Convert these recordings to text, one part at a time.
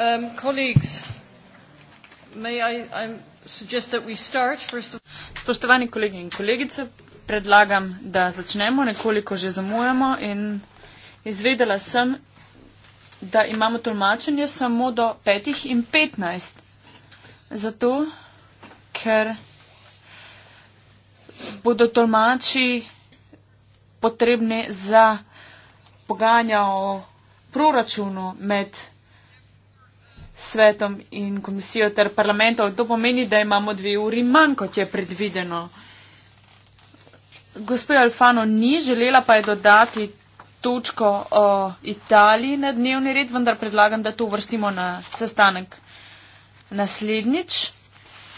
Um, colleagues, may I, I suggest that we start first of Spoštovani kolegi in kolegice, predlagam, da začnemo, nekoliko že zamujamo in izvedela sem, da imamo tolmačenje samo do 5 in 15. Zato, ker bodo tolmači potrebni za pogajanja o proračunu med svetom in komisijo ter parlamentov. To pomeni, da imamo dve uri manj, kot je predvideno. Gospod Alfano ni želela pa je dodati točko o Italiji na dnevni red, vendar predlagam, da to vrstimo na sestanek naslednjič.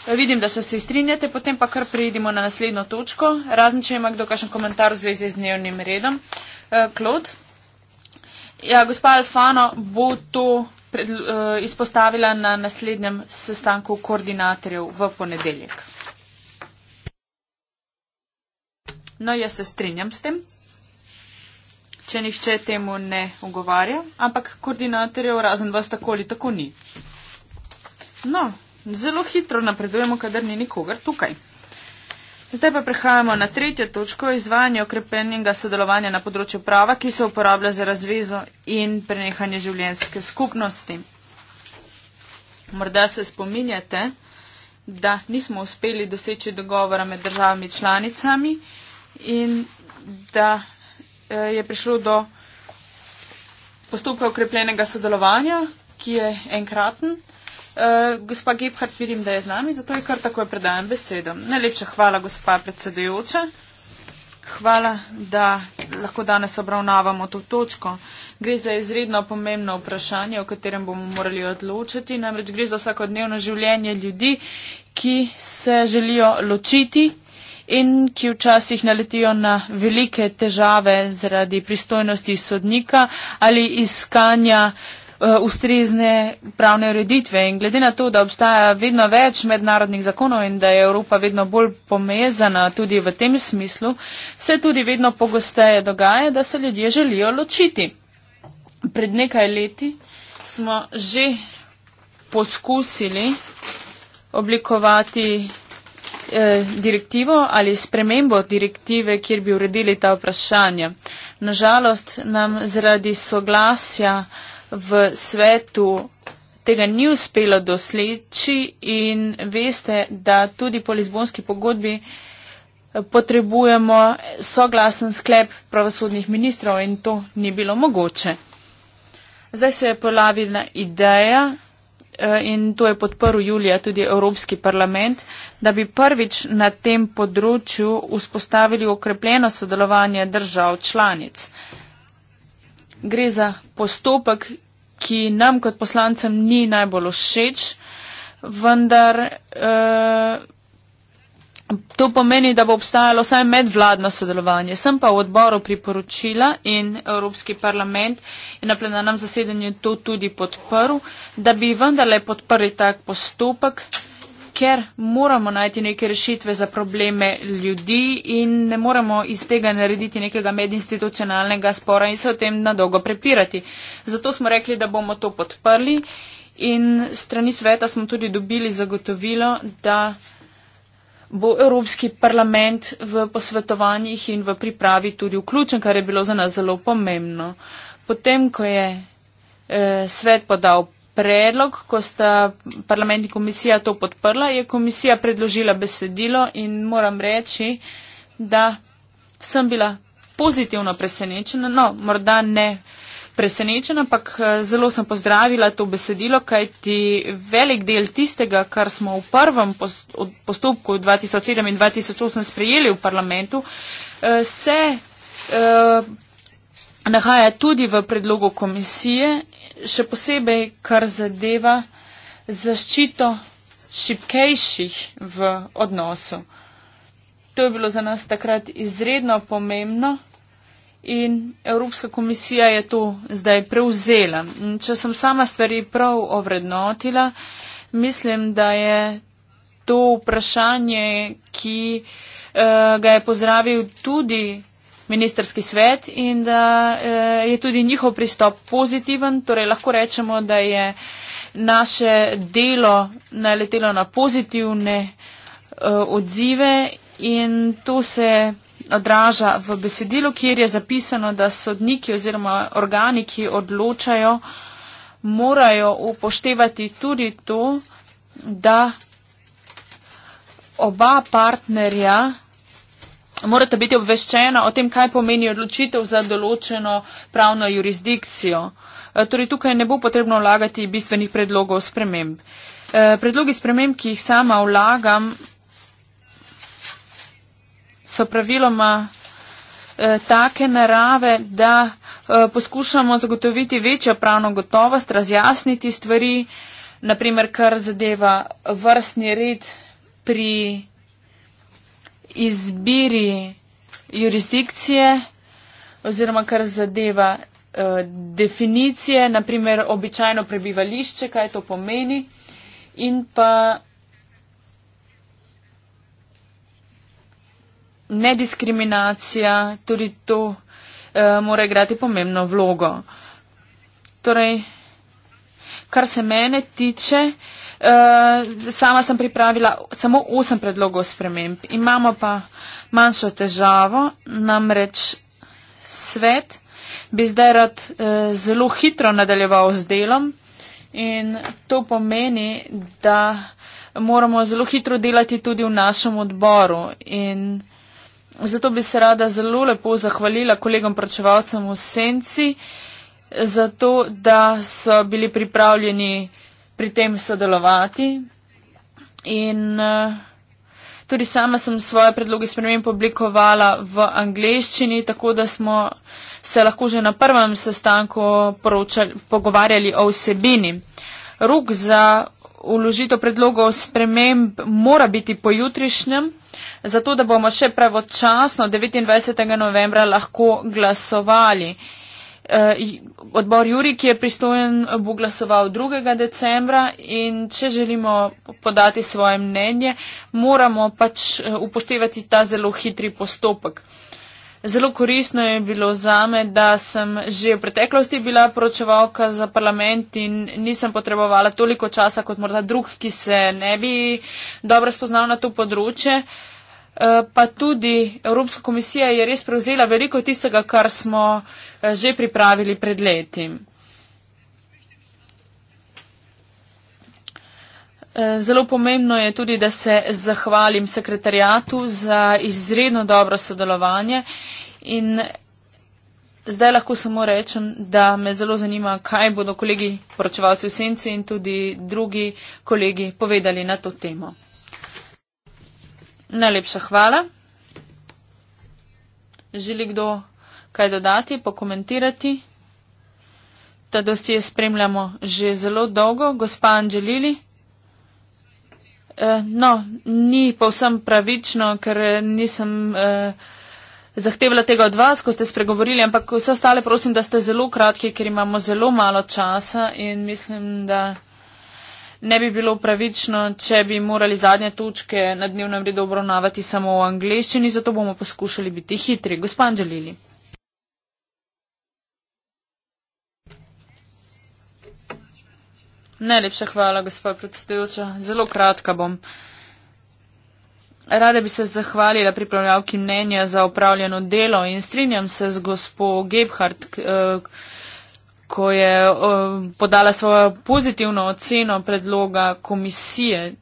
Vidim, da se vsi strinjate, potem pa kar prejdimo na naslednjo točko. Razen, če ima kdo kakšen komentar v zvezi z dnevnim redom. Klod? Eh, ja, gospa Alfano, bo to pred, uh, eh, izpostavila na naslednjem sestanku koordinatorjev v ponedeljek. No, jaz se strinjam s tem, če nišče temu ne ogovarja, ampak koordinatorjev razen vas tako ali tako ni. No, zelo hitro napredujemo, kadar ni nikogar tukaj. Zdaj pa prehajamo na tretjo točko izvajanja okrepenega sodelovanja na področju prava, ki se uporablja za razvezo in prenehanje življenjske skupnosti. Morda se spominjate, da nismo uspeli doseči dogovora med državami članicami in da eh, je prišlo do postopka okrepljenega sodelovanja, ki je enkraten. Eh, gospa Gebhardt, vidim, da je z nami, zato je kar takoj predajam besedo. Najlepša hvala, gospa predsedujoča. Hvala, da lahko danes obravnavamo to točko. Gre za izredno pomembno vprašanje, o katerem bomo morali odločiti. Namreč gre za vsakodnevno življenje ljudi, ki se želijo ločiti in ki včasih naletijo na velike težave zaradi pristojnosti sodnika ali iskanja uh, ustrezne pravne ureditve. In glede na to, da obstaja vedno več mednarodnih zakonov in da je Evropa vedno bolj pomezana tudi v tem smislu, se tudi vedno pogosteje dogaja, da se ljudje želijo ločiti. Pred nekaj leti smo že poskusili oblikovati eh, direktivo ali spremembo direktive, kjer bi uredili ta vprašanja. Nažalost nam zaradi soglasja uh, v svetu tega ni uspelo dosleči in veste, da tudi po Lizbonski pogodbi eh, potrebujemo soglasen sklep pravosodnih ministrov in to ni bilo mogoče. Zdaj se je polavila ideja eh, in to je podprl julija tudi Evropski parlament, da bi prvič na tem področju vzpostavili okrepljeno sodelovanje držav članic. Gre za postopek, ki nam kot poslancem ni najbolj všeč, vendar eh, to pomeni, da bo obstajalo vsaj medvladno sodelovanje. Sem pa v odboru priporočila in Evropski parlament je na plenarnem zasedanju to tudi podprl, da bi vendarle podprli tak postopek. Eh, ker moramo najti neke rešitve za probleme ljudi in ne moramo iz tega narediti nekega medinstitucionalnega spora in se o tem nadolgo prepirati. Zato smo rekli, da bomo to podprli in strani sveta smo tudi dobili zagotovilo, da bo Evropski parlament v posvetovanjih in v pripravi tudi vključen, kar je bilo za nas zelo pomembno. Potem, ko je eh, svet podal predlog, ko sta parlament in komisija to podprla, je komisija predložila besedilo in moram reči, da sem bila pozitivno presenečena, no, morda ne presenečena, ampak eh, zelo sem pozdravila to besedilo, kajti velik del tistega, kar smo v prvem postopku 2007 in 2008 sprejeli v parlamentu, eh, se eh, nahaja tudi v predlogu komisije še posebej, kar zadeva zaščito šipkejših v odnosu. To je bilo za nas takrat izredno pomembno in Evropska komisija je to zdaj prevzela. Če sem sama stvari prav ovrednotila, mislim, da je to vprašanje, ki uh, ga je pozdravil tudi ministerski svet in da eh, je tudi njihov pristop pozitiven. Torej lahko rečemo, da je naše delo naletelo na pozitivne eh, odzive in to se odraža v besedilu, kjer je zapisano, da sodniki oziroma organi, ki odločajo, morajo upoštevati tudi to, da oba partnerja morate biti obveščena o tem, kaj pomeni odločitev za določeno pravno jurisdikcijo. E, torej, tukaj ne bo potrebno vlagati bistvenih predlogov sprememb. E, predlogi sprememb, ki jih sama vlagam, so praviloma e, take narave, da poskušamo zagotoviti večjo pravno gotovost, razjasniti stvari, naprimer, kar zadeva vrstni red pri izbiri jurisdikcije oziroma kar zadeva eh, definicije, naprimer običajno prebivališče, kaj to pomeni in pa nediskriminacija, tudi to e, mora igrati pomembno vlogo. Torej, kar se mene tiče, Eh, sama sem pripravila samo osem predlogov sprememb. Imamo pa manjšo težavo, namreč svet bi zdaj rad eh, zelo hitro nadaljeval z delom in to pomeni, da moramo zelo hitro delati tudi v našem odboru in zato bi se rada zelo lepo zahvalila kolegom pročevalcem v Senci za to, da so bili pripravljeni pri tem sodelovati. In eh, tudi sama sem svoje predloge spremenila, publikovala v angleščini, tako da smo se lahko že na prvem sestanku poročali, pogovarjali o vsebini. Rok za uložitev predlogov sprememb mora biti pojutrišnjem, zato da bomo še pravočasno 29. novembra lahko glasovali. Uh, Eh, odbor Juri, ki je pristojen, bo glasoval 2. decembra in če želimo podati svoje mnenje, moramo pač eh, upoštevati ta zelo hitri postopek. Zelo koristno je bilo za me, da sem že v preteklosti bila poročevalka za parlament in nisem potrebovala toliko časa kot morda drug, ki se ne bi dobro spoznal na to področje. Uh, Eh, pa tudi Evropska komisija je res prevzela veliko tistega, kar smo eh, že pripravili pred leti. Eh, zelo pomembno je tudi, da se zahvalim sekretarijatu za izredno dobro sodelovanje in zdaj lahko samo rečem, da me zelo zanima, kaj bodo kolegi poročevalci v senci in tudi drugi kolegi povedali na to temo. Najlepša hvala. Želi kdo kaj dodati, pokomentirati? Ta dosje spremljamo že zelo dolgo. Gospa Anželili. Eh, no, ni povsem pravično, ker nisem eh, zahtevala tega od vas, ko ste spregovorili, ampak vse ostale prosim, da ste zelo kratki, ker imamo zelo malo časa in mislim, da. Ne bi bilo pravično, če bi morali zadnje točke na dnevnem redu obravnavati samo v angleščini, zato bomo poskušali biti hitri. Gospod Želili. Najlepša hvala, gospod predsedujoča. Zelo kratka bom. Rada bi se zahvalila pripravljavki mnenja za opravljeno delo in strinjam se z gospod Gebhardt. Eh, ko je podala svojo pozitivno oceno predloga komisije.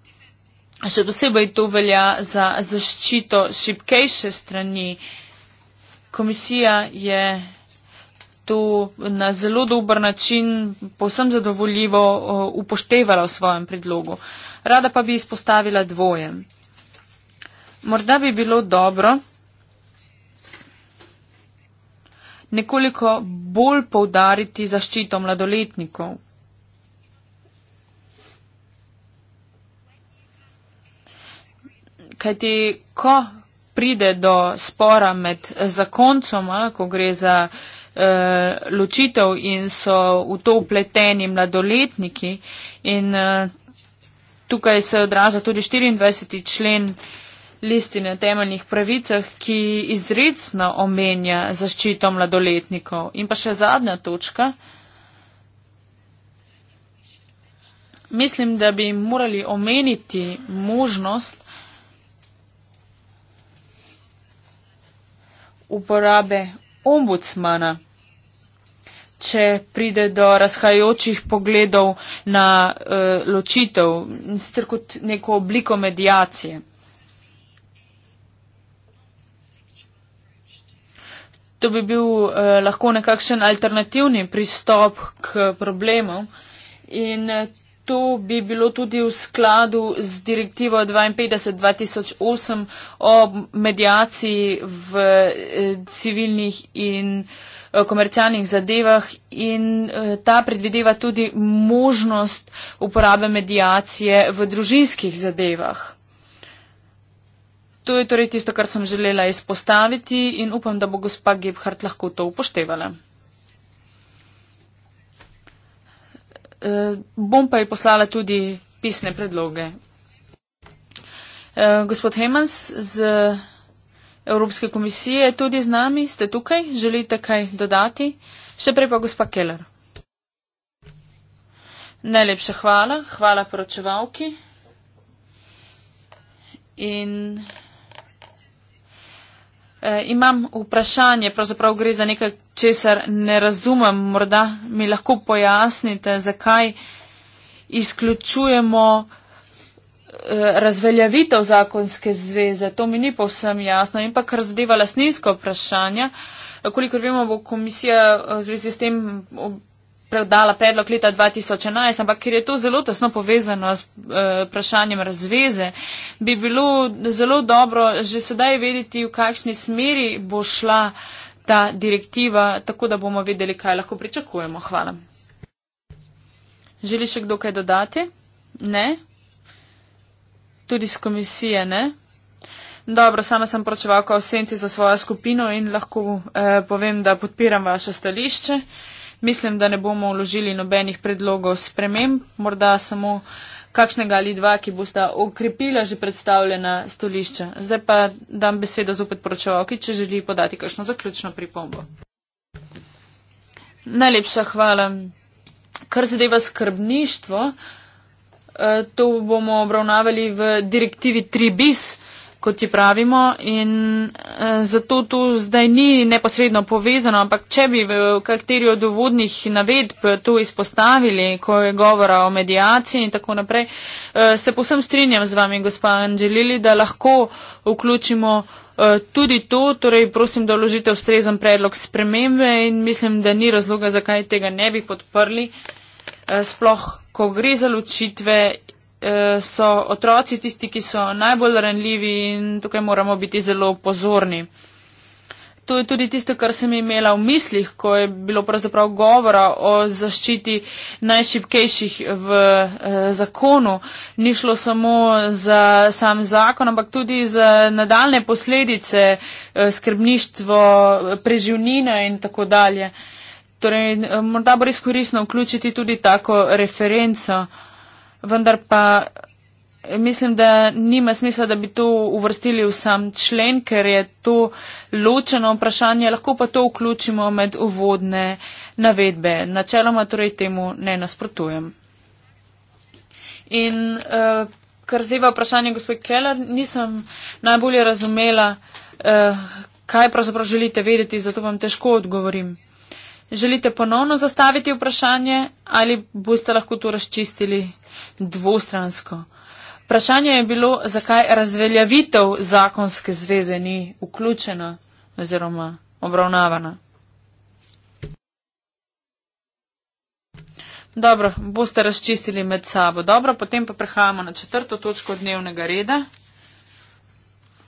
Še posebej to velja za zaščito šipkejše strani. Komisija je to na zelo dober način, povsem zadovoljivo upoštevala v svojem predlogu. Rada pa bi izpostavila dvoje. Morda bi bilo dobro, nekoliko bolj poudariti zaščito mladoletnikov. Kajti, ko pride do spora med zakoncoma, ko gre za eh, ločitev in so v to upleteni mladoletniki in eh, tukaj se odraža tudi 24. člen eh, listine o temeljnih pravicah, ki izredno omenja zaščito mladoletnikov. In pa še zadnja točka. Mislim, da bi morali omeniti možnost uporabe ombudsmana, če pride do razhajajočih pogledov na uh, ločitev, sicer kot neko obliko medijacije. to bi bil uh, lahko nekakšen alternativni pristop k problemu. In eh, to bi bilo tudi v skladu z direktivo 52-2008 o medijaciji v eh, civilnih in komercialnih zadevah in ta predvideva tudi možnost uporabe medijacije v družinskih zadevah. To je torej tisto, kar sem želela izpostaviti in upam, da bo gospa Gebhart lahko to upoštevala. E, bom pa ji poslala tudi pisne predloge. E, gospod Hemans z Evropske komisije je tudi z nami, ste tukaj, želite kaj dodati? Še prej pa gospa Keller. Najlepša hvala, hvala poročevalki. In E, imam vprašanje, pravzaprav gre za nekaj, česar ne razumem. Morda mi lahko pojasnite, zakaj izključujemo e, razveljavitev zakonske zveze. To mi ni povsem jasno. In pa kar zadeva lasninsko vprašanje, koliko vemo, bo komisija eh, v zvezi s tem. Ob, predala predlog leta 2011, ampak ker je to zelo tesno povezano s eh, vprašanjem razveze, bi bilo zelo dobro že sedaj vedeti, v kakšni smeri bo šla ta direktiva, tako da bomo vedeli, kaj lahko pričakujemo. Hvala. Želi še kdo kaj dodati? Ne? Tudi z komisije ne? Dobro, sama sem pročevalka v senci za svojo skupino in lahko eh, povem, da podpiram vaše stališče. Eh, mislim, da ne bomo vložili nobenih predlogov sprememb, morda samo kakšnega ali dva, ki bosta okrepila že predstavljena stolišča. Zdaj pa dam besedo zopet poročevalki, če želi podati kakšno zaključno pripombo. Najlepša hvala. Kar zadeva skrbništvo, eh, to bomo obravnavali v direktivi 3 bis kot ti pravimo. In eh, zato to zdaj ni neposredno povezano, ampak če bi v kateri od uvodnih navedb to izpostavili, ko je govora o medijaciji in tako naprej, eh, se posem strinjam z vami, gospa Anželili, da lahko vključimo. Eh, tudi to, torej prosim, da vložite ustrezen predlog spremembe in mislim, da ni razloga, zakaj tega ne bi podprli. Sploh, ko gre za ločitve Eh, so otroci tisti, ki so najbolj ranljivi in tukaj moramo biti zelo pozorni. To je tudi tisto, kar sem imela v mislih, ko je bilo pravzaprav govora o zaščiti najšipkejših v eh, zakonu. Ni šlo samo za sam zakon, ampak tudi za nadaljne posledice, eh, skrbništvo, preživnina in tako dalje. Torej, morda bo res koristno vključiti tudi tako referenco vendar pa eh, mislim, da nima smisla, da bi to uvrstili v sam člen, ker je to ločeno vprašanje, lahko pa to vključimo med uvodne navedbe. Načeloma torej temu ne nasprotujem. In uh, kar zdaj v vprašanju, gospod Keller, nisem najbolje razumela, uh, kaj pravzaprav želite vedeti, zato vam težko odgovorim. Želite ponovno zastaviti vprašanje ali boste lahko to razčistili dvostransko. Vprašanje je bilo, zakaj razveljavitev zakonske zveze ni vključena oziroma obravnavana. Dobro, boste razčistili med sabo. Dobro, potem pa prehajamo na četrto točko dnevnega reda.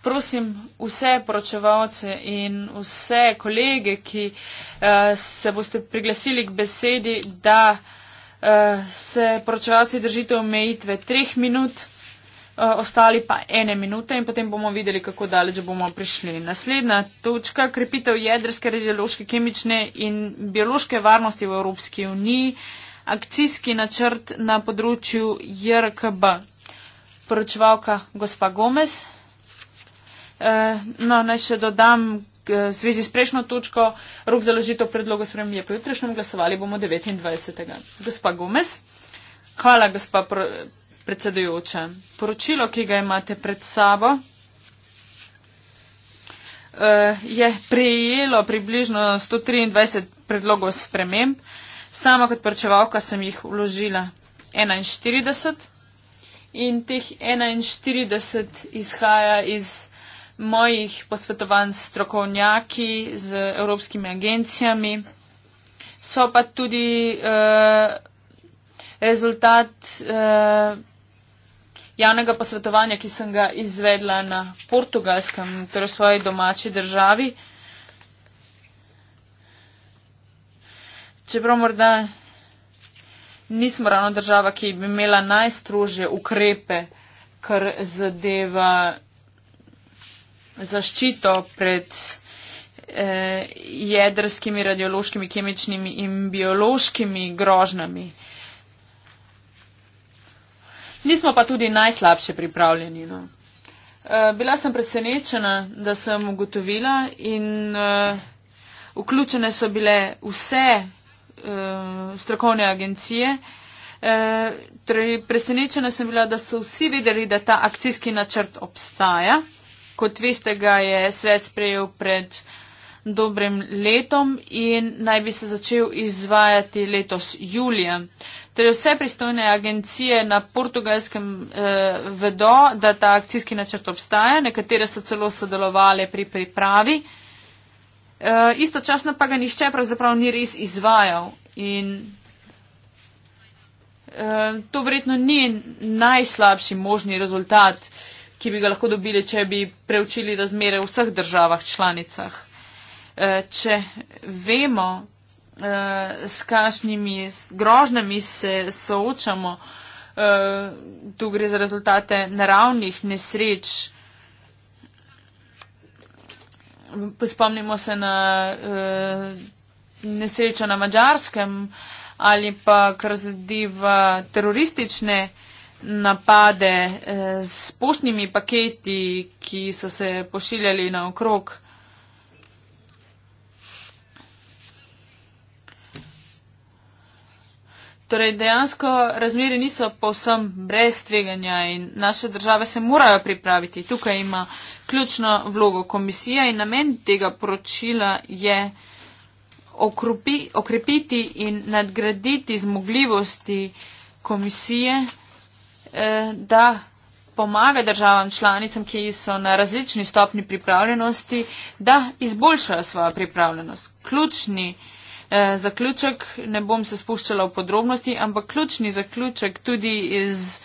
Prosim vse poročevalce in vse kolege, ki uh, se boste priglasili k besedi, da uh, se poročevalci držite omejitve treh minut, eh, ostali pa ene minute in potem bomo videli, kako daleč bomo prišli. Naslednja točka, krepitev jedrske, radiološke, kemične in biološke varnosti v Evropski uniji, akcijski načrt na področju JRKB. Poročevalka gospa Gomez. Eh, no, naj še dodam, Eh, v zvezi s prejšnjo točko rok založitev predlogo spremembe pri jutrišnjem glasovali bomo 29. Gospa Gomez, hvala gospa pr predsedujoča. Poročilo, ki ga imate pred sabo, eh, je prijelo približno 123 predlogov sprememb. Sama kot prčevalka sem jih vložila 41 in teh 41 izhaja iz mojih posvetovanj s strokovnjaki, z evropskimi agencijami. So pa tudi uh, rezultat uh, javnega posvetovanja, ki sem ga izvedla na portugalskem, torej v svoji domači državi. Čeprav morda nismo ravno država, ki bi imela najstrožje ukrepe, kar zadeva zaščito pred eh, jedrskimi, radiološkimi, kemičnimi in biološkimi grožnami. Nismo pa tudi najslabše pripravljeni. No. Eh, bila sem presenečena, da sem ugotovila in eh, vključene so bile vse eh, strokovne agencije. Eh, torej, presenečena sem bila, da so vsi vedeli, da ta akcijski načrt obstaja kot veste, ga je svet sprejel pred dobrim letom in naj bi se začel izvajati letos julija. Torej vse pristojne agencije na portugalskem eh, vedo, da ta akcijski načrt obstaja, nekatere so celo sodelovali pri pripravi. Eh, istočasno pa ga nihče pravzaprav ni res izvajal in eh, to verjetno ni najslabši možni rezultat eh, ki bi ga lahko dobili, če bi preučili razmere v vseh državah članicah. E, če vemo, e, s kašnimi grožnami se soočamo, e, tu gre za rezultate naravnih nesreč, spomnimo se na nesrečo na mačarskem ali pa kar zadeva teroristične napade eh, s poštnimi paketi, ki so se pošiljali naokrog. Torej, dejansko razmeri niso povsem brez tveganja in naše države se morajo pripraviti. Tukaj ima ključno vlogo komisija in namen tega poročila je okrepiti in nadgraditi zmogljivosti komisije. Eh, da pomaga državam članicam, ki so na različni stopni pripravljenosti, da izboljšajo svojo pripravljenost. Ključni eh, zaključek, ne bom se spuščala v podrobnosti, ampak ključni zaključek tudi iz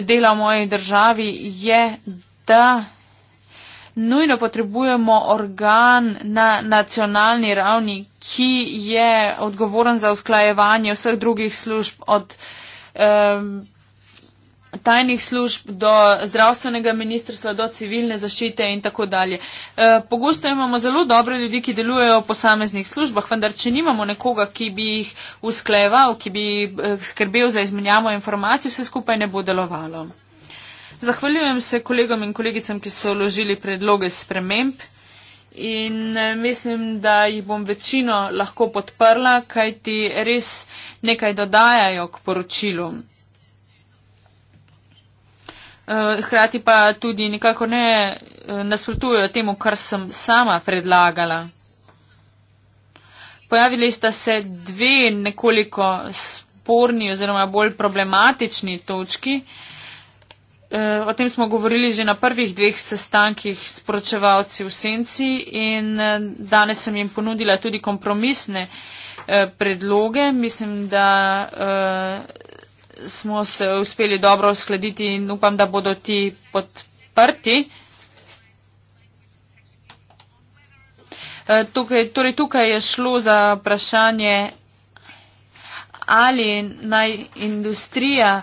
dela v moji državi je, da nujno potrebujemo organ na nacionalni ravni, ki je odgovoren za usklajevanje vseh drugih služb od. Eh, tajnih služb, do zdravstvenega ministrstva, do civilne zaščite in tako dalje. E, pogosto imamo zelo dobre ljudi, ki delujejo v posameznih službah, vendar če nimamo nekoga, ki bi jih uskleval, ki bi e, skrbel za izmenjavo informacij, vse skupaj ne bo delovalo. Zahvaljujem se kolegom in kolegicam, ki so vložili predloge sprememb in e, mislim, da jih bom večino lahko podprla, kajti res nekaj dodajajo k poročilu. Eh, hkrati pa tudi nekako ne eh, nasprotujejo temu, kar sem sama predlagala. Pojavili sta se dve nekoliko sporni oziroma bolj problematični točki. Eh, o tem smo govorili že na prvih dveh sestankih s poročevalci v Senci in danes sem jim ponudila tudi kompromisne predloge. Mislim, da smo se uspeli dobro uskladiti in upam, da bodo ti podprti. Eh, tukaj, torej tukaj je šlo za vprašanje, ali naj industrija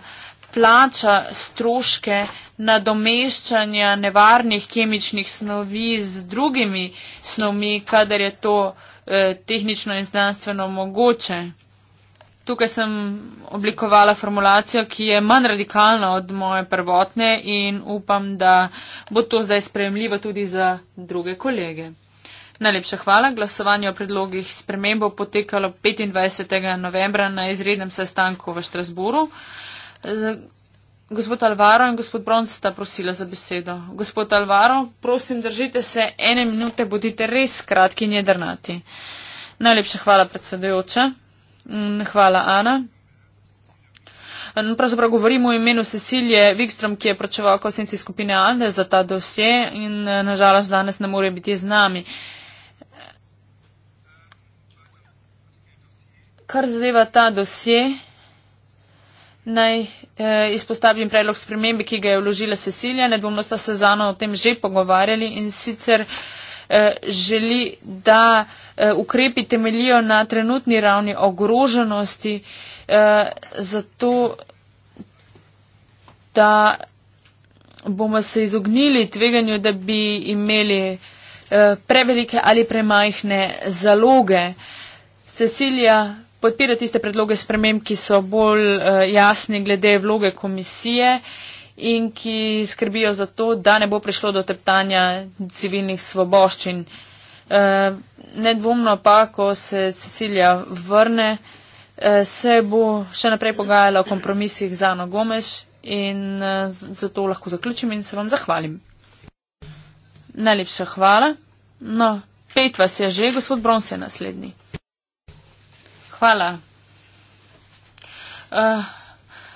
plača stroške nadomeščanja nevarnih kemičnih snovi z drugimi snovmi, kadar je to eh, tehnično in znanstveno mogoče. Tukaj sem oblikovala formulacijo, ki je manj radikalna od moje prvotne in upam, da bo to zdaj sprejemljivo tudi za druge kolege. Najlepša hvala. Glasovanje o predlogih sprememb bo potekalo 25. novembra na izrednem sestanku v Štrasburu. Gospod Alvaro in gospod Bronc sta prosila za besedo. Gospod Alvaro, prosim, držite se ene minute, bodite res kratki in jedrnati. Najlepša hvala, predsedujoča. Mm, hvala, Ana. Mm, pravzaprav govorim v imenu Cecilije Wikstrom, ki je pročeval kosenci skupine Alde za ta dosje in eh, nažalost danes ne more biti z nami. Kar zadeva ta dosje, naj eh, izpostavim predlog spremembe, ki ga je vložila Cecilija. Nedvomno sta se z Ano o tem že pogovarjali in sicer eh, Eh, želi, da eh, ukrepi temeljijo na trenutni ravni ogroženosti, eh, zato da bomo se izognili tveganju, da bi imeli prevelike ali premajhne zaloge. Cecilija podpira tiste predloge sprememb, ki so bolj jasni glede vloge komisije in ki skrbijo za to, da ne bo prišlo do teptanja civilnih svoboščin. E, nedvomno pa, ko se Cecilija vrne, e, se bo še naprej pogajala o kompromisih za Ano Gomeš in e, zato lahko zaključim in se vam zahvalim. Najlepša hvala. No, pet vas je že, gospod Brons je naslednji. Hvala. Uh,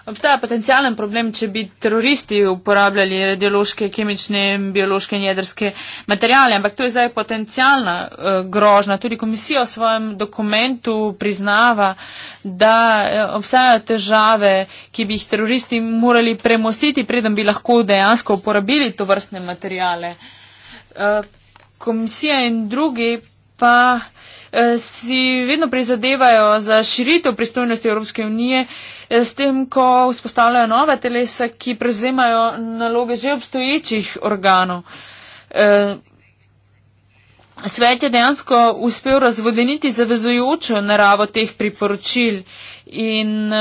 Obstaja potencijalen problem, če bi teroristi uporabljali radiološke, kemične, biološke in jedrske materijale, ampak to je zdaj potencijalna uh, eh, grožna. Tudi komisija v svojem dokumentu priznava, da uh, obstajajo težave, ki bi jih teroristi morali premostiti, predem bi lahko dejansko uporabili to vrstne materijale. Uh, eh, komisija in drugi pa. Eh, si vedno prizadevajo za širitev pristojnosti Evropske unije eh, s tem, ko vzpostavljajo nove telesa, ki prevzemajo naloge že obstoječih organov. Eh, svet je dejansko uspel razvodeniti zavezujočo naravo teh priporočil in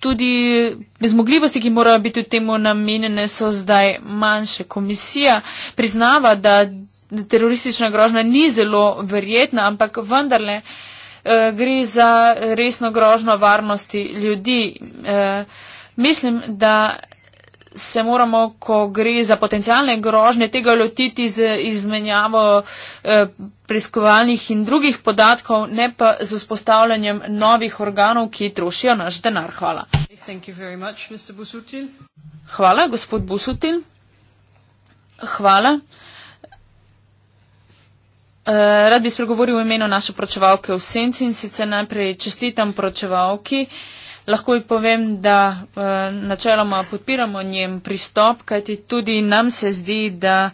tudi zmogljivosti, ki morajo biti temu namenjene, so zdaj manjše. Komisija priznava, da teroristična grožnja ni zelo verjetna, ampak vendarle eh, gre za resno grožno varnosti ljudi. Eh, mislim, da se moramo, ko gre za potencijalne grožnje, tega lotiti z izmenjavo eh, preiskovalnih in drugih podatkov, ne pa z vzpostavljanjem novih organov, ki trošijo naš denar. Hvala. Much, Hvala, gospod Busutil. Hvala. Eh, rad bi spregovoril v imenu naše poročevalke v Senci in sicer najprej čestitam poročevalki. Lahko ji povem, da uh, načeloma podpiramo njen pristop, kajti tudi nam se zdi, da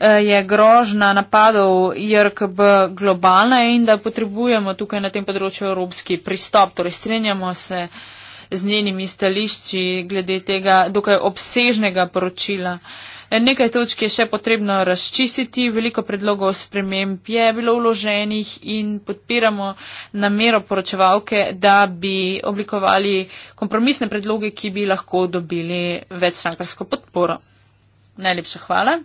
eh, je grožna napadov IRKB globalna in da potrebujemo tukaj na tem področju evropski pristop. Torej strenjamo se z njenimi stališči glede tega dokaj obsežnega poročila. Uh, Nekaj točk je še potrebno razčistiti, veliko predlogov sprememb je bilo vloženih in podpiramo namero poročevalke, da bi oblikovali kompromisne predloge, ki bi lahko dobili večstrankarsko podporo. Najlepša hvala.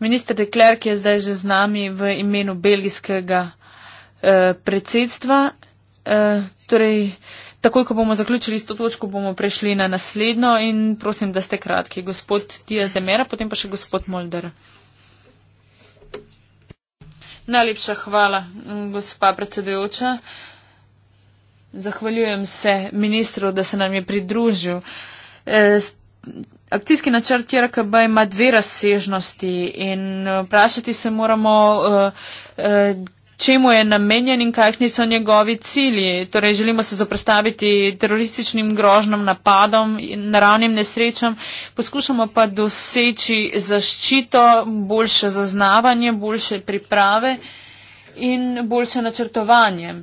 Minister de Klerk je zdaj že z nami v imenu belgijskega eh, predsedstva. Eh, torej, takoj, ko bomo zaključili s to točko, bomo prešli na naslednjo in prosim, da ste kratki. Gospod Tijas Demera, potem pa še gospod Molder. Najlepša hvala, mm, gospa predsedujoča. Zahvaljujem se ministru, da se nam je pridružil. Eh, akcijski načrt JRKB ima dve razsežnosti in eh, vprašati se moramo, čemu je namenjen in kakšni so njegovi cilji. Torej, želimo se zoprostaviti terorističnim grožnom napadom, naravnim nesrečam, poskušamo pa doseči zaščito, boljše zaznavanje, boljše priprave in boljše načrtovanje.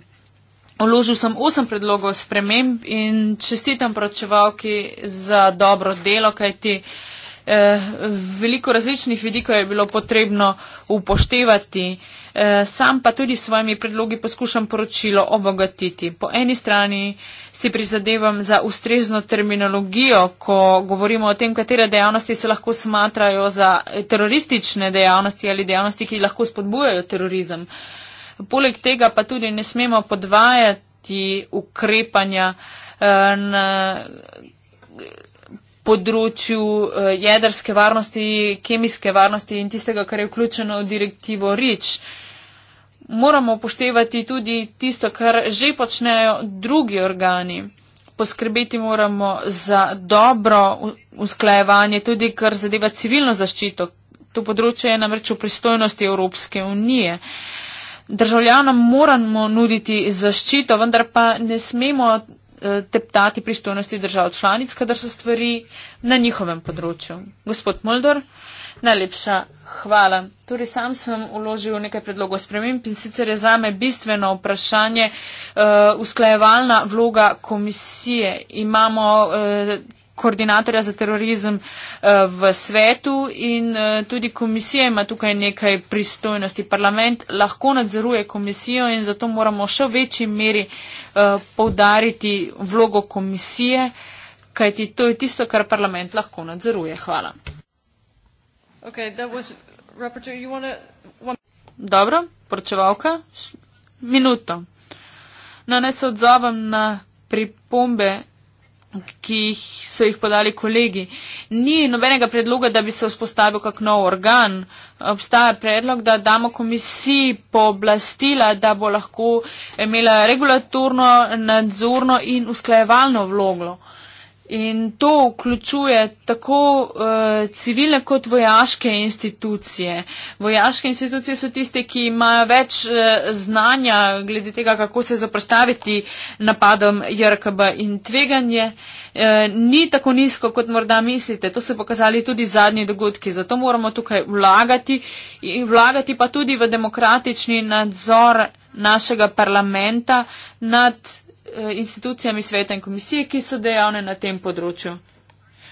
Oložil sem osem predlogov sprememb in čestitam pročevalki za dobro delo, kajti eh, veliko različnih vidikov je bilo potrebno upoštevati. Eh, Eh, sam pa tudi s svojimi predlogi poskušam poročilo obogatiti. Po eni strani si prizadevam za ustrezno terminologijo, ko govorimo o tem, katere dejavnosti se lahko smatrajo za eh, teroristične dejavnosti ali dejavnosti, ki lahko spodbujajo terorizem. Poleg tega pa tudi ne smemo podvajati ukrepanja eh, na področju jedrske varnosti, kemijske varnosti in tistega, kar je vključeno v direktivo REACH moramo upoštevati tudi tisto, kar že počnejo drugi organi. Poskrbeti moramo za dobro usklajevanje tudi, kar zadeva civilno zaščito. To področje je namreč v pristojnosti Evropske unije. Državljanom moramo nuditi zaščito, vendar pa ne smemo eh, teptati pristojnosti držav članic, kadar so stvari na njihovem področju. Gospod Moldor. Najlepša hvala. Tudi torej, sam sem uložil nekaj predlogov sprememb in sicer je za me bistveno vprašanje uh, usklajevalna vloga komisije. Imamo uh, koordinatorja za terorizem uh, v svetu in uh, tudi komisija ima tukaj nekaj pristojnosti. Parlament lahko nadzoruje komisijo in zato moramo še v večji meri uh, povdariti vlogo komisije, kajti to je tisto, kar parlament lahko nadzoruje. Hvala. Okay, wanna... Dobro, poročevalka, minuto. No, naj se odzovem na pripombe, ki jih so jih podali kolegi. Ni nobenega predloga, da bi se vzpostavil kak nov organ. Obstaja predlog, da damo komisiji pooblastila, da bo lahko imela regulatorno, nadzorno in usklajevalno vlogo. In to vključuje tako uh, civilne kot vojaške institucije. Vojaške institucije so tiste, ki imajo več uh, znanja glede tega, kako se zoprstaviti napadom JRKB in tveganje. Eh, ni tako nizko, kot morda mislite. To so pokazali tudi zadnji dogodki. Zato moramo tukaj vlagati in vlagati pa tudi v demokratični nadzor našega parlamenta nad Eh, institucijami sveta in komisije, ki so dejavne na tem področju.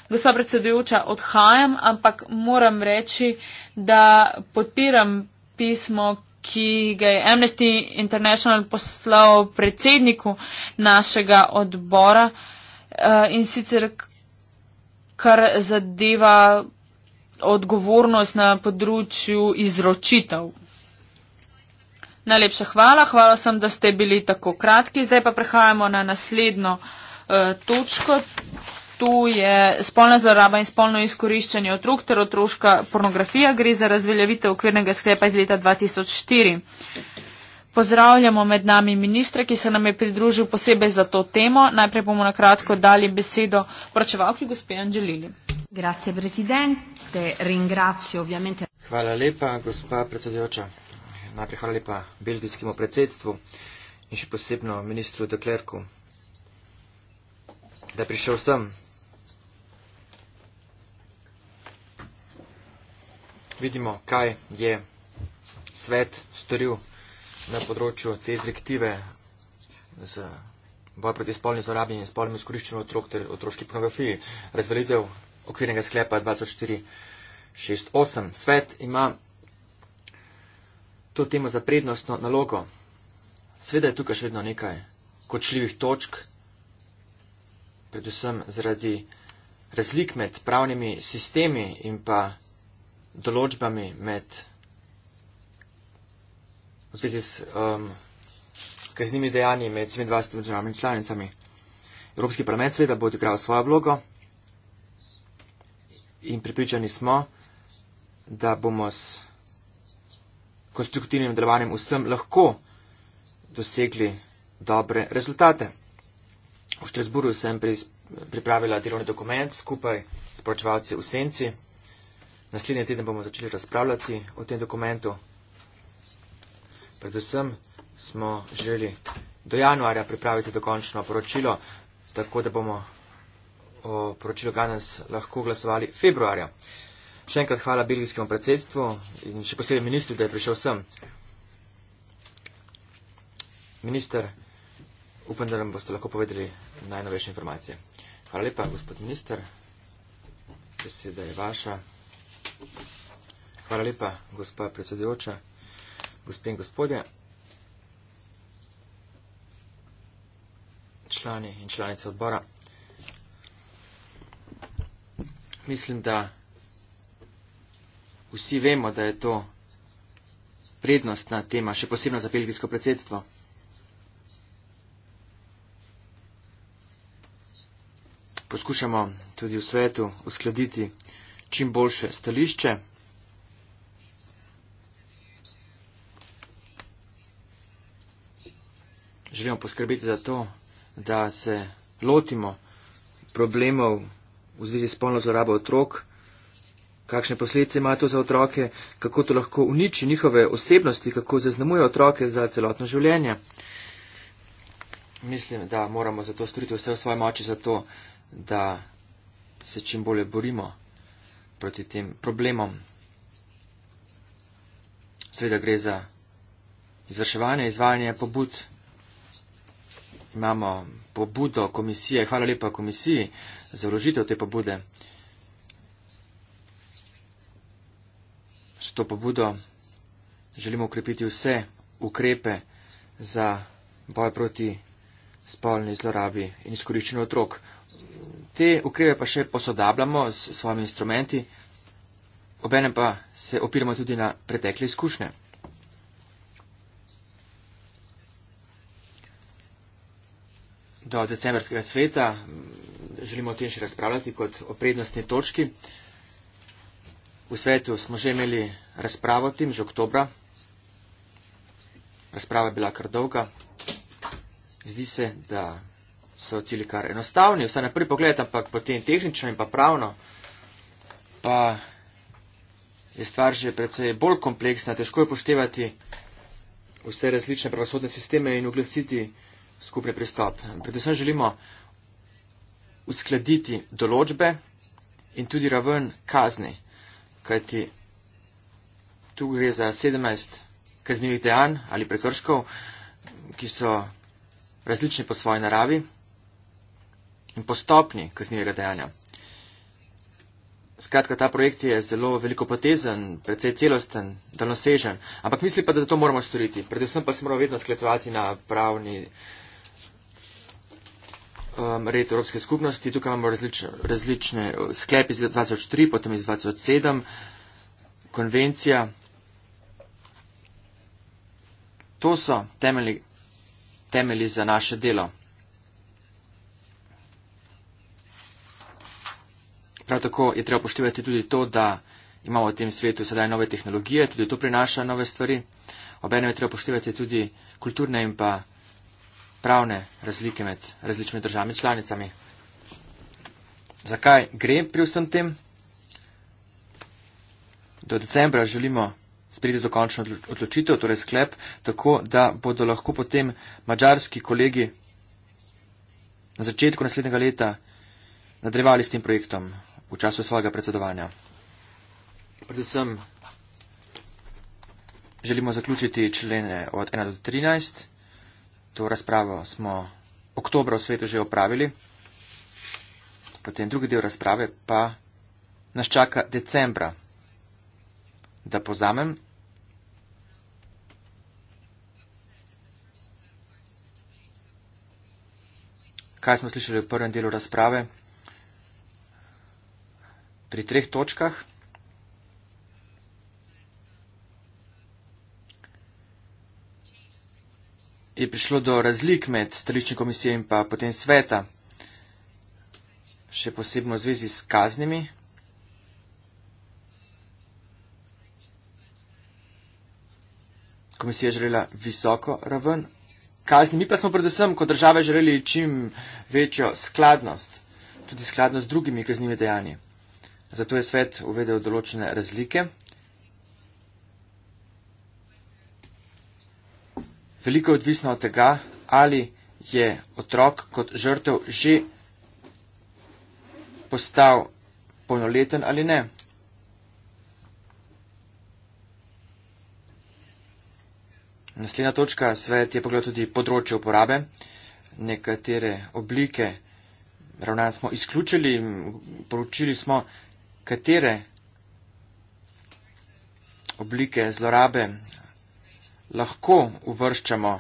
Gospa predsedujoča, odhajam, ampak moram reči, da podpiram pismo, ki ga je Amnesty International poslal predsedniku našega odbora eh, in sicer kar zadeva odgovornost na področju izročitev. Najlepša hvala, hvala sem, da ste bili tako kratki. Zdaj pa prehajamo na naslednjo uh, točko. Tu je spolna zloraba in spolno izkoriščanje otrok ter otroška pornografija. Gre za razveljavitev okvirnega sklepa iz leta 2004. Pozdravljamo med nami ministra, ki se nam je pridružil posebej za to temo. Najprej bomo na kratko dali besedo pročevalki gospe Anželili. Grazie, Hvala lepa, gospa predsedujoča najprej hvala lepa belgijskemu predsedstvu in še posebno ministru Deklerku, da je prišel sem. Vidimo, kaj je svet storil na področju te direktive z boj proti spolni zlorabi in spolnim izkoriščenju otrok ter otroški pornografiji. Razveljitev okvirnega sklepa 24468. Svet ima to temo za prednostno nalogo. Sveda je tukaj še vedno nekaj kočljivih točk, predvsem zaradi razlik med pravnimi sistemi in pa določbami med v zvezi s um, kaznimi dejanji med 27 državami članicami. Evropski parlament sveda bo odigral svojo vlogo in pripričani smo, da bomo s konstruktivnim delovanjem vsem lahko dosegli dobre rezultate. V Štresburu sem pripravila delovni dokument skupaj s poročevalci v Senci. Naslednji teden bomo začeli razpravljati o tem dokumentu. Predvsem smo želeli do januarja pripraviti dokončno poročilo, tako da bomo o poročilu danes lahko glasovali februarja. Še enkrat hvala belgijskemu predsedstvu in še posebej ministru, da je prišel sem. Minister, upam, da nam boste lahko povedali najnovejše informacije. Hvala lepa, gospod minister. Beseda je vaša. Hvala lepa, gospa predsedujoča, gospe in gospodje, člani in članice odbora. Mislim, da vsi vemo, da je to prednostna tema, še posebno za belgijsko predsedstvo. Poskušamo tudi v svetu uskladiti čim boljše stališče. Želimo poskrbeti za to, da se lotimo problemov v zvezi s polno zlorabo otrok kakšne posledice ima to za otroke, kako to lahko uniči njihove osebnosti, kako zaznamuje otroke za celotno življenje. Mislim, da moramo zato storiti vse v svoje moči, zato, da se čim bolje borimo proti tem problemom. Sveda gre za izvrševanje, izvajanje pobud. Imamo pobudo komisije, hvala lepa komisiji za vložitev te pobude. s to pobudo želimo ukrepiti vse ukrepe za boj proti spolni zlorabi in izkoriščenju otrok. Te ukrepe pa še posodabljamo s svojimi instrumenti, obenem pa se opiramo tudi na pretekle izkušnje. Do decembrskega sveta želimo o tem še razpravljati kot o prednostni točki. V svetu smo že imeli razpravo o tem že oktobra. Razprava je bila kar dolga. Zdi se, da so cilji kar enostavni, vsaj na prvi pogled, ampak potem tehnično in pa pravno, pa je stvar že predvsej bolj kompleksna. Težko je poštevati vse različne pravosodne sisteme in uglasiti skupni pristop. Predvsem želimo uskladiti določbe in tudi raven kazni kajti tu gre za 17 kaznjivih dejanj ali prekrškov, ki so različni po svoji naravi in po stopni kaznjivega dejanja. Skratka, ta projekt je zelo veliko potezen, predvsej celosten, danosežen, ampak mislim pa, da to moramo storiti. Predvsem pa se moramo vedno sklecovati na pravni um, red Evropske skupnosti. Tukaj imamo različne, različne uh, sklepe iz 2003, potem iz 2007, konvencija. To so temelji, temelji za naše delo. Prav tako je treba poštevati tudi to, da imamo v tem svetu sedaj nove tehnologije, tudi to prinaša nove stvari. Obenem je treba poštevati tudi kulturne in pa pravne razlike med različnimi državami članicami. Zakaj gre pri vsem tem? Do decembra želimo spriti dokončno odločitev, torej sklep, tako da bodo lahko potem mađarski kolegi na začetku naslednjega leta nadrevali s tem projektom v času svojega predsedovanja. Predvsem želimo zaključiti člene od 1 do 13. To razpravo smo oktobra v svetu že opravili, potem drugi del razprave pa nas čaka decembra. Da pozamem. Kaj smo slišali v prvem delu razprave? Pri treh točkah. je prišlo do razlik med stališči komisije in pa potem sveta, še posebno v zvezi s kaznimi. Komisija je želela visoko raven kazni, mi pa smo predvsem kot države želeli čim večjo skladnost, tudi skladnost z drugimi kaznimi dejanji. Zato je svet uvedel določene razlike. veliko odvisno od tega, ali je otrok kot žrtev že postal polnoleten ali ne. Naslednja točka svet je pogled tudi področje uporabe. Nekatere oblike ravnanj smo izključili, poročili smo, katere oblike zlorabe lahko uvrščamo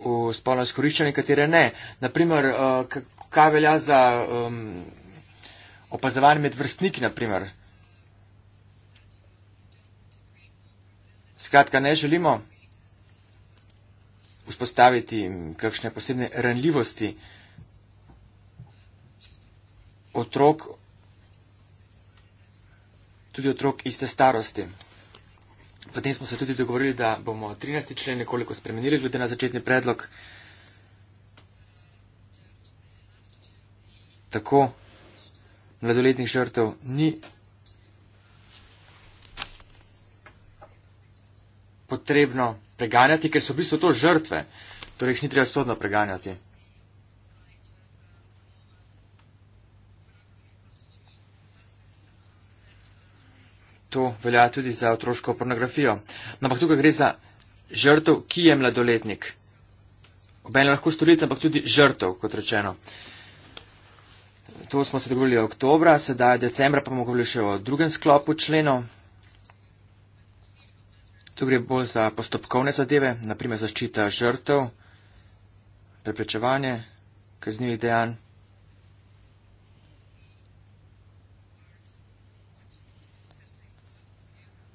v spolno izkoriščanje, katere ne. Naprimer, eh, kaj velja za um, opazovanje med vrstniki, naprimer. Skratka, ne želimo vzpostaviti kakšne posebne ranljivosti otrok, tudi otrok iste starosti. Potem smo se tudi dogovorili, da bomo 13. člen nekoliko spremenili, glede na začetni predlog. Tako mladoletnih žrtev ni potrebno preganjati, ker so v bistvu to žrtve, torej jih ni treba sodno preganjati. to velja tudi za otroško pornografijo. No, ampak tukaj gre za žrtev, ki je mladoletnik. Obenje lahko storilce, ampak tudi žrtev, kot rečeno. To smo se dogovorili v oktobra, sedaj decembra pa bomo govorili še o drugem sklopu členov. Tu gre bolj za postopkovne zadeve, naprimer zaščita žrtev, preprečevanje kaznjivih dejanj.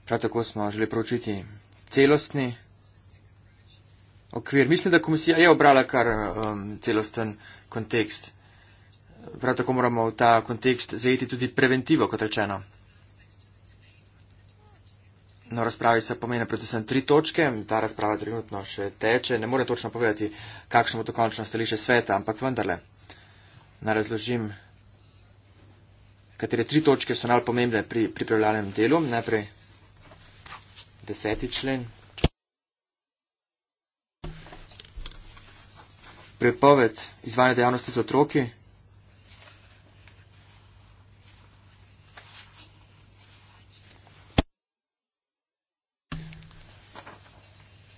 Prav tako smo želeli pročiti celostni okvir. Mislim, da komisija je obrala kar um, celosten kontekst. Prav tako moramo v ta kontekst zajeti tudi preventivo, kot rečeno. Na no, razpravi se pomeni predvsem tri točke. Ta razprava trenutno še teče. Ne morem točno povedati, kakšno bo to končno stališče sveta, ampak vendarle. Narazložim, katere tri točke so najpomembne pri pripravljalnem delu. Najprej deseti člen. Prepoved izvajanja dejavnosti z otroki.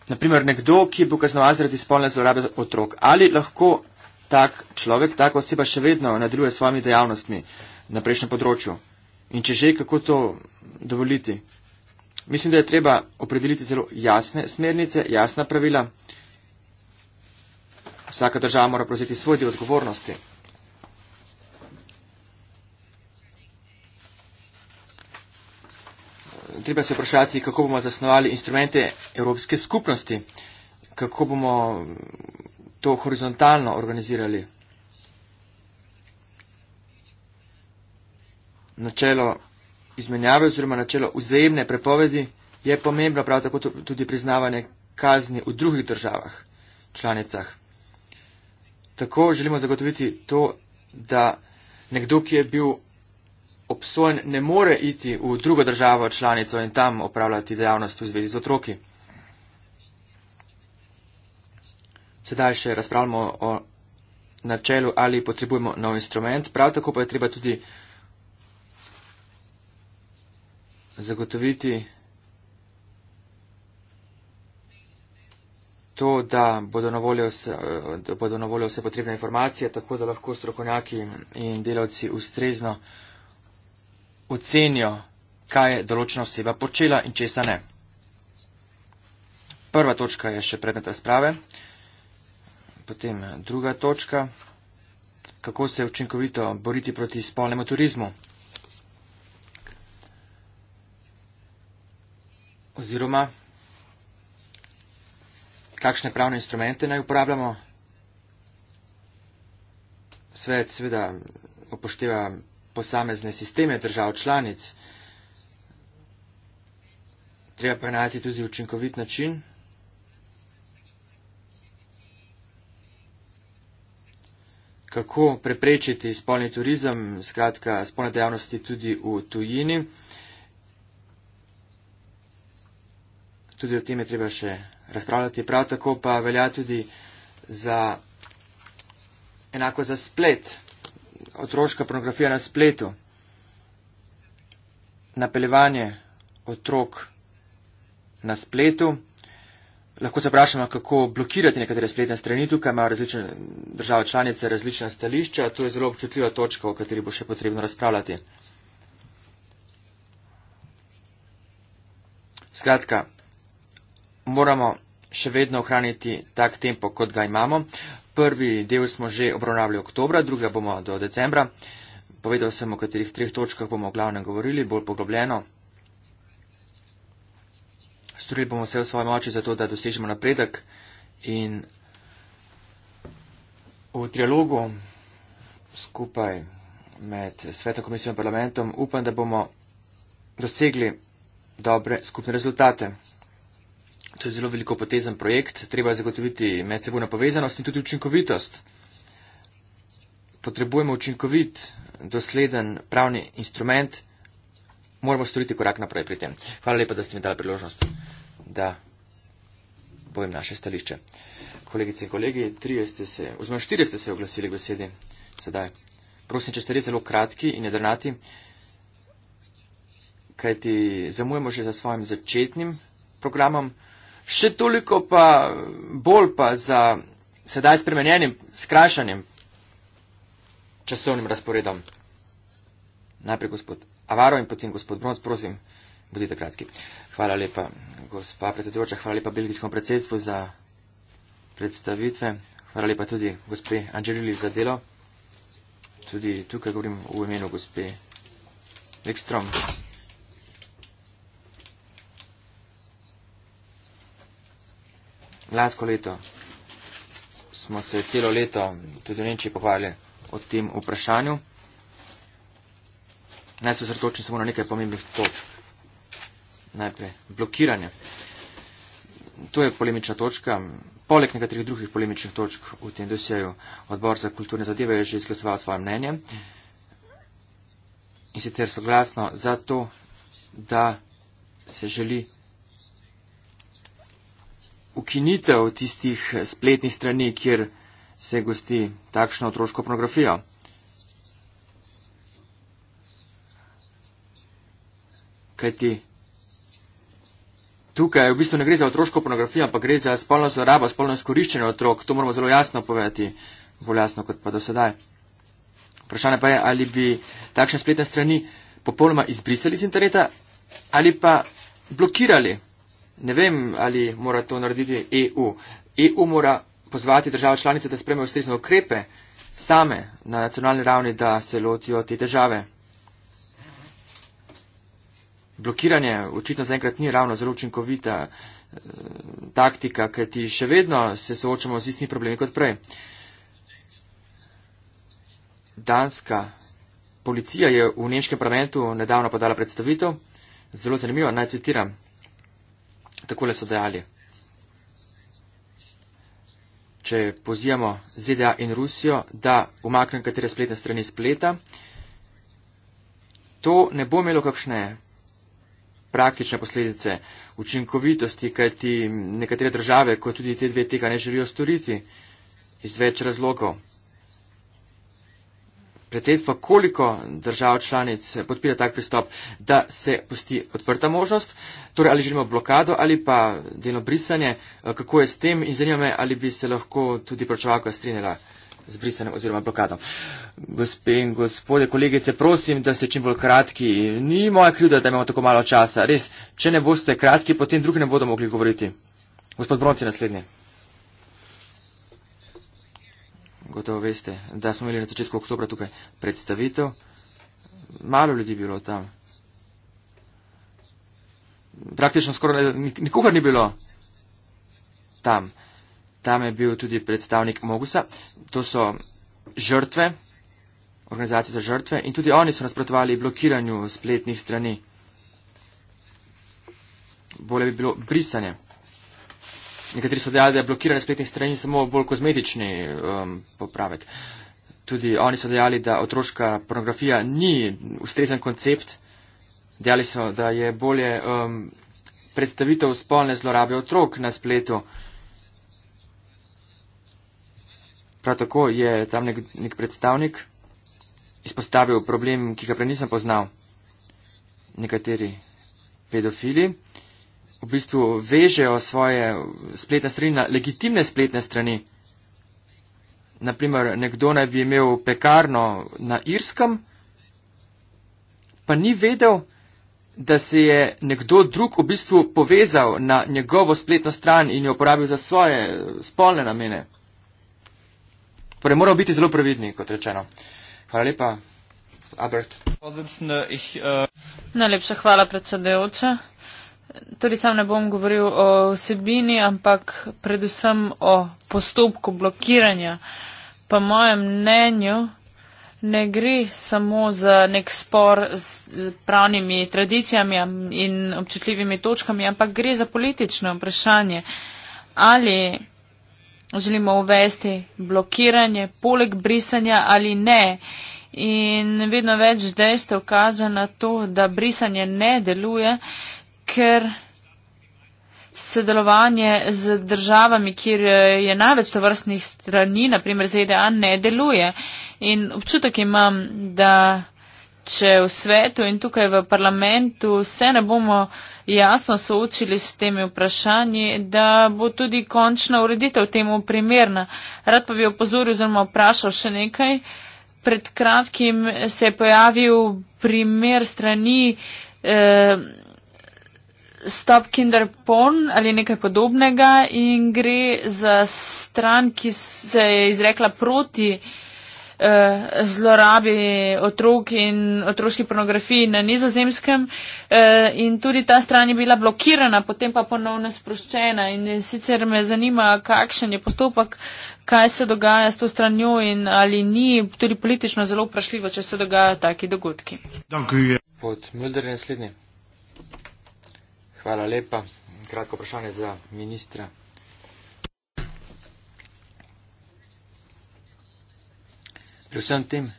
Naprimer, nekdo, ki je bil kaznovan zaradi spolne zlorabe otrok. Ali lahko tak človek, taka oseba še vedno nadaljuje s svojimi dejavnostmi na prejšnjem področju? In če že, kako to dovoliti? Mislim, da je treba opredeliti zelo jasne smernice, jasna pravila. Vsaka država mora prevzeti svoj del odgovornosti. Treba se vprašati, kako bomo zasnovali instrumente Evropske skupnosti, kako bomo to horizontalno organizirali. Načelo izmenjave oziroma načelo vzajemne prepovedi je pomembno prav tako tudi priznavanje kazni v drugih državah, članicah. Tako želimo zagotoviti to, da nekdo, ki je bil obsojen, ne more iti v drugo državo članico in tam opravljati dejavnost v zvezi z otroki. Sedaj še razpravljamo o načelu, ali potrebujemo nov instrument. Prav tako pa je treba tudi zagotoviti to, da bodo na voljo vse, bodo na voljo vse potrebne informacije, tako da lahko strokovnjaki in delavci ustrezno ocenijo, kaj je določena oseba počela in česa ne. Prva točka je še predmet razprave, potem druga točka, kako se učinkovito boriti proti spolnemu turizmu. oziroma kakšne pravne instrumente naj uporabljamo. Svet seveda upošteva posamezne sisteme držav članic. Treba pa najti tudi učinkovit način. Kako preprečiti spolni turizem, skratka spolne dejavnosti tudi v tujini. tudi o tem je treba še razpravljati. Prav tako pa velja tudi za enako za splet, otroška pornografija na spletu, napeljevanje otrok na spletu. Lahko se vprašamo, kako blokirati nekatere spletne strani. Tukaj imajo različne države članice različna stališča. To je zelo občutljiva točka, o kateri bo še potrebno razpravljati. Skratka, moramo še vedno ohraniti tak tempo, kot ga imamo. Prvi del smo že obravnavali oktobra, druga bomo do decembra. Povedal sem, o katerih treh točkah bomo glavno govorili, bolj poglobljeno. Storili bomo vse v svoji moči za to, da dosežemo napredek in v trialogu skupaj med Sveto komisijo in parlamentom upam, da bomo dosegli dobre skupne rezultate. To je zelo veliko potezen projekt, treba zagotoviti medsebojno povezanost in tudi učinkovitost. Potrebujemo učinkovit, dosleden pravni instrument, moramo storiti korak naprej pri tem. Hvala lepa, da ste mi dali priložnost, da povem naše stališče. Kolegice in kolegi, se, oziroma štiri ste se oglasili k besedi sedaj. Prosim, če ste res zelo kratki in jedrnati, kajti zamujemo že za svojim začetnim programom. Še toliko pa bolj pa za sedaj spremenjenim, skrajšanim časovnim razporedom. Najprej gospod Avaro in potem gospod Bronc, prosim, bodite kratki. Hvala lepa, gospa predsedujoča, hvala lepa belgijskom predsedstvu za predstavitve. Hvala lepa tudi gospe Anželili za delo. Tudi tukaj govorim v imenu gospe Ekstrom. Lansko leto smo se celo leto tudi v Nemčiji pogovarjali o tem vprašanju. Naj se osredotočim samo na nekaj pomembnih točk. Najprej blokiranje. To je polemična točka. Poleg nekaterih drugih polemičnih točk v tem dosjeju, odbor za kulturne zadeve je že izglasoval svoje mnenje. In sicer soglasno za to, da se želi ukinitev tistih spletnih strani, kjer se gosti takšno otroško pornografijo. Kajti tukaj v bistvu ne gre za otroško pornografijo, ampak gre za spolno zlorabo, spolno izkoriščenje otrok. To moramo zelo jasno povedati, bolj jasno kot pa do sedaj. Vprašanje pa je, ali bi takšne spletne strani popolnoma izbrisali z interneta ali pa blokirali. Ne vem, ali mora to narediti EU. EU mora pozvati države članice, da spremejo ustrezne ukrepe same na nacionalni ravni, da se lotijo te države. Blokiranje očitno zaenkrat ni ravno zelo učinkovita e, taktika, kajti še vedno se soočamo z istimi problemi kot prej. Danska policija je v nemškem parlamentu nedavno podala predstavitev, zelo zanimivo, naj citiram. Takole so dejali. Če pozivamo ZDA in Rusijo, da umaknem katere spletne strani spleta, to ne bo imelo kakšne praktične posledice učinkovitosti, kajti nekatere države, kot tudi te dve, tega ne želijo storiti iz več razlogov predsedstvo, koliko držav članic podpira tak pristop, da se pusti odprta možnost, torej ali želimo blokado ali pa delno brisanje, eh, kako je s tem in zanima me, ali bi se lahko tudi pročevalka strinjala z brisanjem oziroma blokado. Gospe in gospode, kolegice, prosim, da ste čim bolj kratki. Ni moja krivda, da imamo tako malo časa. Res, če ne boste kratki, potem drugi ne bodo mogli govoriti. Gospod Bronci, naslednji. gotovo veste, da smo imeli na začetku oktobra tukaj predstavitev. Malo ljudi je bilo tam. Praktično skoraj nikogar ni bilo tam. Tam je bil tudi predstavnik Mogusa. To so žrtve, organizacije za žrtve in tudi oni so nasprotovali blokiranju spletnih strani. Bolje bi bilo brisanje. Nekateri so dejali, da je blokiranje spletnih strani samo bolj kozmetični um, popravek. Tudi oni so dejali, da otroška pornografija ni ustrezen koncept. Dejali so, da je bolje um, predstavitev spolne zlorabe otrok na spletu. Prav tako je tam nek, nek predstavnik izpostavil problem, ki ga prej nisem poznal. Nekateri pedofili v bistvu vežejo svoje spletne strani na legitimne spletne strani. Naprimer, nekdo naj bi imel pekarno na Irskem, pa ni vedel, da se je nekdo drug v bistvu povezal na njegovo spletno stran in jo uporabil za svoje spolne namene. Torej, moramo biti zelo previdni, kot rečeno. Hvala lepa, Albert. Eh, Najlepša hvala, predsedujoča tudi sam ne bom govoril o vsebini, ampak predvsem o postopku blokiranja. Po mojem mnenju ne gre samo za nek spor z pravnimi tradicijami in občutljivimi točkami, ampak gre za politično vprašanje. Ali želimo uvesti blokiranje poleg brisanja ali ne. In vedno več dejstev kaže na to, da brisanje ne deluje ker sodelovanje z državami, kjer je največ tovrstnih strani, naprimer ZDA, ne deluje. In občutek imam, da če v svetu in tukaj v parlamentu se ne bomo jasno soočili s temi vprašanji, da bo tudi končna ureditev temu primerna. Rad pa bi opozoril oziroma vprašal še nekaj. Pred kratkim se je pojavil primer strani. Eh, Stop Kinder Porn ali nekaj podobnega in gre za stran, ki se je izrekla proti eh, zlorabi otrok in otroški pornografiji na nizozemskem eh, in tudi ta stran je bila blokirana, potem pa ponovno sproščena in sicer me zanima, kakšen je postopek, kaj se dogaja s to stranjo in ali ni tudi politično zelo vprašljivo, če se dogajajo taki dogodki. Pod Mülder je naslednji. Hvala lepa. Kratko vprašanje za ministra. Pri vsem tem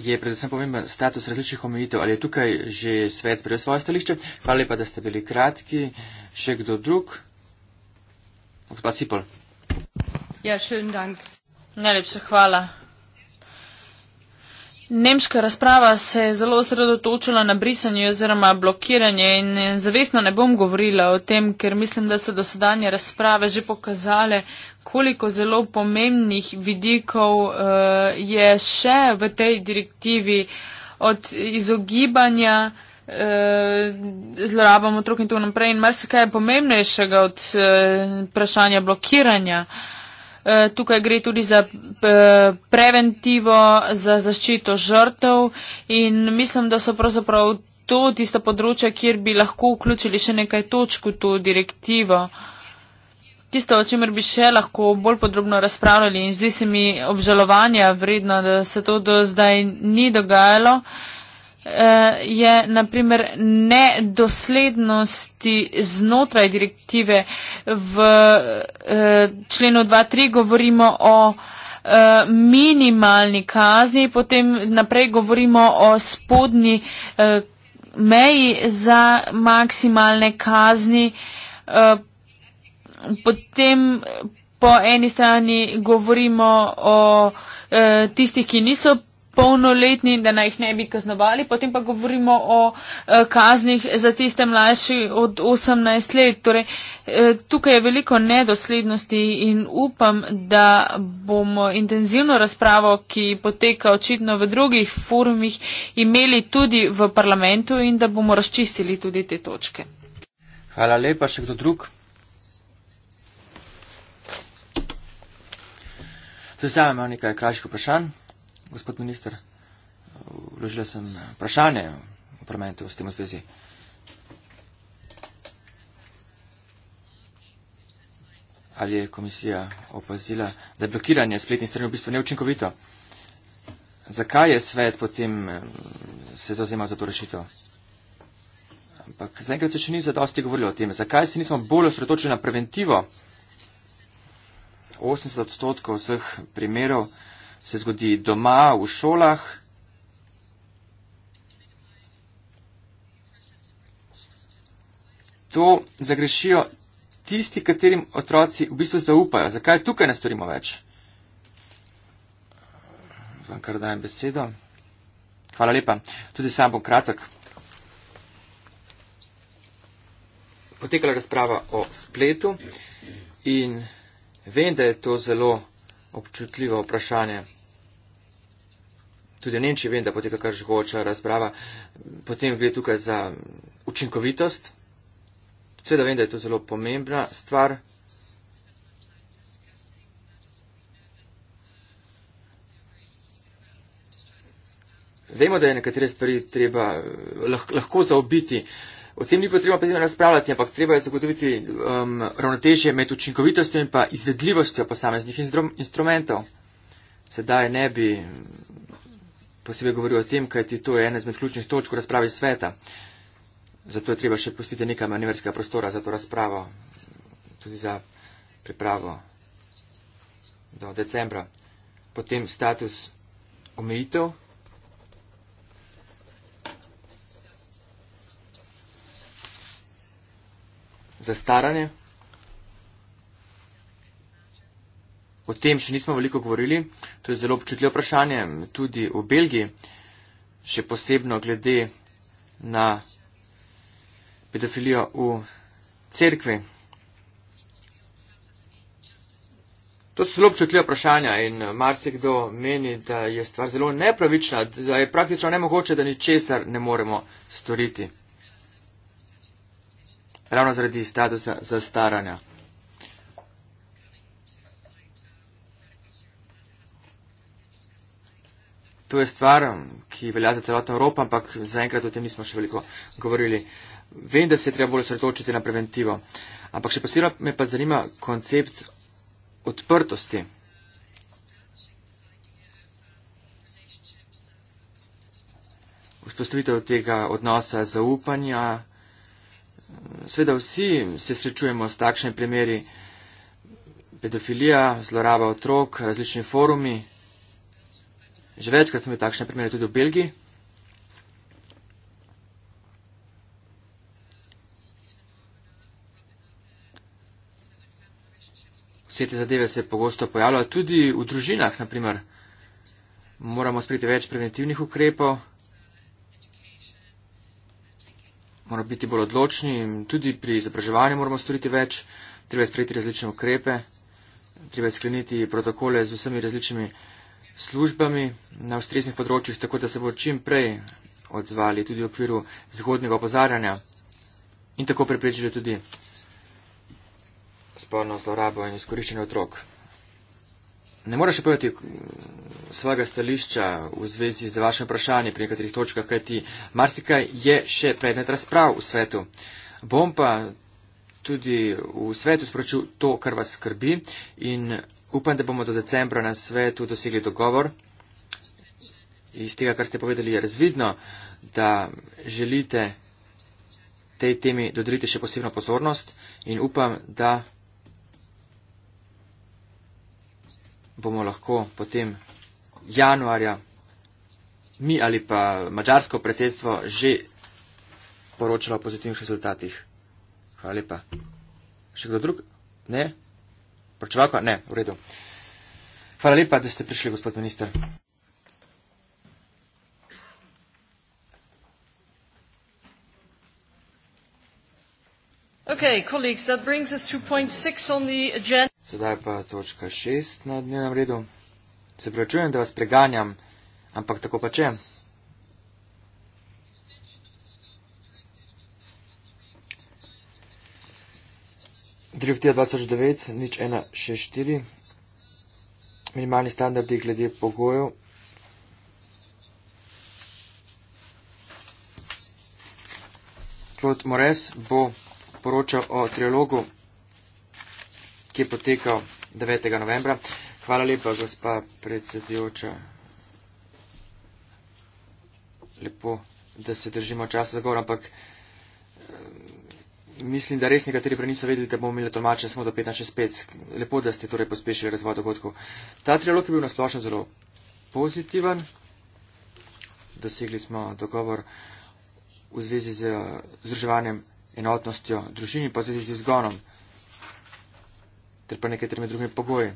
je predvsem pomemben status različnih omejitev. Ali je tukaj že svet sprejel svoje stališče? Hvala lepa, da ste bili kratki. Še kdo drug? Gospod Sipol. Ja, šön dan. Najlepša hvala. Nemška razprava se je zelo osredotočila na brisanje oziroma blokiranje in zavestno ne bom govorila o tem, ker mislim, da so dosedanje razprave že pokazale, koliko zelo pomembnih vidikov uh, je še v tej direktivi od izogibanja eh, zlorabam otrok in tako naprej in marsikaj je pomembnejšega od eh, vprašanja blokiranja. Uh, Eh, tukaj gre tudi za eh, preventivo, za zaščito žrtev in mislim, da so pravzaprav to tista področja, kjer bi lahko vključili še nekaj točk v to direktivo. Tisto, o čemer bi še lahko bolj podrobno razpravljali in zdi se mi obžalovanja vredno, da se to do zdaj ni dogajalo. Uh, Eh, je naprimer nedoslednosti znotraj direktive v eh, členu 2.3 govorimo o eh, minimalni kazni, potem naprej govorimo o spodnji meji za maksimalne kazni, potem po eni strani govorimo o tistih, ki niso pripravljeni, polnoletni in da naj jih ne bi kaznovali. Potem pa govorimo o e, kaznih za tiste mlajši od 18 let. Torej, e, tukaj je veliko nedoslednosti in upam, da bomo intenzivno razpravo, ki poteka očitno v drugih forumih, imeli tudi v parlamentu in da bomo razčistili tudi te točke. Hvala lepa, še kdo drug? Zdaj imam nekaj kraških vprašanj gospod minister, vložila sem vprašanje v parlamentu s tem v zvezi. Ali je komisija opazila, da je blokiranje spletnih strani v bistvu neučinkovito? Zakaj je svet potem eh, se zauzemal za to rešitev? Ampak zaenkrat se še ni zadosti govorilo o tem. Zakaj se nismo bolj osredotočili na preventivo? 80 odstotkov vseh primerov se zgodi doma, v šolah. To zagrešijo tisti, katerim otroci v bistvu zaupajo. Zakaj tukaj ne storimo več? Vam kar dajem besedo. Hvala lepa. Tudi sam bom kratek. Potekala razprava o spletu in vem, da je to zelo občutljivo vprašanje. Tudi v Nemčiji vem, da poteka kar žgoča razprava. Potem gre tukaj za učinkovitost. Seveda vem, da je to zelo pomembna stvar. Vemo, da je nekatere stvari treba lahko zaobiti. Uh, O tem ni potrebno predvsem razpravljati, ampak treba je zagotoviti um, ravnotežje med učinkovitostjo in izvedljivostjo posameznih instrum, instrumentov. Sedaj ne bi posebej govoril o tem, kajti to je ena izmed ključnih točk v razpravi sveta. Zato je treba še pustiti nekaj manevrskega prostora za to razpravo, tudi za pripravo do decembra. Potem status omejitev. zastaranje. O tem še nismo veliko govorili, to je zelo občutljivo vprašanje, tudi v Belgiji, še posebno glede na pedofilijo v cerkvi. To so zelo občutljiva vprašanja in marsikdo meni, da je stvar zelo nepravična, da je praktično nemogoče, da ničesar ne moremo storiti ravno zaradi statusa zastaranja. To je stvar, ki velja za celotno Evropo, ampak zaenkrat o tem nismo še veliko govorili. Vem, da se je treba bolj sredočiti na preventivo, ampak še posebej me pa zanima koncept odprtosti. Vzpostavitev tega odnosa zaupanja Sveda vsi se srečujemo s takšnimi primeri pedofilija, zloraba otrok, različni forumi. Že večkrat smo imeli takšne primere tudi v Belgiji. Vse te zadeve se pogosto pojavljajo tudi v družinah, naprimer. Moramo sprejeti več preventivnih ukrepov. moramo biti bolj odločni, tudi pri izobraževanju moramo storiti več, treba je sprejeti različne ukrepe, treba je skleniti protokole z vsemi različnimi službami na ustreznih področjih, tako da se bo čim prej odzvali tudi v okviru zgodnega opozarjanja in tako preprečili tudi spolno zlorabo in izkoriščenje otrok ne moreš povedati eh, svojega stališča v zvezi z vašim vprašanjem pri nekaterih točkah, kajti marsikaj je še predmet razprav v svetu. Bom pa tudi v svetu sporočil to, kar vas skrbi in upam, da bomo do decembra na svetu dosegli dogovor. Iz tega, kar ste povedali, je razvidno, da želite tej temi dodeliti še posebno pozornost in upam, da. bomo lahko potem januarja mi ali pa mađarsko predsedstvo že poročalo o pozitivnih rezultatih. Hvala lepa. Še kdo drug? Ne? Pročevalka? Ne, v redu. Hvala lepa, da ste prišli, gospod minister. Okay, colleagues, that brings us to point six on the agenda. Sedaj pa točka šest na dnevnem redu. Se pravčujem, da vas preganjam, ampak tako pa če. Direktiva 2009, nič 164, minimalni standardi glede pogojev. Claude Mores bo poročal o trilogu ki je potekal 9. novembra. Hvala lepa, gospa predsedujoča. Lepo, da se držimo časa za govor, ampak eh, mislim, da res nekateri prej niso vedeli, da bomo imeli tolmače samo do 15.5. Lepo, da ste torej pospešili razvoj dogodkov. Ta trialog je bil nasplošno zelo pozitiven. Dosegli smo dogovor v zvezi z eh, združevanjem enotnostjo družini, pa v zvezi z izgonom ter pa nekaterimi drugimi pogoji.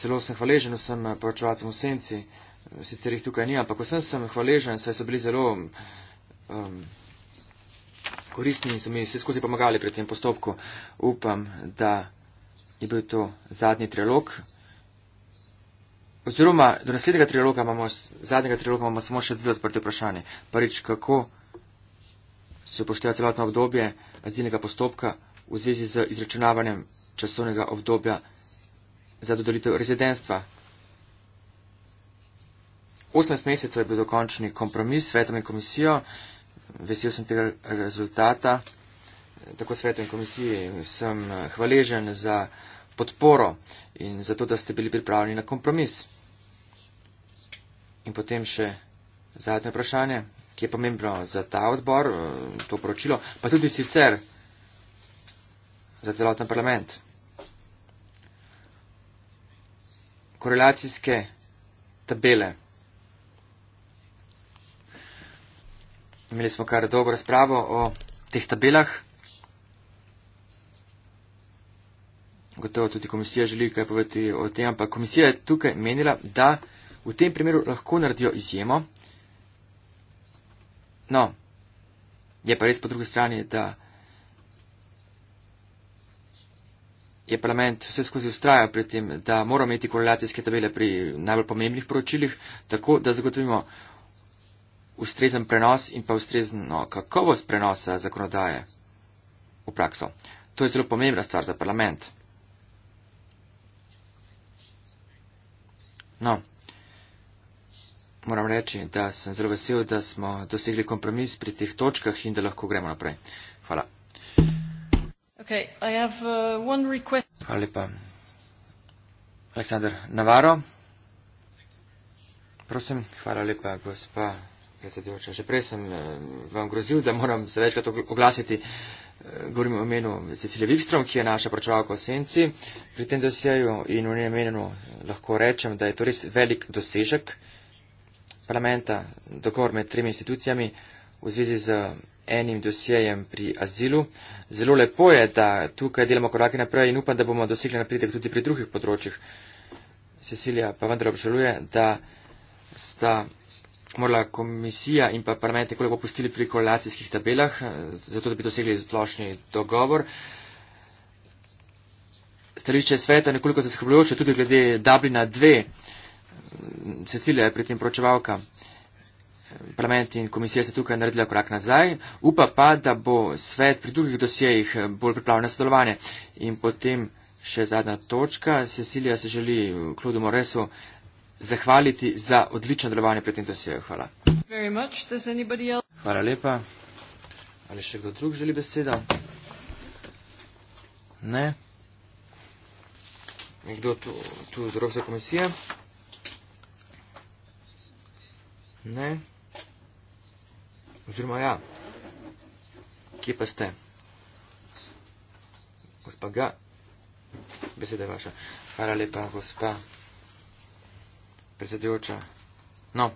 Zelo sem hvaležen vsem eh, poročevalcem v senci, eh, sicer jih tukaj ni, ampak vsem sem hvaležen, saj so bili zelo um, koristni in so mi vse skozi pomagali pri tem postopku. Upam, da je bil to zadnji trilog. Oziroma, do naslednjega triloga imamo, zadnjega triloga imamo samo še dve odprte vprašanje. Prvič, kako se upošteva celotno obdobje azilnega postopka v zvezi z izračunavanjem časovnega obdobja za dodelitev rezidenstva. 18 mesecev je bil dokončni kompromis s svetom in komisijo. Vesel sem tega rezultata. Tako svetu in komisiji sem eh, hvaležen za podporo in za to, da ste bili pripravljeni na kompromis. In potem še zadnje vprašanje, ki je pomembno za ta odbor, eh, to poročilo, pa tudi sicer za celoten parlament. Korelacijske tabele. Imeli smo kar dolgo razpravo o teh tabelah. Gotovo tudi komisija želi kaj povedati o tem, ampak komisija je tukaj menila, da v tem primeru lahko naredijo izjemo. No, je pa res po drugi strani, da je parlament vse skozi ustrajal pri tem, da moramo imeti korelacijske tabele pri najbolj pomembnih poročilih, tako da zagotovimo ustrezen prenos in pa ustrezno kakovost prenosa zakonodaje v prakso. To je zelo pomembna stvar za parlament. No, moram reči, da sem zelo vesel, da smo dosegli kompromis pri teh točkah in da lahko gremo naprej. Hvala. Okay, I have uh, one request. Hvala lepa. Aleksandar Navaro. Prosim, hvala lepa, gospa predsedujoča. Že prej sem eh, vam grozil, da moram se večkrat oglasiti. Eh, govorim o imenu Cecilije Wikstrom, ki je naša pročevalka v senci pri tem dosjeju in v njenem imenu eh, lahko rečem, da je to res velik dosežek parlamenta, dogovor med tremi institucijami v zvezi z enim dosjejem pri azilu. Zelo lepo je, da tukaj delamo korake naprej in upam, da bomo dosegli napredek tudi pri drugih področjih. Cecilija pa vendar obžaluje, da sta morala komisija in pa parlament nekoliko popustili pri korelacijskih tabelah, zato da bi dosegli splošni dogovor. Stališče sveta je nekoliko zaskrbljujoče tudi glede Dublina 2. Cecilija je pri tem pročevalka parlament in komisija sta tukaj naredila korak nazaj, upa pa, da bo svet pri drugih dosjejih eh, bolj pripravljen na sodelovanje. In potem še zadnja točka. Cecilija se želi Klodu eh, Moresu zahvaliti za odlično delovanje pri tem dosjeju. Hvala. Hvala lepa. Ali še kdo drug želi besedo? Ne. Nekdo tu, tu z Evropske komisije? Ne. Oziroma, ja, kje pa ste? Gospa ga, beseda je vaša. Hvala lepa, gospa predsedujoča. No,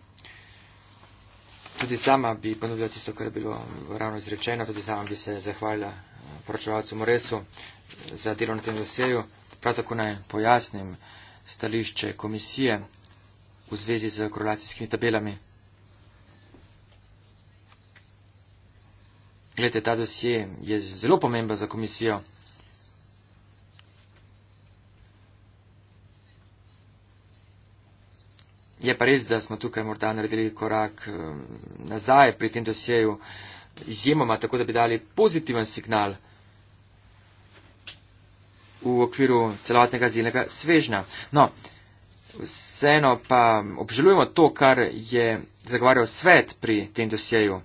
tudi sama bi ponudila tisto, kar je bilo ravno izrečeno, tudi sama bi se zahvalila eh, poročevalcu Moresu za delo na tem dosjeju. Prav tako naj pojasnim stališče komisije v zvezi z korelacijskimi tabelami. Glede, ta dosje je zelo pomemben za komisijo. Je pa res, da smo tukaj morda naredili korak eh, nazaj pri tem dosjeju izjemoma, tako da bi dali pozitiven signal v okviru celotnega zilnega svežna. No, vseeno pa obžalujemo to, kar je zagovarjal svet pri tem dosjeju.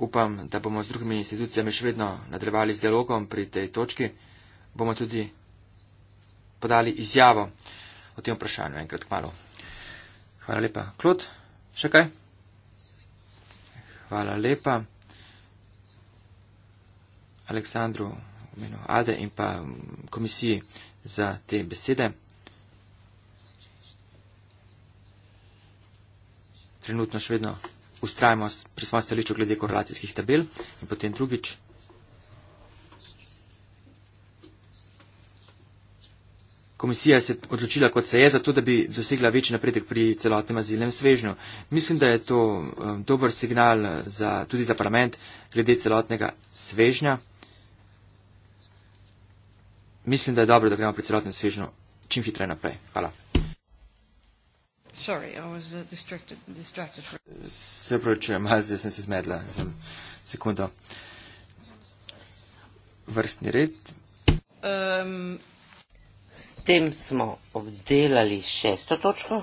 upam, da bomo z drugimi institucijami še vedno nadrevali z dialogom pri tej točki, bomo tudi podali izjavo o tem vprašanju enkrat kmalo. Hvala lepa. Klod, še kaj? Hvala lepa. Aleksandru, imenu Ade in pa komisiji za te besede. Trenutno še vedno ustrajamo pri svojem stališču glede korelacijskih tabel in potem drugič. Komisija se je odločila, kot se je, zato da bi dosegla večji napredek pri celotnem azilnem svežnju. Mislim, da je to um, dober signal uh, za, tudi za parlament glede celotnega svežnja. Mislim, da je dobro, da gremo pri celotnem svežnju čim hitreje naprej. Hvala. Sorry, I was uh, distracted. distracted for... Se pravičujem, malo zdaj sem se zmedla. Sem. Sekundo. Vrstni red. Um, S tem smo obdelali šesto točko.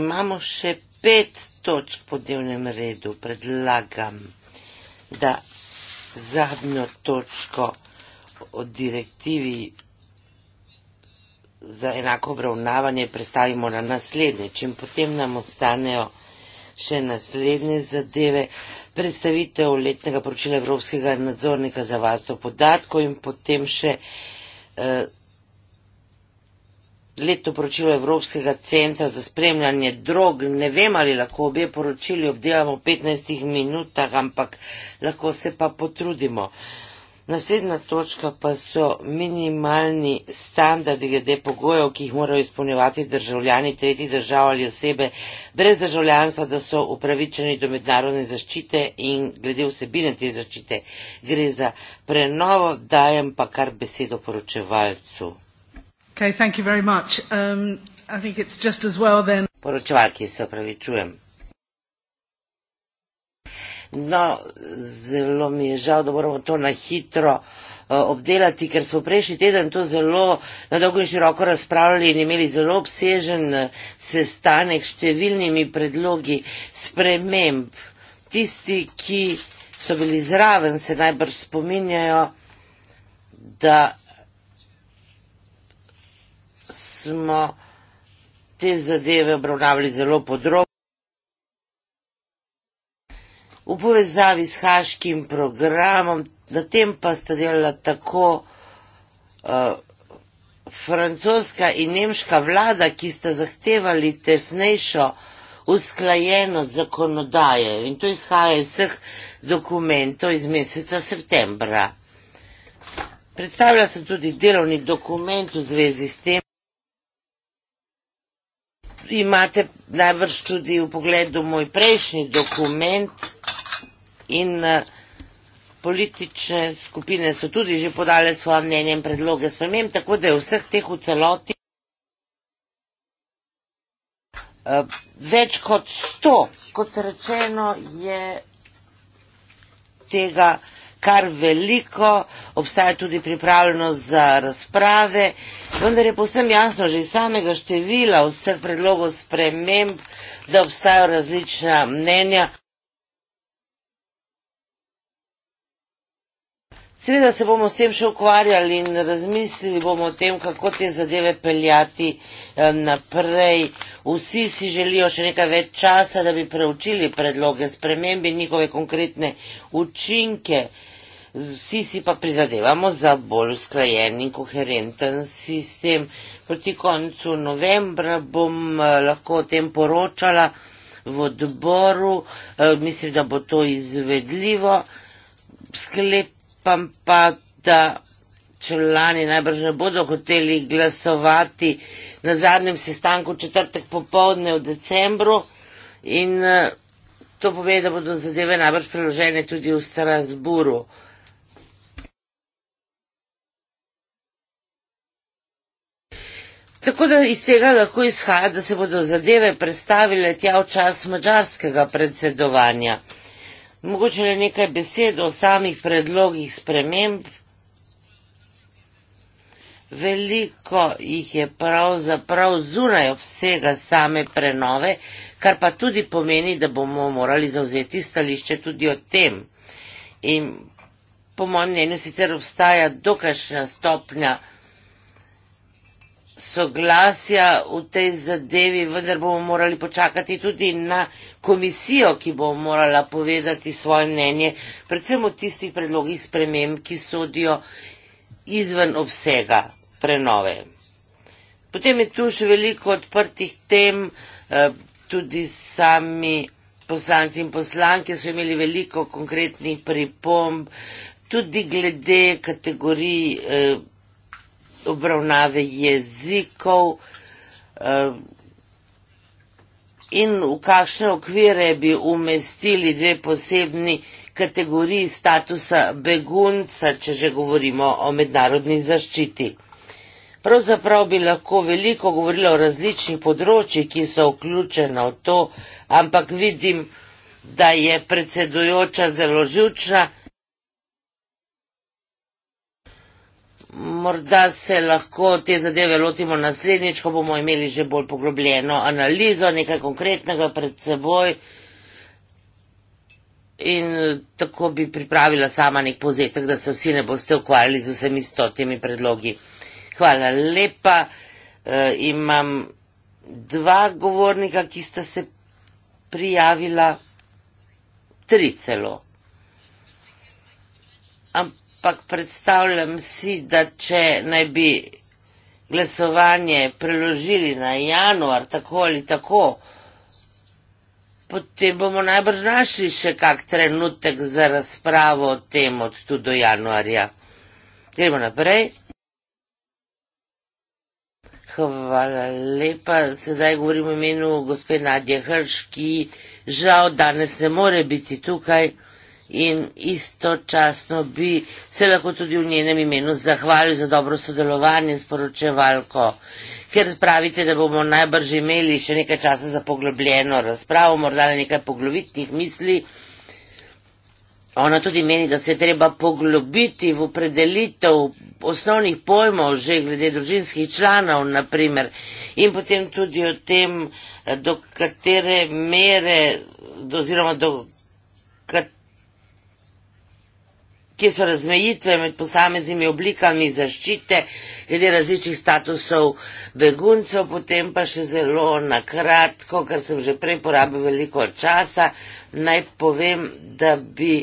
Imamo še pet točk po dnevnem redu. Predlagam, da zadnjo točko o direktivi za enako obravnavanje predstavimo na naslednje, čim potem nam ostanejo še naslednje zadeve, predstavitev letnega poročila Evropskega nadzornika za varstvo podatkov in potem še eh, leto poročilo Evropskega centra za spremljanje drog. Ne vem, ali lahko obe poročili obdelamo v 15 minutah, ampak lahko se pa potrudimo. Eh, Naslednja točka pa so minimalni standardi glede pogojev, ki jih morajo izpolnjevati državljani tretjih držav ali osebe brez državljanstva, da so upravičeni do mednarodne zaščite in glede vsebine te zaščite. Gre za prenovo, dajem pa kar besedo poročevalcu. Okay, um, well then... Poročevalki se opravičujem. No, zelo mi je žal, da moramo to na hitro eh, obdelati, ker smo prejšnji teden to zelo na dolgo in široko razpravljali in imeli zelo obsežen eh, sestanek s številnimi predlogi sprememb. Tisti, ki so bili zraven, se najbrž spominjajo, da smo te zadeve obravnavali zelo podrobno v povezavi s haškim programom, na tem pa sta delala tako uh, francoska in nemška vlada, ki sta zahtevali tesnejšo usklajenost zakonodaje in to izhaja iz vseh dokumentov iz meseca septembra. Predstavlja se tudi delovni dokument v zvezi s tem. Imate najbrž tudi v pogledu moj prejšnji dokument, in eh, politične skupine so tudi že podale svoje mnenje in predloge spremem, tako da je vseh teh v celoti eh, več kot sto, kot rečeno, je tega kar veliko, obstaja tudi pripravljenost za razprave, vendar je povsem jasno že iz samega števila vseh predlogov spremem, da obstajajo različna mnenja. Seveda se bomo s tem še ukvarjali in razmislili bomo o tem, kako te zadeve peljati eh, naprej. Vsi si želijo še nekaj več časa, da bi preučili predloge spremembe in njihove konkretne učinke. Vsi si pa prizadevamo za bolj usklajen in koherenten sistem. Proti koncu novembra bom eh, lahko o tem poročala v odboru. Eh, mislim, da bo to izvedljivo. Sklep upam pa, da čelani najbrž ne bodo hoteli glasovati na zadnjem sestanku četrtek popovdne v decembru in eh, to pomeni, da bodo zadeve najbrž preložene tudi v Strasburu. Tako da iz tega lahko izhaja, da se bodo zadeve predstavile tja v čas mađarskega predsedovanja. Mogoče le nekaj besed o samih predlogih sprememb. Veliko jih je pravzaprav zunaj obsega same prenove, kar pa tudi pomeni, da bomo morali zauzeti stališče tudi o tem. In po mojem mnenju sicer obstaja dokašna stopnja, soglasja v tej zadevi, vendar bomo morali počakati tudi na komisijo, ki bo morala povedati svoje mnenje, predvsem o tistih predlogih sprememb, ki sodijo izven obsega prenove. Potem je tu še veliko odprtih tem, eh, tudi sami poslanci in poslanke so imeli veliko konkretnih pripomb, tudi glede kategorij. Eh, obravnave jezikov eh, in v kakšne okvire bi umestili dve posebni kategoriji statusa begunca, če že govorimo o mednarodni zaščiti. Pravzaprav bi lahko veliko govorilo o različnih področjih, ki so vključena v to, ampak vidim, da je predsedujoča zelo žučna, morda se lahko te zadeve lotimo naslednjič, ko bomo imeli že bolj poglobljeno analizo, nekaj konkretnega pred seboj. In eh, tako bi pripravila sama nek povzetek, da se vsi ne boste ukvarjali z vsemi stotimi predlogi. Hvala lepa. E, imam dva govornika, ki sta se prijavila. Tri celo. Ampak ampak predstavljam si, da če naj bi glasovanje preložili na januar, tako ali tako, potem bomo najbrž našli še kak trenutek za razpravo o tem od tu do januarja. Gremo naprej. Hvala lepa. Sedaj govorim o imenu gospe Nadje Hrš, ki žal danes ne more biti tukaj in istočasno bi se lahko tudi v njenem imenu zahvalil za dobro sodelovanje s poročevalko, ker pravite, da bomo najbrž imeli še nekaj časa za poglobljeno razpravo, morda le nekaj poglobitnih misli. Ona tudi meni, da se je treba poglobiti v predelitev osnovnih pojmov, že glede družinskih članov, naprimer, in potem tudi o tem, do katere mere, oziroma do kje so razmejitve med posameznimi oblikami zaščite, glede različnih statusov beguncev, potem pa še zelo na kratko, ker sem že prej porabil veliko časa, naj povem, da bi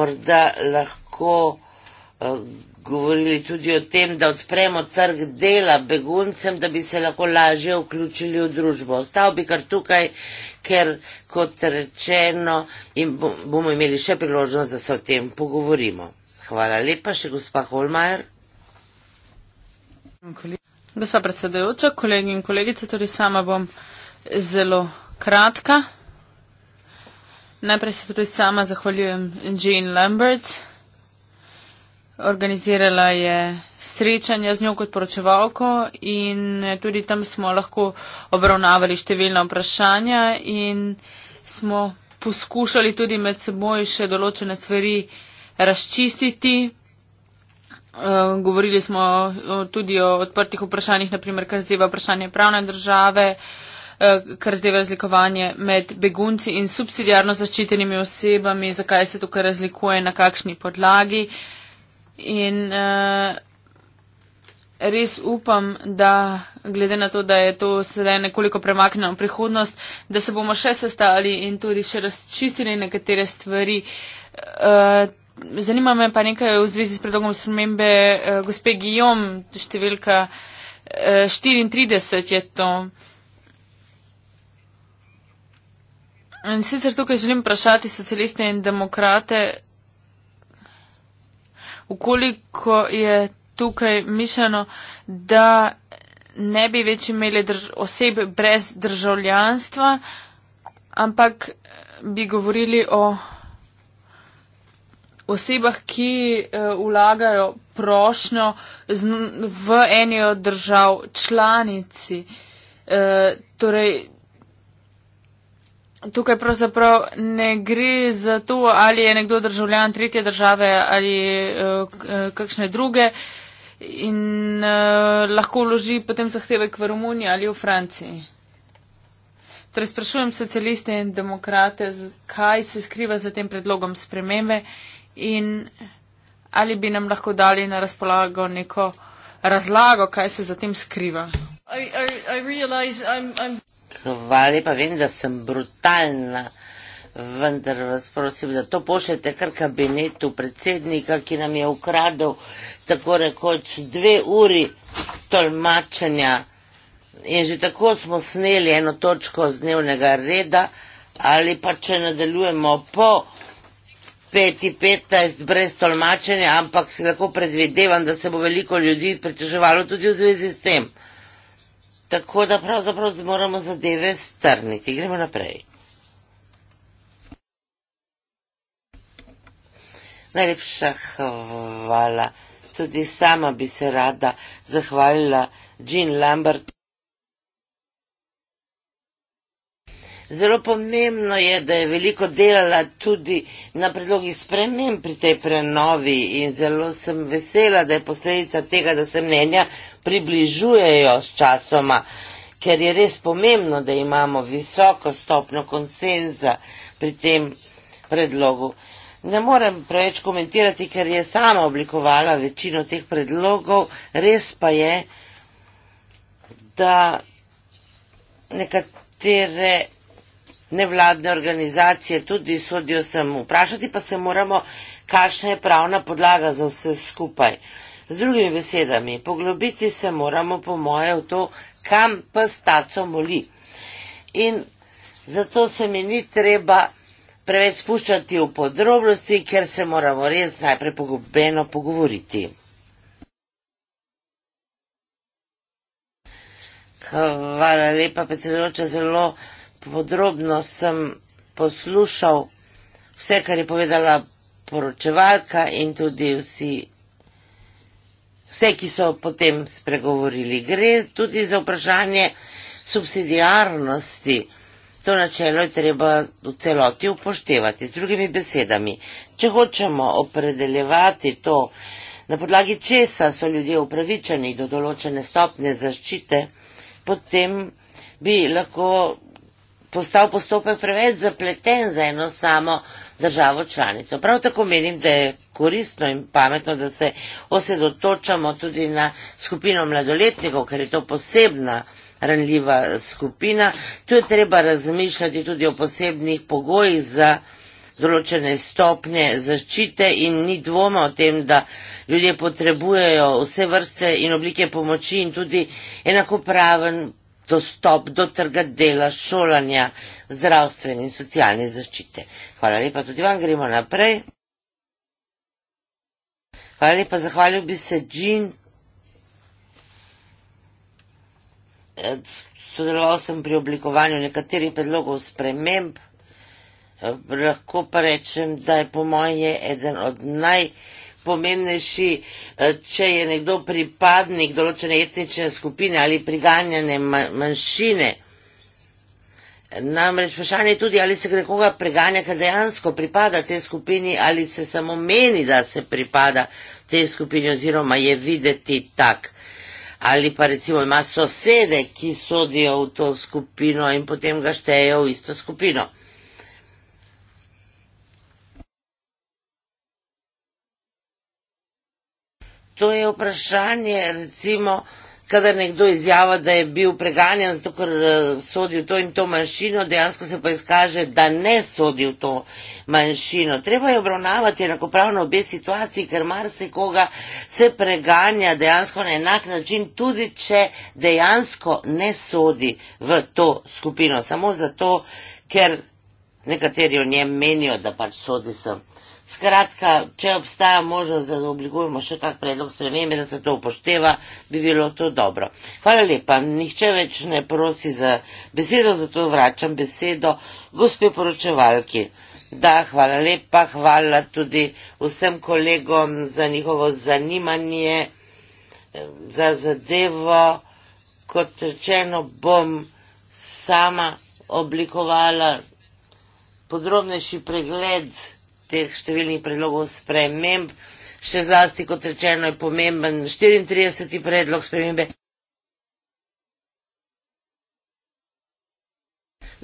morda lahko eh, govorili tudi o tem, da odpremo trg dela beguncem, da bi se lahko lažje vključili v družbo. Ostal bi kar tukaj, ker kot rečeno in bomo imeli še priložnost, da se o tem pogovorimo. Hvala lepa še gospa Holmajer. Gospa predsedajoča, kolegi in kolegice, tudi sama bom zelo kratka. Najprej se tudi sama zahvaljujem Jean Lamberts organizirala je srečanja z njo kot poročevalko in tudi tam smo lahko obravnavali številna vprašanja in smo poskušali tudi med seboj še določene stvari razčistiti. Eh, govorili smo tudi o odprtih vprašanjih, naprimer, kar zdeva vprašanje pravne države, eh, kar zdeva razlikovanje med begunci in subsidijarno zaščitenimi osebami, zakaj se tukaj razlikuje, na kakšni podlagi. In uh, res upam, da glede na to, da je to sedaj nekoliko premaknjeno v prihodnost, da se bomo še sestali in tudi še razčistili nekatere stvari. Uh, zanima me pa nekaj v zvezi s predlogom spremembe uh, gospe Gijom, številka uh, 34 je to. In sicer tukaj želim vprašati socialiste in demokrate, ukoliko je tukaj mišljeno, da ne bi več imeli drž oseb brez državljanstva, ampak bi govorili o osebah, ki uh, vlagajo prošnjo v eni od držav članici. Uh, torej, Tukaj pravzaprav ne gre za to, ali je nekdo državljan tretje države ali eh, kakšne druge in eh, lahko vloži potem zahtevek v Romuniji ali v Franciji. Torej sprašujem socialiste in demokrate, kaj se skriva za tem predlogom spremembe in ali bi nam lahko dali na razpolago neko razlago, kaj se za tem skriva. I, I, I realize, I'm, I'm... Hvala pa vem, da sem brutalna, vendar vas prosim, da to pošljete kar kabinetu predsednika, ki nam je ukradel tako rekoč dve uri tolmačenja in že tako smo sneli eno točko z dnevnega reda ali pa če nadaljujemo po 5.15 brez tolmačenja, ampak si lahko predvidevam, da se bo veliko ljudi pritoževalo tudi v zvezi s tem. Tako da pravzaprav moramo zadeve strniti. Gremo naprej. Najlepša hvala. Tudi sama bi se rada zahvalila Jean Lambert. Zelo pomembno je, da je veliko delala tudi na predlogi spremem pri tej prenovi in zelo sem vesela, da je posledica tega, da se mnenja približujejo s časoma, ker je res pomembno, da imamo visoko stopno konsenza pri tem predlogu. Ne morem preveč komentirati, ker je sama oblikovala večino teh predlogov, res pa je, da nekatere nevladne organizacije tudi sodijo sem vprašati, pa se moramo, kakšna je pravna podlaga za vse skupaj. Z drugimi besedami, poglobiti se moramo po moje v to, kam pstaco moli. In zato se mi ni treba preveč spuščati v podrobnosti, ker se moramo res najprej pogobeno pogovoriti. Hvala lepa, predsedujoča, zelo podrobno sem poslušal vse, kar je povedala poročevalka in tudi vsi vse, ki so potem spregovorili. Gre tudi za vprašanje subsidijarnosti. To načelo je treba v celoti upoštevati. Z drugimi besedami, če hočemo opredeljevati to, na podlagi česa so ljudje upravičeni do določene stopne zaščite, potem bi lahko postal postopek preveč zapleten za eno samo državo članico. Prav tako menim, da je koristno in pametno, da se osredotočamo tudi na skupino mladoletnikov, ker je to posebna ranljiva skupina. Tu je treba razmišljati tudi o posebnih pogojih za določene stopnje zaščite in ni dvoma o tem, da ljudje potrebujejo vse vrste in oblike pomoči in tudi enakopraven dostop do trga dela, šolanja, zdravstvene in socialne zaščite. Hvala lepa tudi vam, gremo naprej. Hvala lepa, zahvalil bi se Džin. Sodeloval sem pri oblikovanju nekaterih predlogov sprememb. Lahko pa rečem, da je po mojem eden od najbolj pomembnejši, eh, če je nekdo pripadnik določene etnične skupine ali priganjane manjšine. Namreč vprašanje je tudi, ali se gre koga preganja, ker dejansko pripada tej skupini ali se samo meni, da se pripada tej skupini oziroma je videti tak. Ali pa recimo ima sosede, ki sodijo v to skupino in potem ga štejejo v isto skupino. to je vprašanje, recimo, kadar nekdo izjava, da je bil preganjan, zato ker eh, sodi v to in to manjšino, dejansko se pa izkaže, da ne sodi v to manjšino. Treba je obravnavati enakopravno obe situaciji, ker marsikoga se preganja dejansko na enak način, tudi če dejansko ne sodi v to skupino, samo zato, ker nekateri o njem menijo, da pač sodi sem. Skratka, če obstaja možnost, da oblikujemo še kak predlog spremembe, da se to upošteva, bi bilo to dobro. Hvala lepa. Nihče več ne prosi za besedo, zato vračam besedo gospe poročevalki. Da, hvala lepa. Hvala tudi vsem kolegom za njihovo zanimanje, za zadevo. Kot rečeno, bom sama oblikovala podrobnejši pregled teh številnih predlogov sprememb, še zlasti kot rečeno je pomemben 34. predlog spremembe.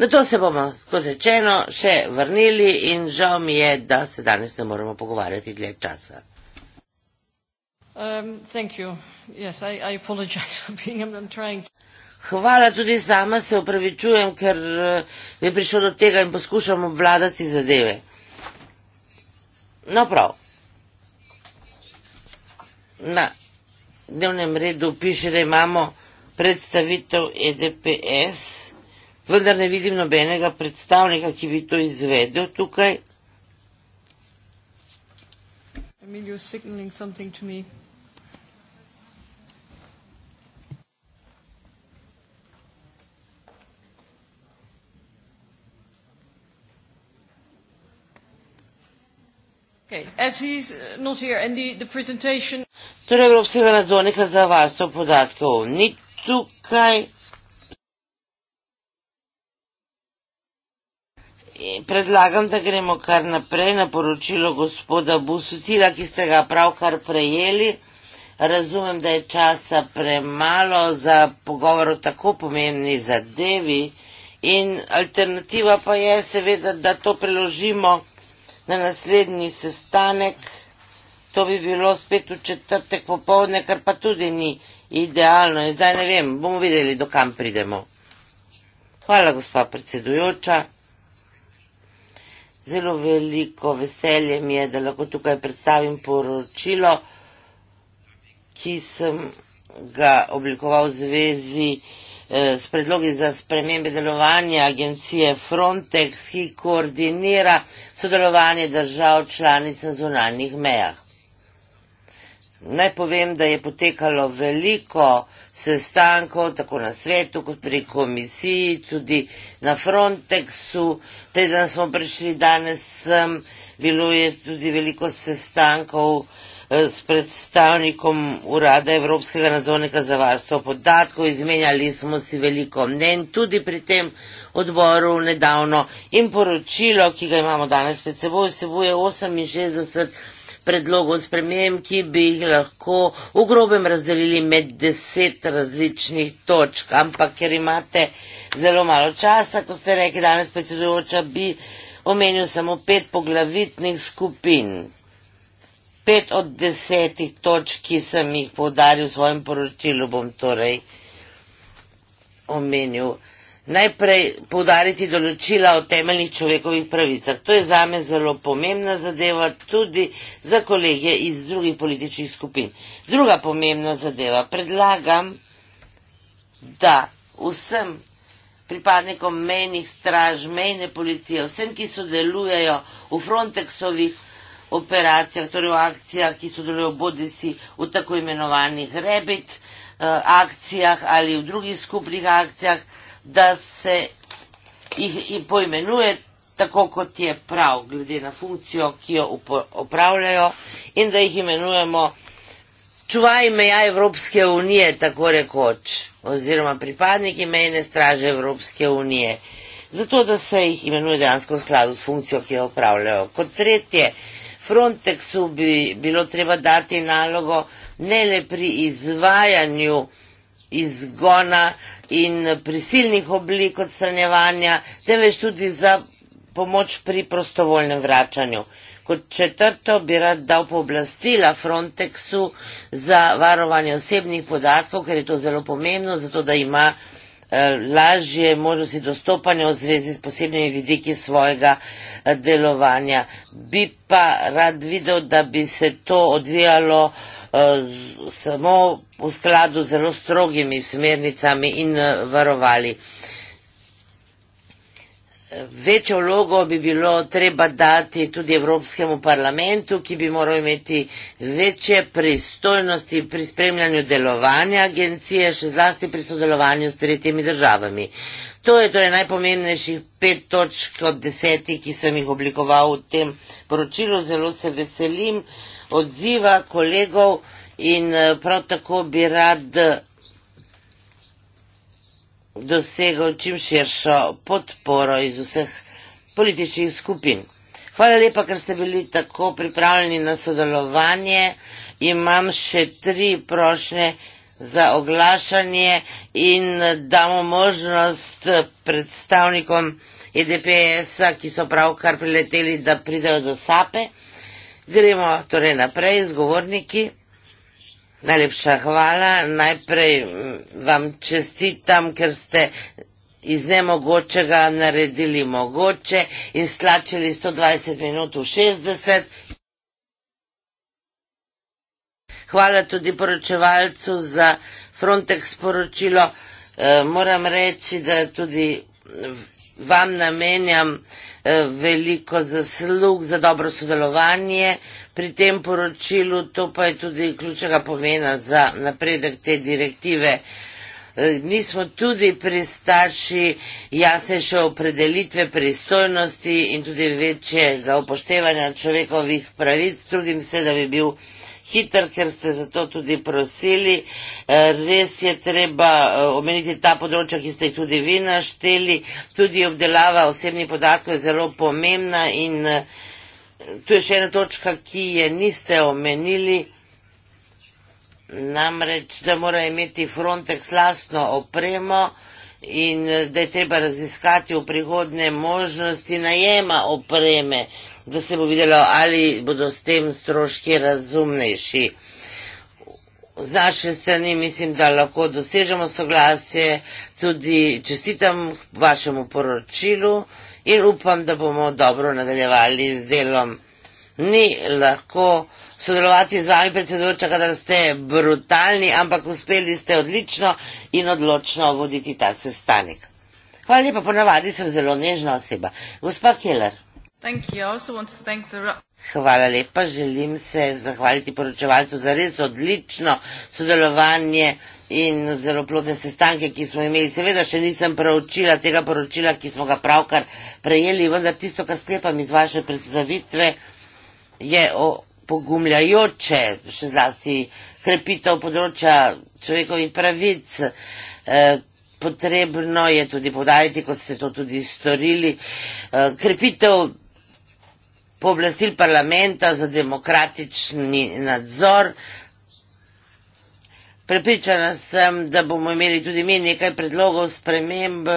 Na to se bomo, kot rečeno, še vrnili in žal mi je, da se danes ne moremo pogovarjati dlje časa. Um, Hvala tudi sama, se upravičujem, ker eh, je prišlo do tega in poskušam obvladati zadeve. No prav. Na dnevnem redu piše, da imamo predstavitev EDPS, vendar ne vidim nobenega predstavnika, ki bi to izvedel tukaj. Emilio signaling something to me. Uh, torej, Evropskega nadzornika za varstvo podatkov ni tukaj. Predlagam, da gremo kar naprej na poročilo gospoda Busutila, ki ste ga pravkar prejeli. Razumem, da je časa premalo za pogovor o tako pomembni zadevi in alternativa pa je seveda, da to preložimo na naslednji sestanek, to bi bilo spet v četrtek popovdne, kar pa tudi ni idealno. In zdaj ne vem, bomo videli, dokam pridemo. Hvala, gospa predsedujoča. Zelo veliko veselje mi je, da lahko tukaj predstavim poročilo, ki sem ga oblikoval v zvezi s Eh, s predlogi za spremembe delovanja agencije Frontex, ki koordinira sodelovanje držav članica v zunanjih mejah. Naj povem, da je potekalo veliko sestankov, tako na svetu, kot pri komisiji, tudi na Frontexu. Teden smo prišli danes, bilo je tudi veliko sestankov, Eh, s predstavnikom Urada Evropskega nadzornika za varstvo podatkov, izmenjali smo si veliko mnen, tudi pri tem odboru nedavno in poročilo, ki ga imamo danes pred seboj, vsebuje 68 predlogov sprememb, ki bi jih lahko v grobem razdelili med deset različnih točk. Ampak ker imate zelo malo časa, ko ste rekli danes predsedujoča, bi omenil samo pet poglavitnih skupin pet od desetih točk, ki sem jih podaril v svojem poročilu, bom torej omenil. Najprej podariti določila o temeljnih človekovih pravicah. To je za me zelo pomembna zadeva tudi za kolege iz drugih političnih skupin. Druga pomembna zadeva. Predlagam, da vsem pripadnikom mejnih straž, mejne policije, vsem, ki sodelujejo v Frontexovih operacijah, torej v akcijah, ki sodelujo bodi si v tako imenovanih rebit eh, akcijah ali v drugih skupnih akcijah, da se jih poimenuje tako, kot je prav, glede na funkcijo, ki jo opravljajo in da jih imenujemo čuvaj meja Evropske unije, tako rekoč, oziroma pripadniki mejne straže Evropske unije. Zato, da se jih imenuje dejansko v skladu s funkcijo, ki jo opravljajo. Kot tretje, Frontexu bi bilo treba dati nalogo ne le pri izvajanju izgona in prisilnih oblik odstranjevanja, temveč tudi za pomoč pri prostovoljnem vračanju. Kot četrto bi rad dal pooblastila Frontexu za varovanje osebnih podatkov, ker je to zelo pomembno, zato da ima Eh, lažje možnosti dostopanja v zvezi s posebnimi vidiki svojega eh, delovanja. Bi pa rad videl, da bi se to odvijalo eh, samo v skladu z zelo strogimi smernicami in varovali. Večjo vlogo bi bilo treba dati tudi Evropskemu parlamentu, ki bi moral imeti večje pristojnosti pri spremljanju delovanja agencije, še zlasti pri sodelovanju s tretjimi državami. To je torej najpomembnejših pet točk od desetih, ki sem jih oblikoval v tem poročilu. Zelo se veselim odziva kolegov in eh, prav tako bi rad dosegel čim širšo podporo iz vseh političnih skupin. Hvala lepa, ker ste bili tako pripravljeni na sodelovanje. Imam še tri prošnje za oglašanje in damo možnost predstavnikom EDPS-a, ki so pravkar prileteli, da pridejo do SAPE. Gremo torej naprej z govorniki. Najlepša hvala. Najprej mm, vam čestitam, ker ste iz nemogočega naredili mogoče in slačili 120 minut v 60. Hvala tudi poročevalcu za Frontex poročilo. E, moram reči, da tudi vam namenjam e, veliko zaslug za dobro sodelovanje pri tem poročilu, to pa je tudi ključnega pomena za napredek te direktive. Mi e, smo tudi pristaši jasnejše opredelitve pristojnosti in tudi večjega upoštevanja človekovih pravic. Trudim se, da bi bil hiter, ker ste za to tudi prosili. E, res je treba e, omeniti ta področja, ki ste jih tudi vi našteli. Tudi obdelava osebnih podatkov je zelo pomembna in tu je še ena točka, ki je niste omenili, namreč, da mora imeti Frontex lastno opremo in da je treba raziskati v prihodne možnosti najema opreme, da se bo videlo, ali bodo s tem stroški razumnejši. Z naše strani mislim, da lahko dosežemo soglasje, tudi čestitam vašemu poročilu in upam, da bomo dobro nadaljevali z delom. Ni lahko sodelovati z vami, predsedujoča, kadar ste brutalni, ampak uspeli ste odlično in odločno voditi ta sestanek. Hvala lepa, ponavadi sem zelo nežna oseba. Gospa Keller. Hvala lepa, želim se zahvaliti poročevalcu za res odlično sodelovanje in zelo plodne sestanke, ki smo imeli. Seveda še nisem preučila tega poročila, ki smo ga pravkar prejeli, vendar tisto, kar sklepam iz vaše predstavitve, je pogumljajoče, še zlasti krepitev področja človekovih pravic. E, potrebno je tudi podariti, kot ste to tudi storili, e, krepitev pooblastil parlamenta za demokratični nadzor, Prepričana sem, da bomo imeli tudi mi nekaj predlogov sprememb,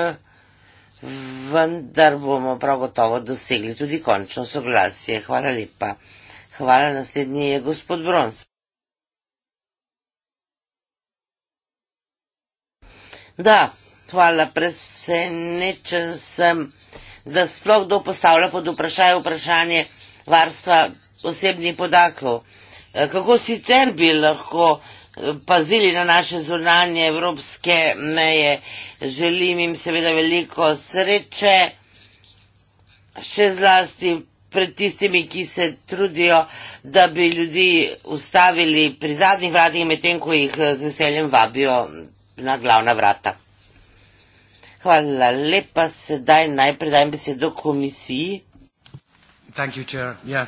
vendar bomo prav gotovo dosegli tudi končno soglasje. Hvala lepa. Hvala, naslednji je gospod Brons. Da, hvala, presenečen sem, da sploh kdo postavlja pod vprašaj vprašanje varstva osebnih podatkov. Kako sicer bi lahko pazili na naše zunanje evropske meje. Želim jim seveda veliko sreče, še zlasti pred tistimi, ki se trudijo, da bi ljudi ustavili pri zadnjih vratih, medtem ko jih z veseljem vabijo na glavna vrata. Hvala lepa, sedaj najprej dajem besedo komisiji. Thank you, chair. Yeah.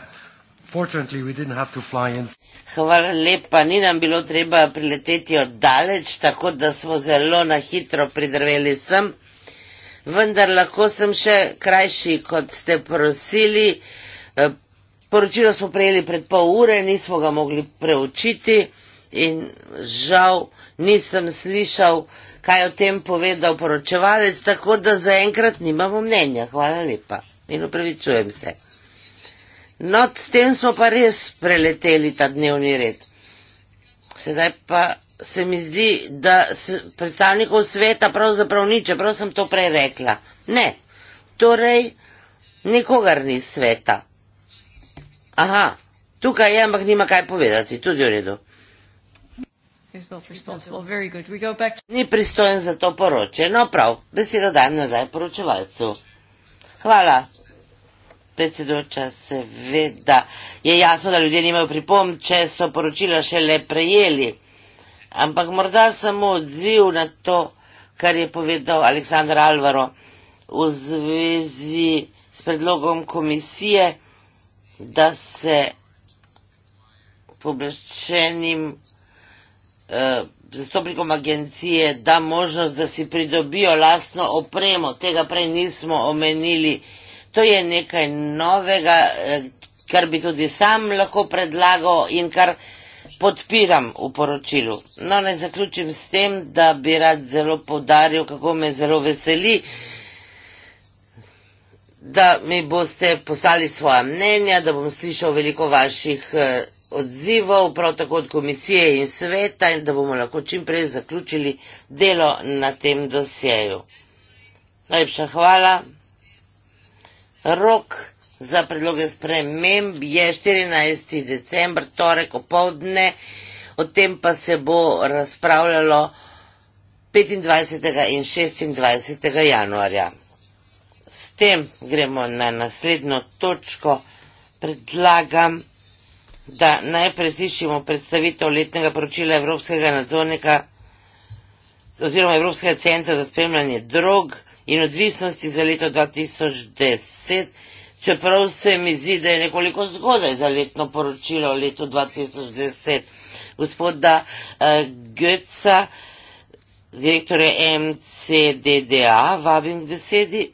Fortunately, we didn't have to fly in. Hvala lepa, ni nam bilo treba prileteti od daleč, tako da smo zelo na hitro pridrveli sem. Vendar lahko sem še krajši, kot ste prosili. E, poročilo smo prejeli pred pol ure, nismo ga mogli preučiti in žal nisem slišal, kaj o tem povedal poročevalec, tako da zaenkrat nimamo mnenja. Hvala lepa in upravičujem se. No, s tem smo pa res preleteli ta dnevni red. Sedaj pa se mi zdi, da predstavnikov sveta pravzaprav ni, čeprav sem to prej rekla. Ne, torej nikogar ni sveta. Aha, tukaj je, ampak nima kaj povedati, tudi v redu. Ni pristojen za to poročje. No prav, beseda dajem nazaj poročevalcu. Hvala predsedujoča, seveda je jasno, da ljudje nimajo pripomb, če so poročila šele prejeli. Ampak morda samo odziv na to, kar je povedal Aleksandar Alvaro v zvezi s predlogom komisije, da se pooblaščenim eh, zastopnikom agencije da možnost, da si pridobijo lastno opremo. Tega prej nismo omenili. To je nekaj novega, eh, kar bi tudi sam lahko predlagal in kar podpiram v poročilu. No, ne zaključim s tem, da bi rad zelo podaril, kako me zelo veseli, da mi boste poslali svoja mnenja, da bom slišal veliko vaših eh, odzivov, prav tako od komisije in sveta, in da bomo lahko čim prej zaključili delo na tem dosjeju. Najlepša hvala. Rok za predloge sprememb je 14. december, torej opoldne, o tem pa se bo razpravljalo 25. in 26. januarja. S tem gremo na naslednjo točko. Predlagam, da najprej slišimo predstavitev letnega poročila Evropskega nadzornika oziroma Evropskega centra za spremljanje drog in odvisnosti za leto 2010, čeprav se mi zdi, da je nekoliko zgodaj za letno poročilo leto 2010. Gospoda uh, eh, Götza, direktore MCDDA, vabim k besedi.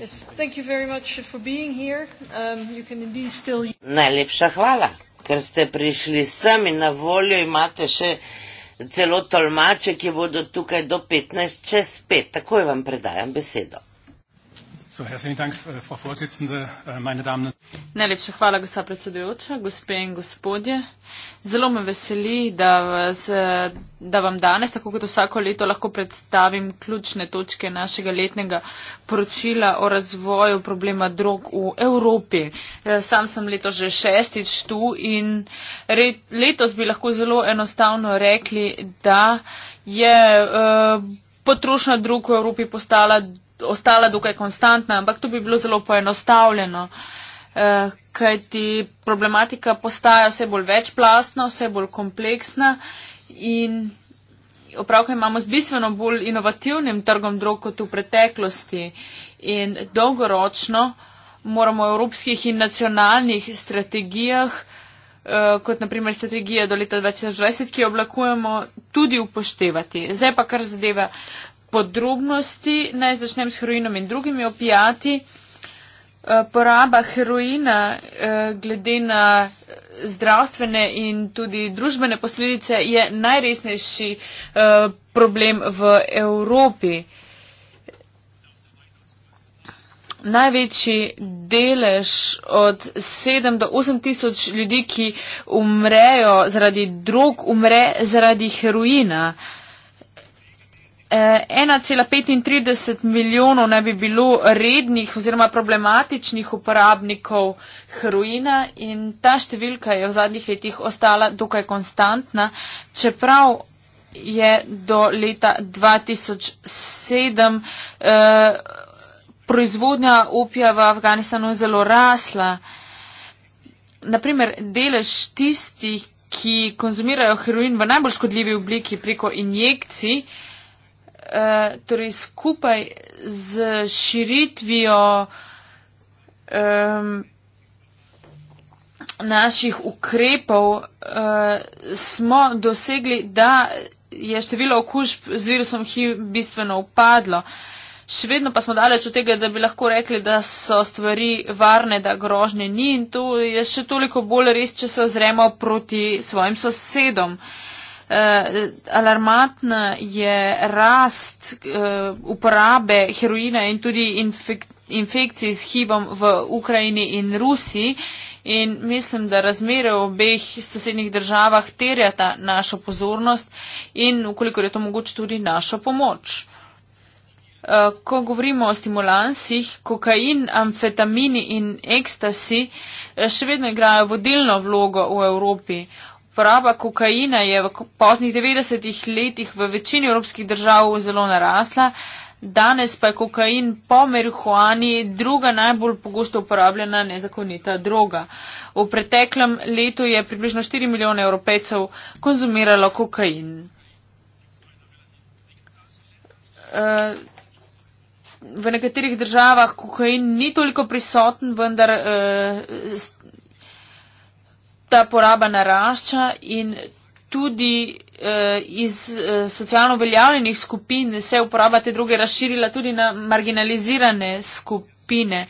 Yes, thank you very much for being here. Um, you can indeed still... Najlepša hvala, ker ste prišli sami na voljo, imate še celo tolmače, ki bodo tukaj do 15 čez 5. Takoj vam predajam besedo. So, herzlichen Dank, äh, Frau Vorsitzende, äh, meine Damen und Herren. Najlepša hvala, gospa predsedujoča, gospe in gospodje. Zelo me veseli, da, vas, äh, da vam danes, tako kot vsako leto, lahko predstavim ključne točke našega letnega poročila o razvoju problema drog v Evropi. Sam sem leto že šestič tu in re, letos bi lahko zelo enostavno rekli, da je uh, potrošna drog v Evropi postala ostala dokaj konstantna, ampak to bi bilo zelo poenostavljeno, eh, kaj ti problematika postaja vse bolj večplastna, vse bolj kompleksna in opravka imamo z bistveno bolj inovativnim trgom drog kot v preteklosti in dolgoročno moramo v evropskih in nacionalnih strategijah, eh, kot naprimer strategija do leta 2020, ki jo oblakujemo, tudi upoštevati. Zdaj pa kar zadeva. Eh, podrobnosti, naj začnem s heroinom in drugimi opijati. Eh, poraba heroina eh, glede na zdravstvene in tudi družbene posledice je najresnejši eh, problem v Evropi. Največji delež od 7 do 8 tisoč ljudi, ki umrejo zaradi drog, umre zaradi heroina. Uh, 1,35 eh, milijonov naj bi bilo rednih oziroma problematičnih uporabnikov heroina in ta številka je v zadnjih letih ostala dokaj konstantna, čeprav je do leta 2007 eh, proizvodnja opija v Afganistanu zelo rasla. Naprimer, delež tistih, ki konzumirajo heroin v najbolj škodljivi obliki preko injekcij, eh, eh, torej skupaj z širitvijo eh, naših ukrepov eh, smo dosegli, da je število okužb z virusom HIV bistveno upadlo. Še vedno pa smo daleč od tega, da bi lahko rekli, da so stvari varne, da grožnje ni in to je še toliko bolj res, če se ozremo proti svojim sosedom. Uh, Eh, alarmantna je rast eh, uporabe heroina in tudi infek infekcij s HIV-om v Ukrajini in Rusiji. In mislim, da razmere v obeh sosednjih državah terjata našo pozornost in, ukolikor je to mogoče, tudi našo pomoč. Eh, ko govorimo o stimulansih, kokain, amfetamini in ekstasi še vedno igrajo vodilno vlogo v Evropi poraba kokaina je v poznih 90-ih letih v večini evropskih držav zelo narasla. Danes pa je kokain po marihuani druga najbolj pogosto uporabljena nezakonita droga. V preteklem letu je približno 4 milijone evropejcev konzumiralo kokain. E, v nekaterih državah kokain ni toliko prisoten, vendar e, ta poraba narašča in tudi eh, iz eh, socialno veljavljenih skupin se je uporaba te druge razširila tudi na marginalizirane skupine.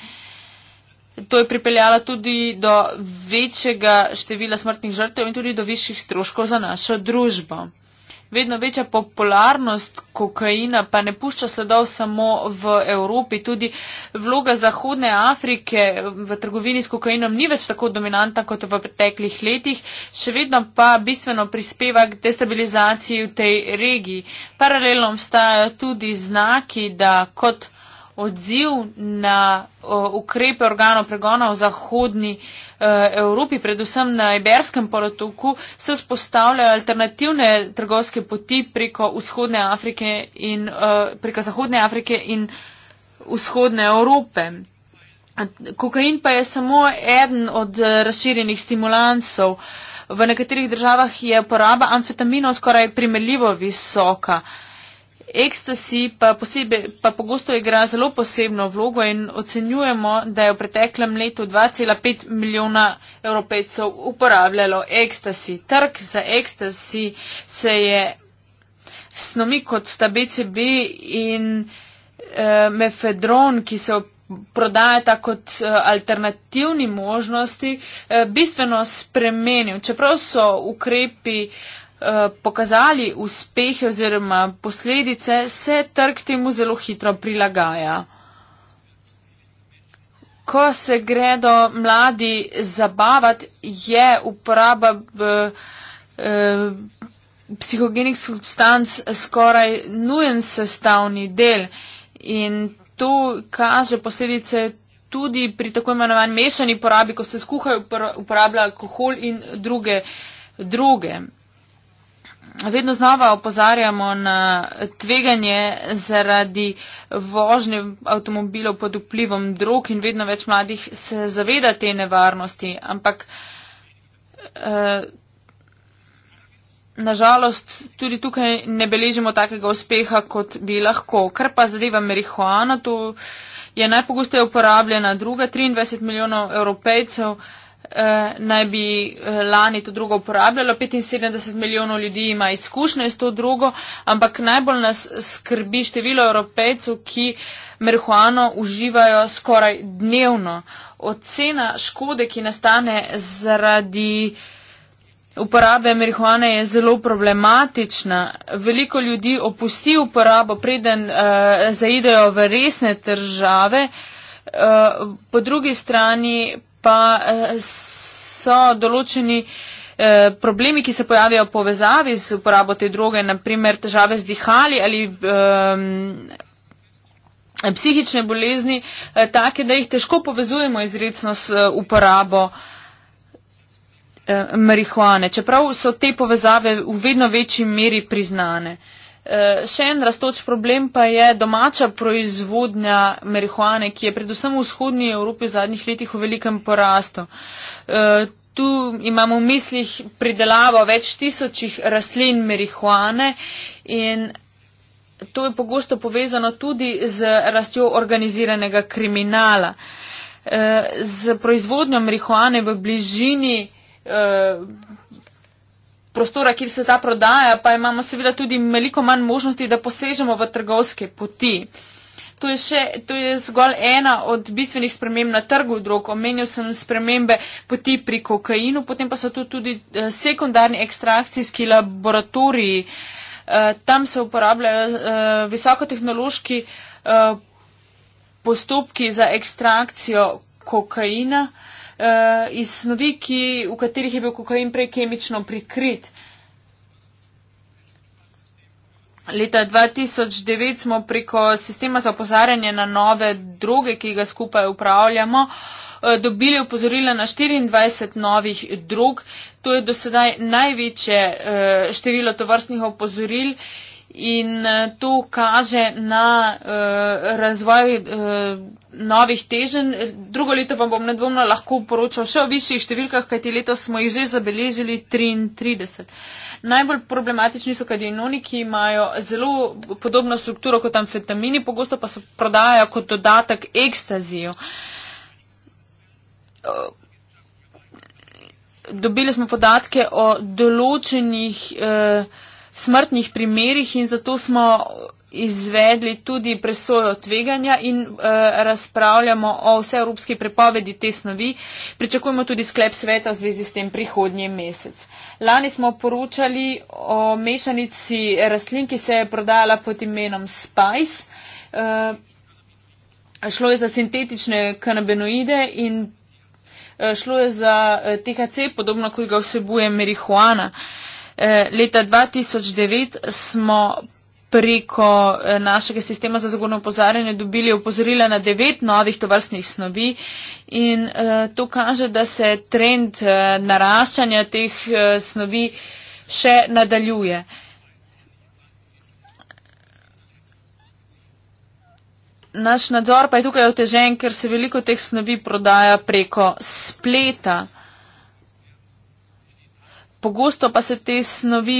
To je pripeljalo tudi do večjega števila smrtnih žrtev in tudi do višjih stroškov za našo družbo vedno večja popularnost kokaina, pa ne pušča sledov samo v Evropi. Tudi vloga Zahodne Afrike v trgovini s kokainom ni več tako dominantna kot v preteklih letih, še vedno pa bistveno prispeva k destabilizaciji v tej regiji. Paralelno obstajajo tudi znaki, da kot odziv na ukrepe organov pregona v zahodni eh, Evropi, predvsem na Iberskem polotoku, se vzpostavljajo alternativne trgovske poti preko vzhodne Afrike in eh, preko zahodne Afrike in vzhodne Evrope. Kokain pa je samo eden od eh, razširjenih stimulansov. V nekaterih državah je poraba amfetaminov skoraj primerljivo visoka. Uh, Ekstasi pa, posebe, pa pogosto igra zelo posebno vlogo in ocenjujemo, da je v preteklem letu 2,5 milijona evropejcev uporabljalo ekstasi. Trg za ekstasi se je snomi kot sta BCB in e, mefedron, ki se prodajata kot e, alternativni možnosti, e, bistveno spremenil. Čeprav so ukrepi. E, Eh, pokazali uspehe oziroma posledice, se trg temu zelo hitro prilagaja. Ko se gredo mladi zabavati, je uporaba eh, eh, psihogenih substanc skoraj nujen sestavni del in to kaže posledice tudi pri tako imenovani mešani porabi, ko se skuhaj uporablja alkohol in druge. druge. Vedno znova opozarjamo na tveganje zaradi vožnje avtomobilov pod vplivom drog in vedno več mladih se zaveda te nevarnosti, ampak eh, nažalost tudi tukaj ne beležimo takega uspeha, kot bi lahko. Kar pa zadeva marihuana, to je najpogosteje uporabljena druga 23 milijonov evropejcev. Eh, naj bi eh, lani to drugo uporabljalo. 75 milijonov ljudi ima izkušnje s to drugo, ampak najbolj nas skrbi število evropejcev, ki marihuano uživajo skoraj dnevno. Ocena škode, ki nastane zaradi uporabe marihuane, je zelo problematična. Veliko ljudi opusti uporabo, preden uh, zaidejo v resne države. Uh, po drugi strani pa eh, so določeni eh, problemi, ki se pojavijo v povezavi z uporabo te droge, naprimer težave z dihali ali. Um, Psihične bolezni, eh, take, da jih težko povezujemo izredno s uporabo marihuane, čeprav so te povezave v vedno večji meri priznane. Eh, še en rastoč problem pa je domača proizvodnja marihuane, ki je predvsem v vzhodnji Evropi v zadnjih letih v velikem porastu. Eh, tu imamo v mislih pridelavo več tisočih rastlin marihuane in to je pogosto povezano tudi z rastjo organiziranega kriminala. Eh, z proizvodnjo marihuane v bližini prostora, kjer se ta prodaja, pa imamo seveda tudi veliko manj možnosti, da posežemo v trgovske poti. To je, še, to je zgolj ena od bistvenih sprememb na trgu drog. Omenil sem spremembe poti pri kokainu, potem pa so tu tudi eh, sekundarni ekstrakcijski laboratoriji. Eh, tam se uporabljajo eh, visokotehnološki postopki za ekstrakcijo kokaina uh, iz snovi, ki, v katerih je bil kokain prej kemično prikrit. Leta 2009 smo preko sistema za opozarjanje na nove droge, ki ga skupaj upravljamo, eh, dobili opozorila na 24 novih drug. To je do sedaj največje eh, število tovrstnih opozoril. In eh, to kaže na uh, razvoj uh, novih teženj. Drugo leto vam bom nedvomno lahko poročal še o višjih številkah, kajti letos smo jih že zabeležili 33. Najbolj problematični so kadinoni, ki imajo zelo podobno strukturo kot amfetamini, pogosto pa se prodajajo kot dodatek ekstazijo. Dobili smo podatke o določenih. Uh, smrtnih primerjih in zato smo izvedli tudi presojo tveganja in e, razpravljamo o vseevropski prepovedi te snovi. Pričakujemo tudi sklep sveta v zvezi s tem prihodnji mesec. Lani smo poročali o mešanici rastlin, ki se je prodala pod imenom Spice. E, šlo je za sintetične kanabinoide in e, šlo je za THC, podobno kot ga vsebuje marihuana. E, Eh, leta 2009 smo preko eh, našega sistema za zagorno upozarjanje dobili opozorila na devet novih tovrstnih snovi in eh, to kaže, da se trend naraščanja teh snovi še nadaljuje. Naš nadzor pa je tukaj otežen, ker se veliko teh snovi prodaja preko spleta. Pogosto pa se te snovi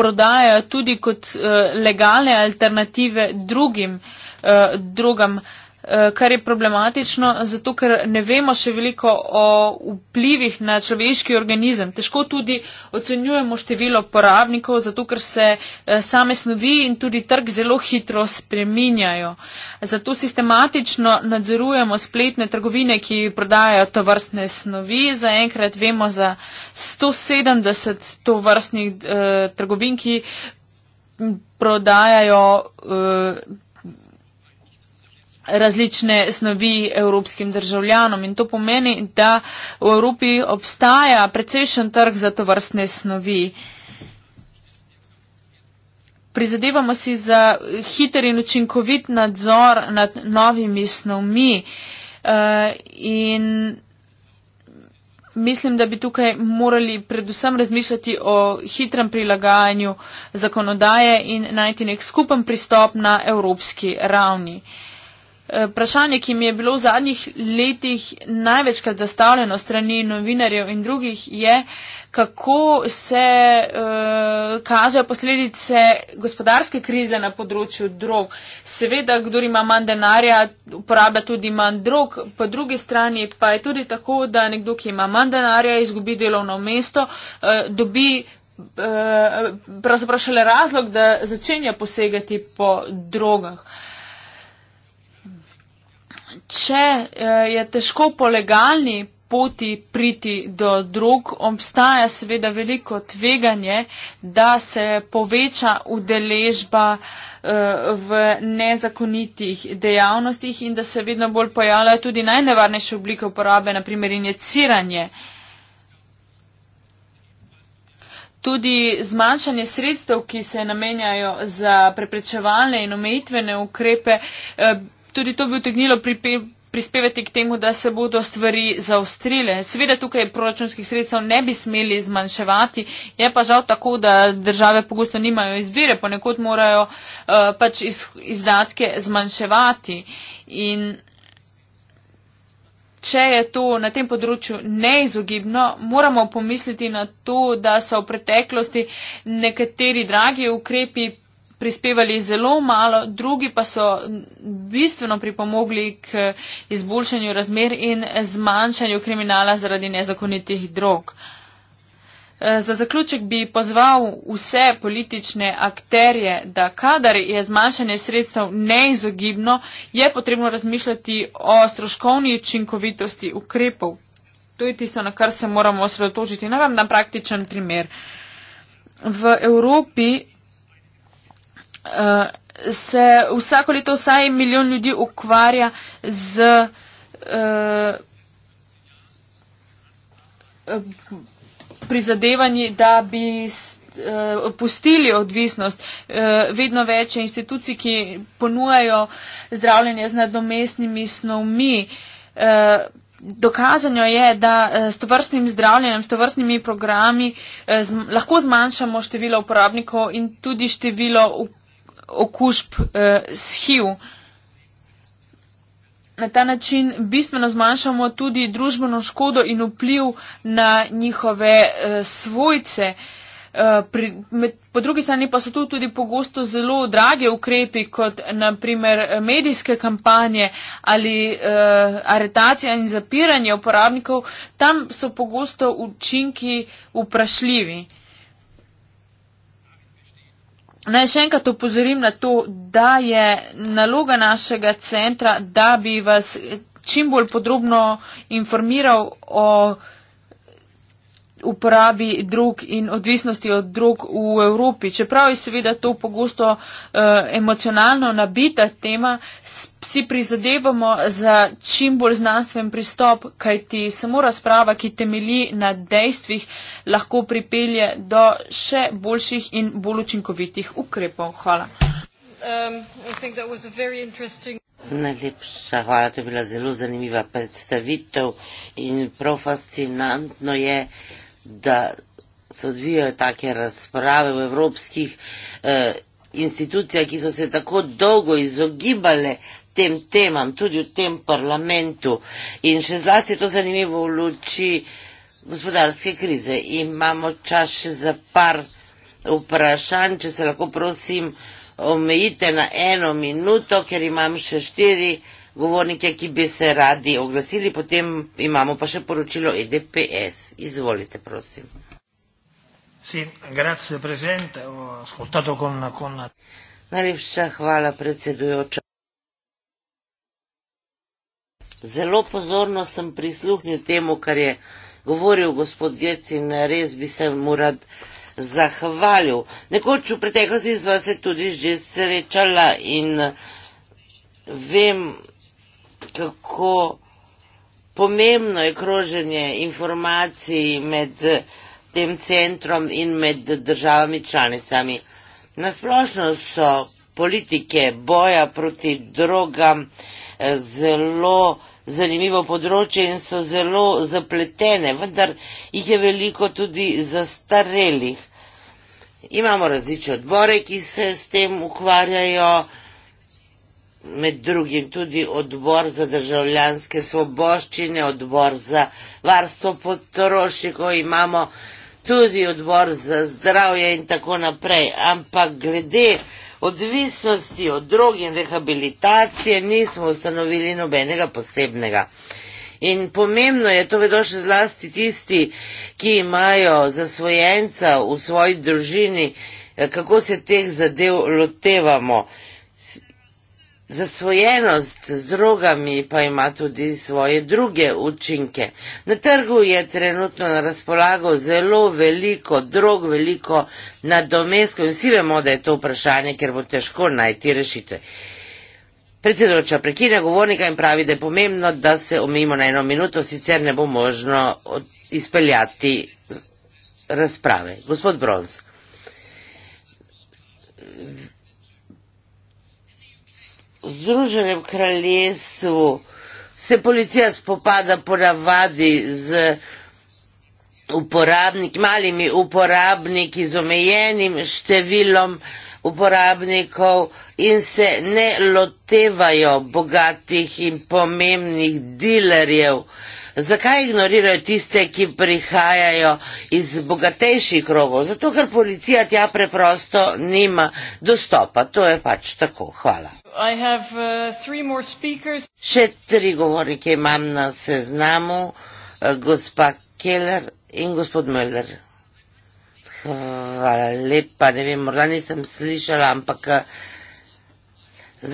prodajajo tudi kot uh, legalne alternative drugim uh, eh, drugam. Uh, Eh, kar je problematično, zato ker ne vemo še veliko o vplivih na človeški organizem. Težko tudi ocenjujemo število porabnikov, zato ker se eh, same snovi in tudi trg zelo hitro spreminjajo. Zato sistematično nadzorujemo spletne trgovine, ki prodajajo to vrstne snovi. Zaenkrat vemo za 170 to vrstnih eh, trgovin, ki prodajajo. Eh, različne snovi evropskim državljanom. In to pomeni, da v Evropi obstaja precejšen trg za to vrstne snovi. Prizadevamo si za hiter in učinkovit nadzor nad novimi snovmi. Eh, in mislim, da bi tukaj morali predvsem razmišljati o hitrem prilagajanju zakonodaje in najti nek skupen pristop na evropski ravni. Eh, vprašanje, ki mi je bilo v zadnjih letih največkrat zastavljeno strani novinarjev in drugih, je, kako se uh, kažejo posledice gospodarske krize na področju drog. Seveda, kdor ima manj denarja, uporablja tudi manj drog, po drugi strani pa je tudi tako, da nekdo, ki ima manj denarja, izgubi delovno mesto, uh, dobi. Uh, pravzaprav šele razlog, da začenja posegati po drogah. Uh, če eh, je težko po legalni poti priti do drog, obstaja seveda veliko tveganje, da se poveča udeležba eh, v nezakonitih dejavnostih in da se vedno bolj pojavljajo tudi najnevarnejše oblike uporabe, naprimer injeciranje. Tudi zmanjšanje sredstev, ki se namenjajo za preprečevalne in omejitvene ukrepe, eh, tudi to bi utegnilo prispevati k temu, da se bodo stvari zaostrile. Seveda tukaj proračunskih sredstev ne bi smeli zmanjševati, je pa žal tako, da države pogosto nimajo izbire, ponekod morajo uh, pač iz, izdatke zmanjševati. In Če je to na tem področju neizogibno, moramo pomisliti na to, da so v preteklosti nekateri dragi ukrepi prispevali zelo malo, drugi pa so bistveno pripomogli k izboljšanju razmer in zmanjšanju kriminala zaradi nezakonitih drog. E, za zaključek bi pozval vse politične akterje, da kadar je zmanjšanje sredstev neizogibno, je potrebno razmišljati o stroškovni učinkovitosti ukrepov. To je tisto, na kar se moramo osredotočiti. Navam dan praktičen primer. V Evropi uh, se vsako leto vsaj milijon ljudi ukvarja z uh, prizadevanji, da bi eh, opustili odvisnost. Vedno več je institucij, ki ponujajo zdravljenje z nadomestnimi snovmi. Dokazanjo je, da s tovrstnim zdravljenjem, s tovrstnimi programi lahko zmanjšamo število uporabnikov in tudi število uporabnikov okužb eh, s HIV. Na ta način bistveno zmanjšamo tudi družbeno škodo in vpliv na njihove eh, svojce. Eh, pri, med, po drugi strani pa so tu tudi pogosto zelo drage ukrepi, kot naprimer medijske kampanje ali uh, aretacija in zapiranje uporabnikov. Tam so pogosto učinki vprašljivi. Naj še enkrat upozorim na to, da je naloga našega centra, da bi vas čim bolj podrobno informiral o uporabi drug in odvisnosti od drug v Evropi. Čeprav je seveda to pogosto uh, emocionalno nabita tema, si prizadevamo za čim bolj znanstven pristop, kajti samo razprava, ki temelji na dejstvih, lahko pripelje do še boljših in bolj učinkovitih ukrepov. Hvala. Um, Najlepša hvala, to je bila zelo zanimiva predstavitev in prav fascinantno je da se odvijajo take razprave v evropskih eh, institucijah, ki so se tako dolgo izogibale tem temam, tudi v tem parlamentu. In še zlasti je to zanimivo v luči gospodarske krize. Imamo čas še za par vprašanj, če se lahko prosim omejite na eno minuto, ker imam še štiri govornike, ki bi se radi oglasili, potem imamo pa še poročilo EDPS. Izvolite, prosim. Sì, grazie presente, ho ascoltato con, con... Najlepša hvala, predsedujoča. Zelo pozorno sem prisluhnil temu, kar je govoril gospod Gec in res bi se mu rad zahvalil. Nekoč v preteklosti z vas se tudi že srečala in vem, kako pomembno je kroženje informacij med tem centrom in med državami članicami. Nasplošno so politike boja proti drogam eh, zelo zanimivo področje in so zelo zapletene, vendar jih je veliko tudi zastarelih. Imamo različne odbore, ki se s tem ukvarjajo med drugim tudi odbor za državljanske svoboščine, odbor za varstvo potrošnikov, imamo tudi odbor za zdravje in tako naprej. Ampak glede odvisnosti od drog in rehabilitacije nismo ustanovili nobenega posebnega. In pomembno je, to vedo še zlasti tisti, ki imajo zasvojenca v svoji družini, eh, kako se teh zadev lotevamo. Zasvojenost z drogami pa ima tudi svoje druge učinke. Na trgu je trenutno na razpolago zelo veliko drog, veliko nadomestkov in vsi vemo, da je to vprašanje, ker bo težko najti rešitve. Predsedujoča prekine govornika in pravi, da je pomembno, da se omejimo na eno minuto, sicer ne bo možno izpeljati razprave. Gospod Bronz. Hvala. v Združenem kraljestvu se policija spopada poravadi z uporabniki, malimi uporabniki z omejenim številom uporabnikov in se ne lotevajo bogatih in pomembnih dilerjev. Zakaj ignorirajo tiste, ki prihajajo iz bogatejših krogov? Zato, ker policija tja preprosto nima dostopa. To je pač tako. Hvala. I have uh, three more speakers. Še tri govornike imam na seznamu, uh, gospa Keller in gospod Müller. Hvala lepa, ne vem, morda nisem slišala, ampak eh,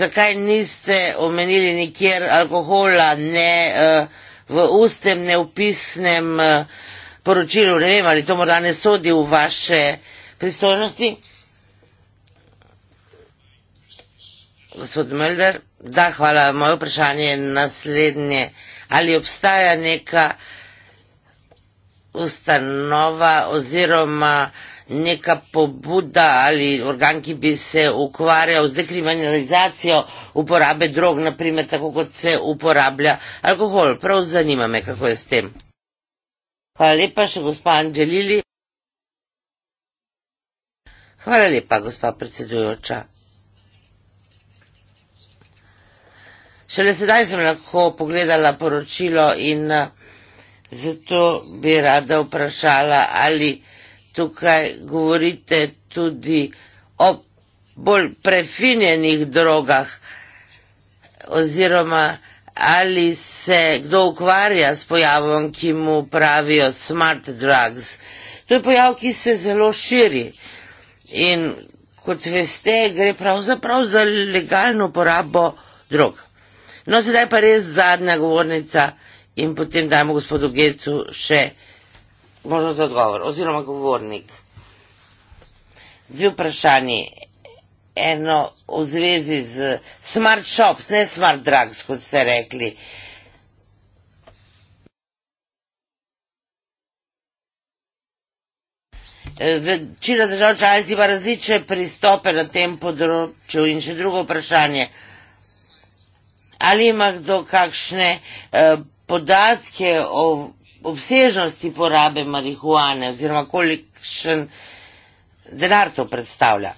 zakaj niste omenili nikjer alkohola, ne uh, v ustem, ne v pisnem uh, poročilu, ne vem, ali to morda ne sodi v vaše pristojnosti. gospod Mölder. Da, hvala. Moje vprašanje je naslednje. Ali obstaja neka ustanova oziroma neka pobuda ali organ, ki bi se ukvarjal z dekriminalizacijo uporabe drog, naprimer tako kot se uporablja alkohol. Prav zanima me, kako je s tem. Hvala lepa še gospa Anđelili. Hvala lepa gospa predsedujoča. Šele sedaj sem lahko pogledala poročilo in eh, zato bi rada vprašala, ali tukaj govorite tudi o bolj prefinjenih drogah oziroma ali se kdo ukvarja s pojavom, ki mu pravijo smart drugs. To je pojav, ki se zelo širi in kot veste, gre pravzaprav za legalno porabo drog. No, sedaj pa res zadnja govornica in potem dajmo gospodu Gecu še možnost za odgovor, oziroma govornik. Dve vprašanji. Eno v zvezi z smart shops, ne smart drugs, kot ste rekli. Večina držav članic ima različne pristope na tem področju in še drugo vprašanje. Ali ima kdo kakšne eh, podatke o obsežnosti porabe marihuane oziroma kolikšen denar to predstavlja?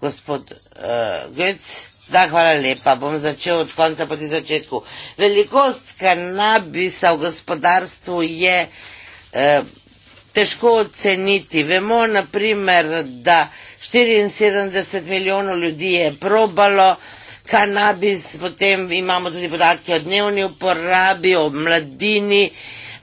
Gospod eh, Götz, da hvala lepa, bom začel od konca proti začetku. Velikost kanabisa v gospodarstvu je eh, težko oceniti. Vemo naprimer, da 74 milijonov ljudi je probalo, kanabis, potem imamo tudi podatke o dnevni uporabi, o mladini,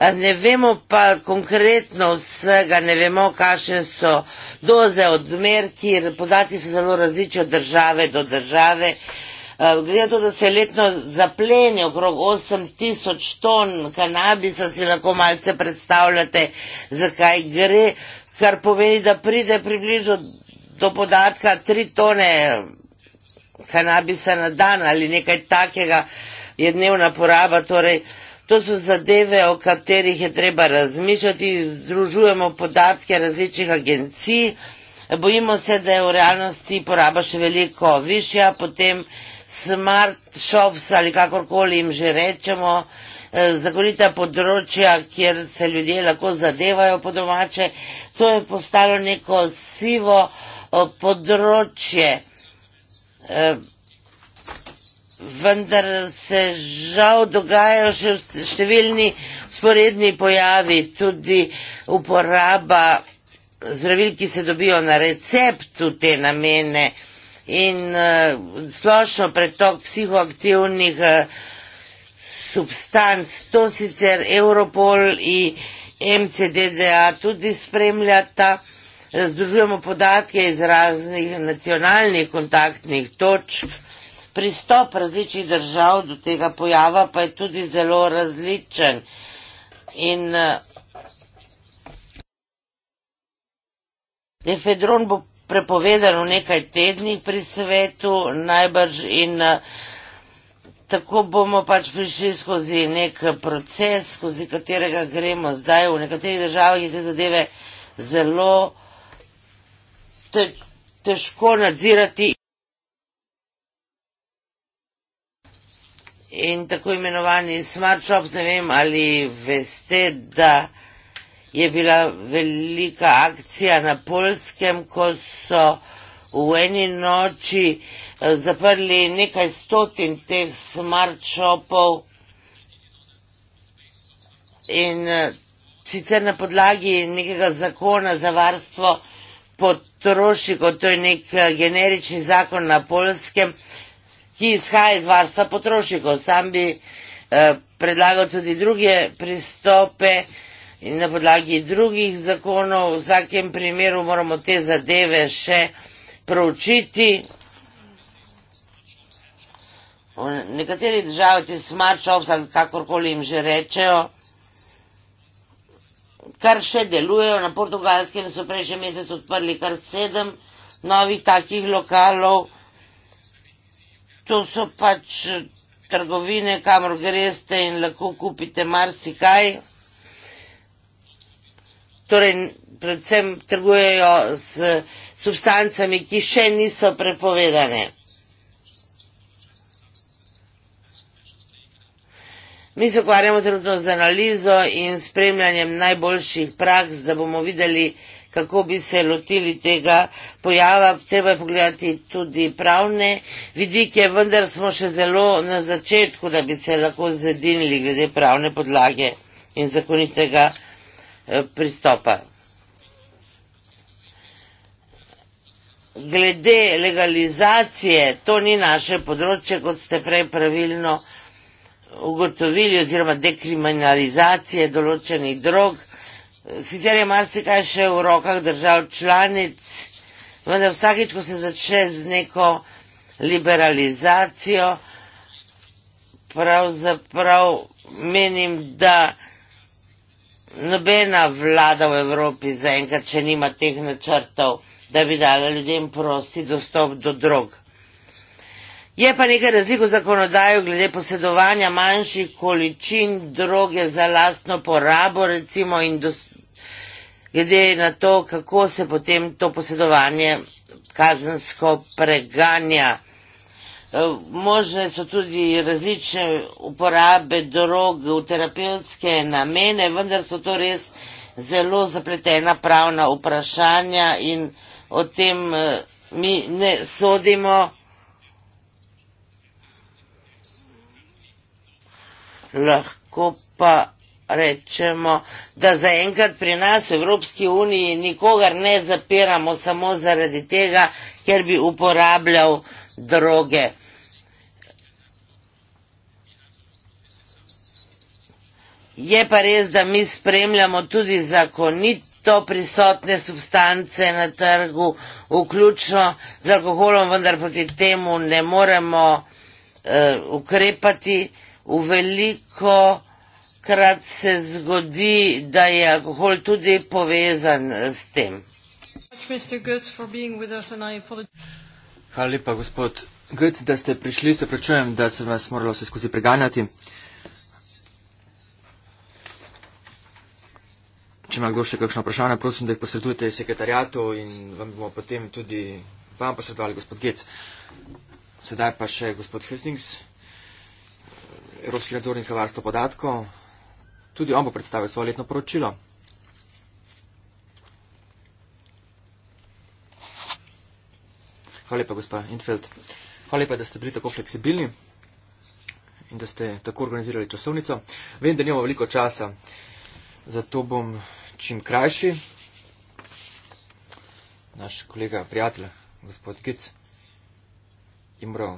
ne vemo pa konkretno vsega, ne vemo, kakšne so doze, odmerki, podatki so zelo različni od države do države. Glede na to, da se letno zapleni okrog 8000 ton kanabisa, si lahko malce predstavljate, zakaj gre, kar pomeni, da pride približno do podatka 3 tone kanabisa na dan ali nekaj takega je dnevna poraba. Torej, to so zadeve, o katerih je treba razmišljati, združujemo podatke različnih agencij, bojimo se, da je v realnosti poraba še veliko višja, potem smart shops ali kakorkoli jim že rečemo, eh, zakonita področja, kjer se ljudje lahko zadevajo po domače, to je postalo neko sivo eh, področje. Eh, vendar se žal dogajajo še številni sporedni pojavi, tudi uporaba zdravil, ki se dobijo na receptu te namene in eh, splošno pretok psihoaktivnih eh, substanc, to sicer Europol in MCDDA tudi spremljata. Združujemo podatke iz raznih nacionalnih kontaktnih točk. Pristop različnih držav do tega pojava pa je tudi zelo različen. In Defedron eh, bo prepovedan v nekaj tednih pri svetu, najbrž in eh, tako bomo pač prišli skozi nek proces, skozi katerega gremo zdaj. V nekaterih državah je te zadeve zelo različne te, težko nadzirati in tako imenovani smart shops, ne vem, ali veste, da je bila velika akcija na Polskem, ko so v eni noči eh, zaprli nekaj stotin teh smart shopov in eh, sicer na podlagi nekega zakona za varstvo pod troši, kot to je nek eh, generični zakon na polskem, ki izhaja iz varstva potrošnikov. Sam bi eh, predlagal tudi druge pristope in na podlagi drugih zakonov. V vsakem primeru moramo te zadeve še proučiti. V nekateri državi ti smart shops, kakorkoli jim že rečejo, kar še delujejo. Na portugalskem so prejšnji mesec odprli kar sedem novih takih lokalov. To so pač eh, trgovine, kamor greste in lahko kupite marsikaj. Torej, predvsem trgujejo s substancami, ki še niso prepovedane. Mi se ukvarjamo trenutno z analizo in spremljanjem najboljših praks, da bomo videli, kako bi se lotili tega pojava. Treba je pogledati tudi pravne vidike, vendar smo še zelo na začetku, da bi se lahko zedinili glede pravne podlage in zakonitega eh, pristopa. Glede legalizacije, to ni naše področje, kot ste prej pravilno povedali ugotovili oziroma dekriminalizacije določenih drog. Sicer je malce kaj še v rokah držav članic, vendar vsakeč, ko se začne z neko liberalizacijo, pravzaprav menim, da nobena vlada v Evropi zaenkrat, če nima teh načrtov, da bi dala ljudem prosti dostop do drog. Je pa nekaj razlik v zakonodaju glede posedovanja manjših količin droge za lastno porabo, recimo, in dos... glede na to, kako se potem to posedovanje kazensko preganja. Eh, možne so tudi različne uporabe drog v terapevtske namene, vendar so to res zelo zapletena pravna vprašanja in o tem eh, mi ne sodimo. lahko pa rečemo, da zaenkrat pri nas v Evropski uniji nikogar ne zapiramo samo zaradi tega, ker bi uporabljal droge. Je pa res, da mi spremljamo tudi zakonito prisotne substance na trgu, vključno z alkoholom, vendar proti temu ne moremo uh, ukrepati v veliko krat se zgodi, da je alkohol tudi povezan s tem. Hvala lepa, gospod Götz, da ste prišli. Se prečujem, da sem vas moralo vse skozi preganjati. Če ima kdo še kakšno vprašanje, prosim, da jih posredujete sekretarjatu in vam bomo potem tudi vam posredovali, gospod Götz. Sedaj pa še gospod Hestings. Evropski nadzornik za varstvo podatkov. Tudi on bo predstavil svoje letno poročilo. Hvala lepa, gospa Infeld. Hvala lepa, da ste bili tako fleksibilni in da ste tako organizirali časovnico. Vem, da nimamo veliko časa, zato bom čim krajši. Naš kolega, prijatelj, gospod Kic, je moral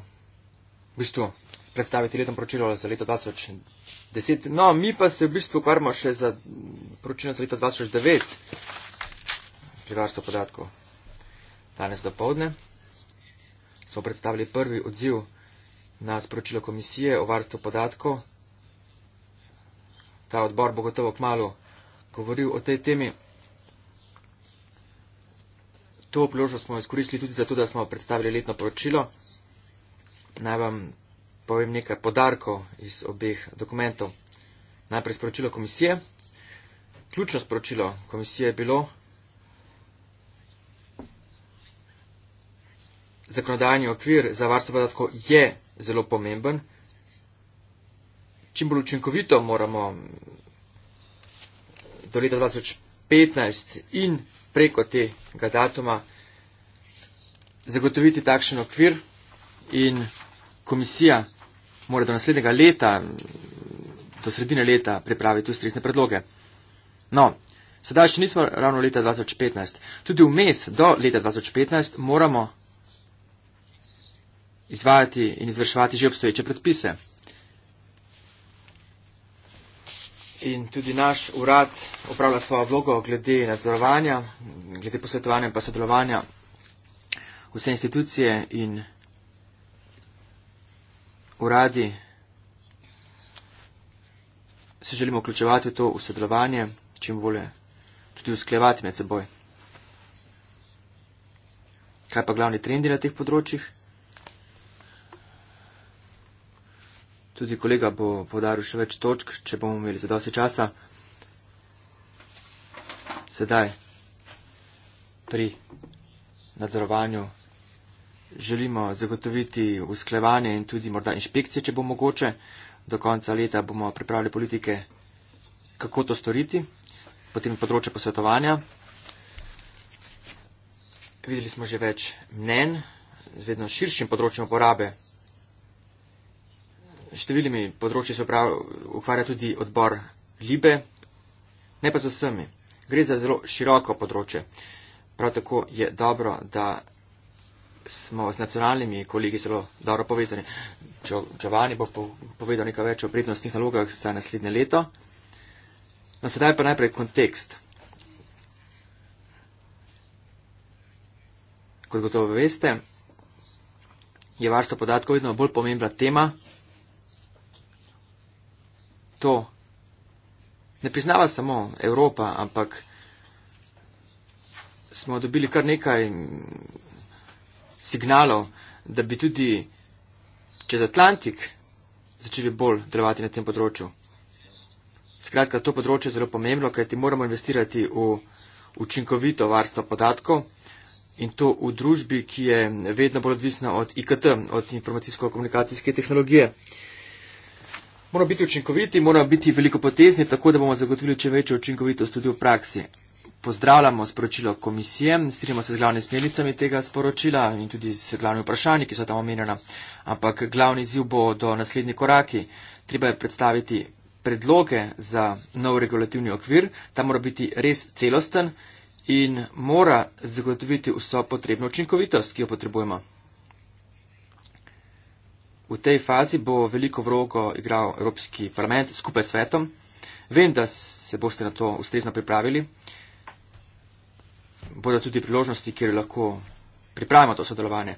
v bistvu predstaviti letno poročilo za leto 2010. No, mi pa se v bistvu ukvarjamo še za poročilo za leto 2009 pri varstvu podatkov. Danes do povdne smo predstavili prvi odziv na sporočilo komisije o varstvu podatkov. Ta odbor bo gotovo k malu govoril o tej temi. To priložnost smo izkoristili tudi zato, da smo predstavili letno poročilo. Naj vam povem nekaj podarkov iz obeh dokumentov. Najprej sporočilo komisije. Ključno sporočilo komisije je bilo zakonodajni okvir za varstvo podatkov je zelo pomemben. Čim bolj učinkovito moramo do leta 2015 in preko tega datuma zagotoviti takšen okvir in komisija mora do naslednjega leta, do sredine leta, pripraviti ustrezne predloge. No, sedaj še nismo ravno leta 2015. Tudi vmes do leta 2015 moramo izvajati in izvrševati že obstoječe predpise. In tudi naš urad upravlja svojo vlogo glede nadzorovanja, glede posvetovanja in pa sodelovanja vse institucije in uradi se želimo vključevati v to usedlovanje, čim bolje tudi usklevati med seboj. Kaj pa glavni trendi na teh področjih? Tudi kolega bo podaril še več točk, če bomo imeli za dosti časa. Sedaj pri nadzorovanju želimo zagotoviti usklevanje in tudi morda inšpekcije, če bo mogoče. Do konca leta bomo pripravili politike, kako to storiti, potem področje posvetovanja. Videli smo že več mnen z vedno širšim področjem uporabe. Številimi področji se ukvarja tudi odbor Libe, ne pa z vsemi. Gre za zelo široko področje. Prav tako je dobro, da smo z nacionalnimi kolegi zelo dobro povezani. Čovani bo povedal nekaj več o prednostnih nalogah za naslednje leto. No, sedaj pa najprej kontekst. Kot gotovo veste, je varstvo podatkov vedno bolj pomembna tema. To ne priznava samo Evropa, ampak smo dobili kar nekaj signalov, da bi tudi čez Atlantik začeli bolj delovati na tem področju. Skratka, to področje je zelo pomembno, kajti moramo investirati v učinkovito varstvo podatkov in to v družbi, ki je vedno bolj odvisna od IKT, od informacijsko-komunikacijske tehnologije. Moramo biti učinkoviti, moramo biti veliko potezni, tako da bomo zagotovili čim večjo učinkovitost tudi v praksi pozdravljamo sporočilo komisije, strinjamo se z glavnimi smernicami tega sporočila in tudi z glavnimi vprašanji, ki so tam omenjena. Ampak glavni ziv bo do naslednji koraki. Treba je predstaviti predloge za nov regulativni okvir, ta mora biti res celosten in mora zagotoviti vso potrebno učinkovitost, ki jo potrebujemo. V tej fazi bo veliko vrogo igral Evropski parlament skupaj s svetom. Vem, da se boste na to ustrezno pripravili bodo tudi priložnosti, kjer lahko pripravimo to sodelovanje.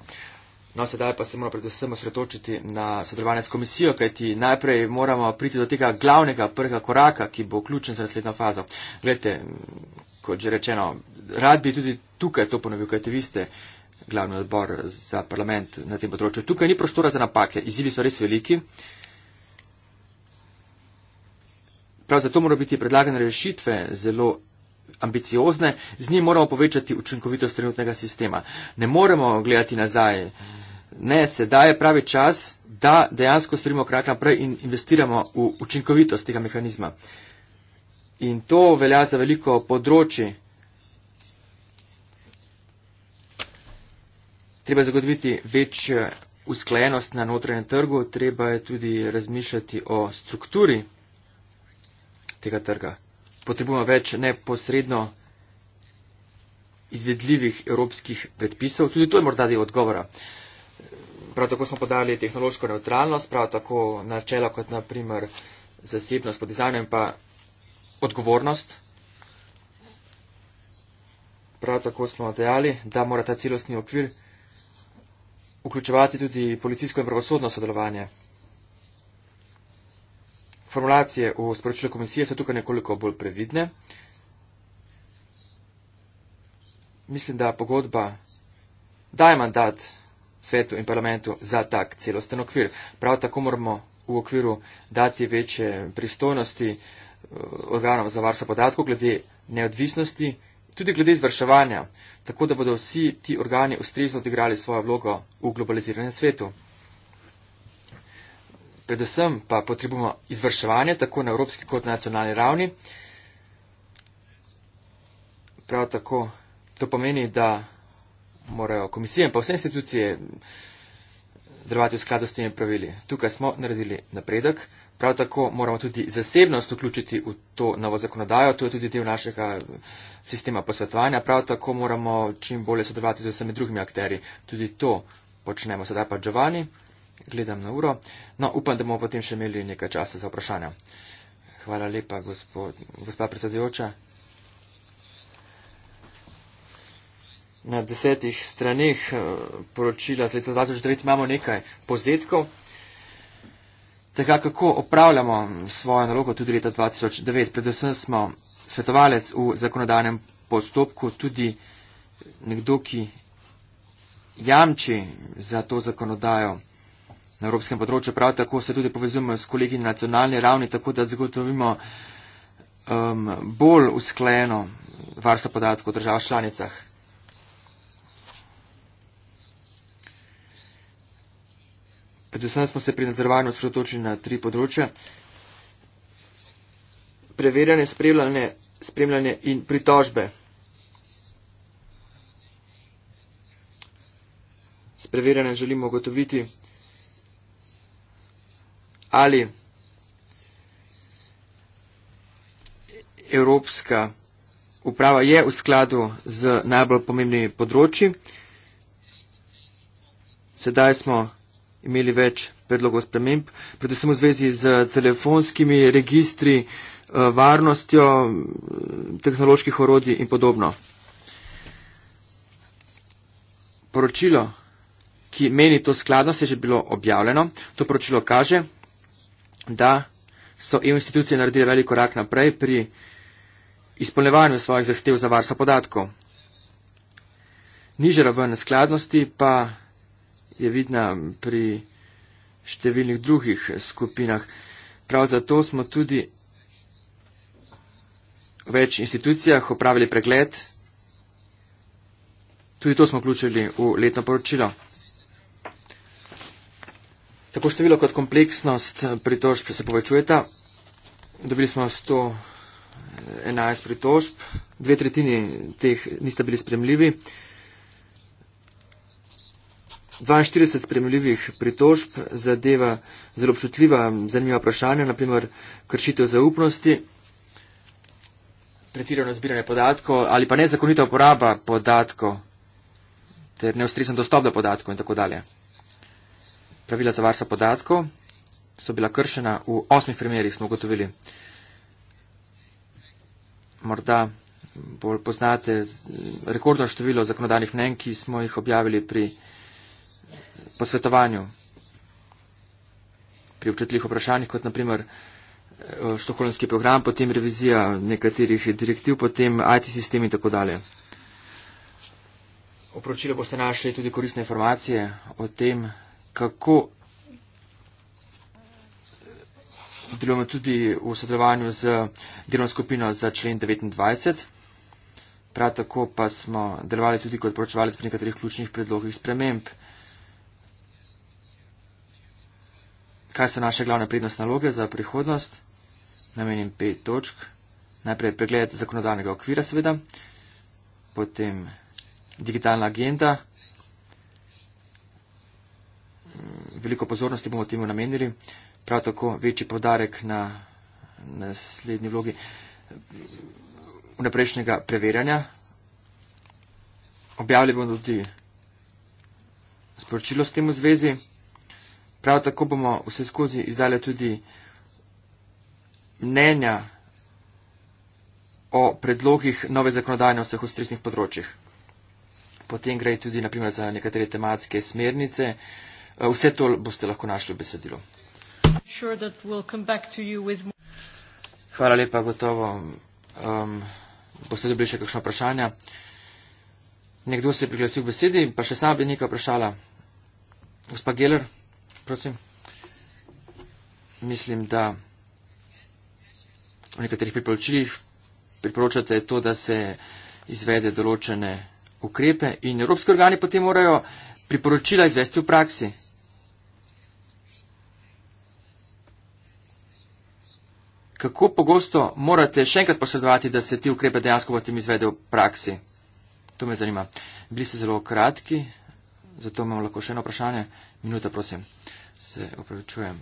No, sedaj pa se moramo predvsem osredotočiti na sodelovanje s komisijo, kajti najprej moramo priti do tega glavnega prvega koraka, ki bo ključen za naslednjo fazo. Glede, kot že rečeno, rad bi tudi tukaj to ponovil, kajte vi ste glavni odbor za parlament na tem področju. Tukaj ni prostora za napake, izzivi so res veliki. Prav zato morajo biti predlagane rešitve zelo ambiciozne, z njim moramo povečati učinkovitost trenutnega sistema. Ne moremo gledati nazaj. Ne, sedaj je pravi čas, da dejansko stremimo korak naprej in investiramo v učinkovitost tega mehanizma. In to velja za veliko področji. Treba zagotoviti več usklajenost na notranjem trgu, treba je tudi razmišljati o strukturi tega trga potrebujemo več neposredno izvedljivih evropskih predpisov. Tudi to je morda del odgovora. Prav tako smo podali tehnološko neutralnost, prav tako načela kot naprimer zasebnost pod dizajnom in pa odgovornost. Prav tako smo dejali, da mora ta celostni okvir vključevati tudi policijsko in pravosodno sodelovanje formulacije v sporočilu komisije so tukaj nekoliko bolj previdne. Mislim, da pogodba daje mandat svetu in parlamentu za tak celosten okvir. Prav tako moramo v okviru dati večje pristojnosti eh, organom za varstvo podatkov glede neodvisnosti, tudi glede izvrševanja, tako da bodo vsi ti organi ustrezno odigrali svojo vlogo v globaliziranem svetu predvsem pa potrebujemo izvrševanje tako na evropski kot na nacionalni ravni. Prav tako to pomeni, da morajo komisije in pa vse institucije delovati v skladu s temi pravili. Tukaj smo naredili napredek. Prav tako moramo tudi zasebnost vključiti v to novo zakonodajo, to je tudi del našega sistema posvetovanja. Prav tako moramo čim bolje sodelovati z vsemi drugimi akteri. Tudi to počnemo sedaj pa Giovanni gledam na uro. No, upam, da bomo potem še imeli nekaj časa za vprašanja. Hvala lepa, gospod, gospa predsedujoča. Na desetih stranih eh, poročila za leto 2009 imamo nekaj pozetkov. Tega, kako opravljamo svojo nalogo tudi leta 2009. Predvsem smo svetovalec v zakonodajnem postopku, tudi nekdo, ki jamči za to zakonodajo na evropskem področju, prav tako se tudi povezujemo s kolegi na nacionalni ravni, tako da zagotovimo um, bolj usklajeno varstvo podatkov v državah članicah. Predvsem smo se pri nadzorovanju sredotočili na tri področja. Preverjanje, spremljanje, spremljanje in pritožbe. S preverjanjem želimo ugotoviti, ali Evropska uprava je v skladu z najbolj pomembnimi področji. Sedaj smo imeli več predlogov sprememb, predvsem v zvezi z telefonskimi registri, eh, varnostjo, tehnoloških orodij in podobno. Poročilo, ki meni to skladnost, je že bilo objavljeno. To poročilo kaže, da so EU institucije naredile velik korak naprej pri izpolnevanju svojih zahtev za varstvo podatkov. Niže raven skladnosti pa je vidna pri številnih drugih skupinah. Prav zato smo tudi v več institucijah opravili pregled. Tudi to smo vključili v letno poročilo. Tako število kot kompleksnost pritožb se povečujeta. Dobili smo 111 pritožb, dve tretjini teh nista bili spremljivi. 42 spremljivih pritožb zadeva zelo občutljiva, zanimiva vprašanja, naprimer kršitev zaupnosti, pretirano zbiranje podatkov ali pa nezakonita uporaba podatkov ter neustrezen dostop do podatkov in tako dalje pravila za varstvo podatkov so bila kršena v osmih primerjih, smo gotovili. Morda bolj poznate rekordno število zakonodajnih mnen, ki smo jih objavili pri posvetovanju, pri občutljih vprašanjih, kot naprimer eh, štokolenski program, potem revizija nekaterih direktiv, potem IT sistem in tako dalje. Opročilo boste našli tudi koristne informacije o tem, kako delujemo tudi v sodelovanju z delovno skupino za člen 29. Prav tako pa smo delovali tudi kot poročevalec pri nekaterih ključnih predlogih sprememb. Kaj so naše glavne prednostne naloge za prihodnost? Namenim pet točk. Najprej pregled zakonodajnega okvira, seveda, potem digitalna agenda, veliko pozornosti bomo temu namenili, prav tako večji podarek na naslednji vlogi vneprejšnjega preverjanja. Objavili bomo tudi sporočilo s tem v zvezi. Prav tako bomo vse skozi izdali tudi mnenja o predlogih nove zakonodajne vseh ustresnih področjih. Potem gre tudi naprimer za nekatere tematske smernice. Eh, vse to boste lahko našli v besedilu. Hvala lepa, gotovo. Um, boste dobili še kakšno vprašanje? Nekdo se je priglasil v besedi, pa še sama bi nekaj vprašala. Gospa Geller, prosim. Mislim, da v nekaterih priporočilih priporočate to, da se izvede določene ukrepe in evropske organi potem morajo priporočila izvesti v praksi. kako pogosto morate še enkrat posredovati, da se ti ukrepe dejansko potem izvede v praksi? To me zanima. Bili ste zelo kratki, zato imamo lahko še eno vprašanje. Minuta, prosim. Se upravičujem.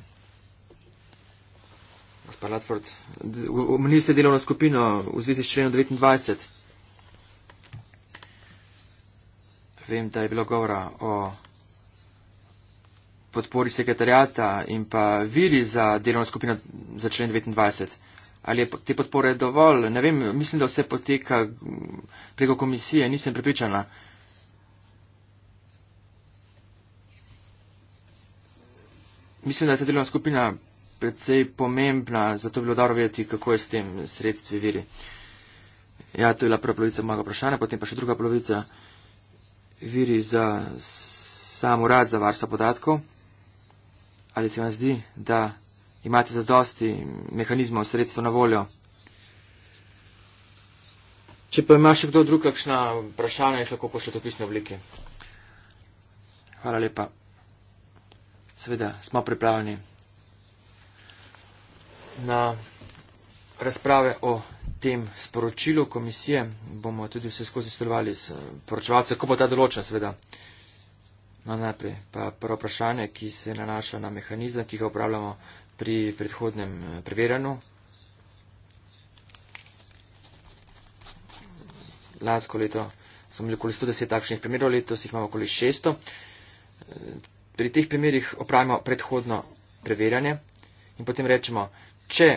Gospod Latford, omenili ste delovno skupino v zvezi s členom 29. Vem, da je bilo govora o podpori sekretarjata in pa viri za delovno skupino za člen 29. Ali je te podpore dovolj? Ne vem, mislim, da vse poteka mm, preko komisije, nisem pripričana. Mislim, da je ta delovna skupina predvsej pomembna, zato bi bilo dobro vedeti, kako je s tem sredstvi viri. Ja, to je bila prva polovica mojega vprašanja, potem pa še druga polovica viri za sam urad za varstvo podatkov ali se vam zdi, da imate zadosti mehanizmov, sredstva na voljo? Če pa ima še kdo drug kakšna vprašanja, jih lahko pošljete v pisni obliki. Hvala lepa. Seveda, smo pripravljeni na razprave o tem sporočilu komisije. Bomo tudi vse skozi sodelovali s poročevalcem, ko bo ta določen, seveda. No, najprej pa prvo vprašanje, ki se nanaša na mehanizem, ki ga upravljamo pri predhodnem eh, preverjanju. Lansko leto smo imeli okoli 110 takšnih primerov, letos jih imamo okoli 600. Eh, pri teh primerih opravimo predhodno preverjanje in potem rečemo, če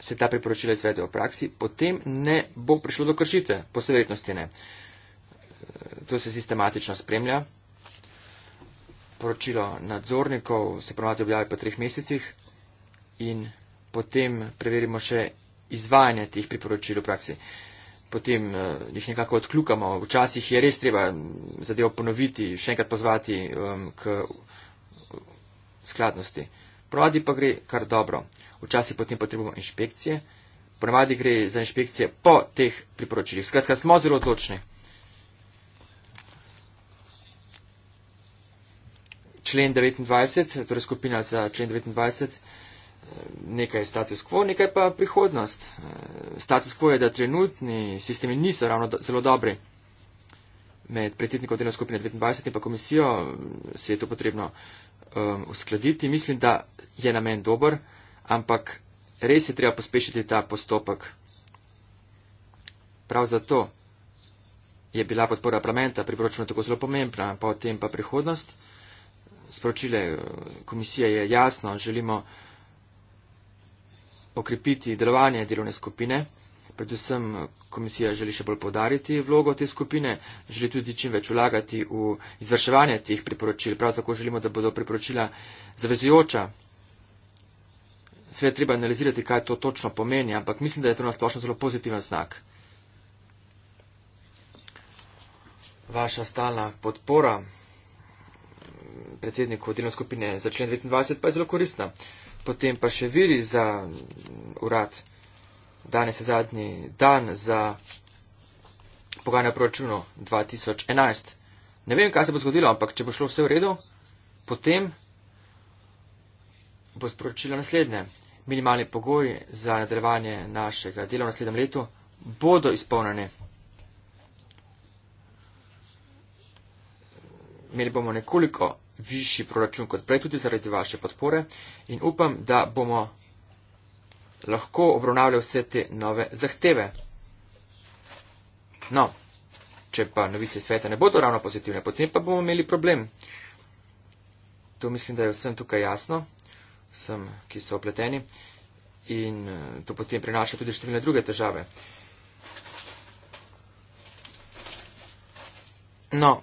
se ta priporočila izvede v praksi, potem ne bo prišlo do kršitve, po vsej verjetnosti ne. Eh, to se sistematično spremlja poročilo nadzornikov, se ponovadi objavi po treh mesecih in potem preverimo še izvajanje teh priporočil v praksi. Potem uh, jih nekako odkljukamo. Včasih je res treba zadevo ponoviti, še enkrat pozvati um, k skladnosti. Ponovadi pa gre kar dobro. Včasih potem potrebujemo inšpekcije. Ponovadi gre za inšpekcije po teh priporočilih. Skratka, smo zelo odločni. člen 29, torej skupina za člen 29, eh, nekaj je status quo, nekaj pa prihodnost. Eh, status quo je, da trenutni sistemi niso ravno do, zelo dobri. Med predsednikom delovne skupine 29 in pa komisijo eh, se je to potrebno um, uskladiti. Mislim, da je namen dober, ampak res je treba pospešiti ta postopek. Prav zato je bila podpora parlamenta pri proračunu tako zelo pomembna, pa potem pa prihodnost sporočile eh, komisije je jasno, želimo okrepiti delovanje delovne skupine. Predvsem eh, komisija želi še bolj podariti vlogo te skupine, želi tudi čim več ulagati v izvrševanje teh priporočil. Prav tako želimo, da bodo priporočila zavezujoča. Sve treba analizirati, kaj to točno pomeni, ampak mislim, da je to na splošno zelo pozitiven znak. Vaša stalna podpora predsedniku delovne skupine za člen 29 pa je zelo koristna. Potem pa še viri za urad. Danes je zadnji dan za pogajanje proračuno 2011. Ne vem, kaj se bo zgodilo, ampak če bo šlo vse v redu, potem bo sporočila naslednje. Minimalni pogoji za nadaljevanje našega dela v naslednjem letu bodo izpolnjeni. Imeli bomo nekoliko višji proračun kot prej, tudi zaradi vaše podpore in upam, da bomo lahko obravnavljali vse te nove zahteve. No, če pa novice sveta ne bodo ravno pozitivne, potem pa bomo imeli problem. To mislim, da je vsem tukaj jasno, vsem, ki so opleteni in eh, to potem prinaša tudi številne druge težave. No,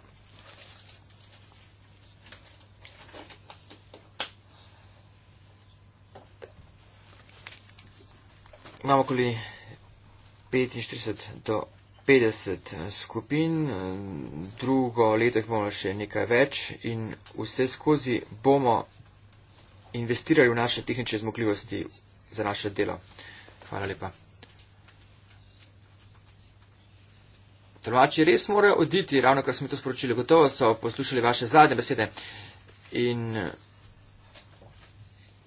imamo okoli 45 do 50 skupin, drugo leto jih bomo še nekaj več in vse skozi bomo investirali v naše tehnične zmogljivosti za naše delo. Hvala lepa. Trvači res morajo oditi, ravno kar smo to sporočili. Gotovo so poslušali vaše zadnje besede in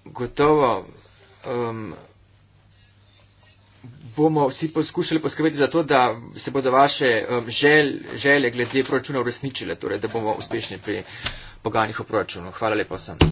gotovo. Um, bomo vsi poskušali poskrbeti za to, da se bodo vaše um, žel, želje glede proračuna uresničile, torej da bomo uspešni pri pogajanjih o proračunu. Hvala lepa vsem.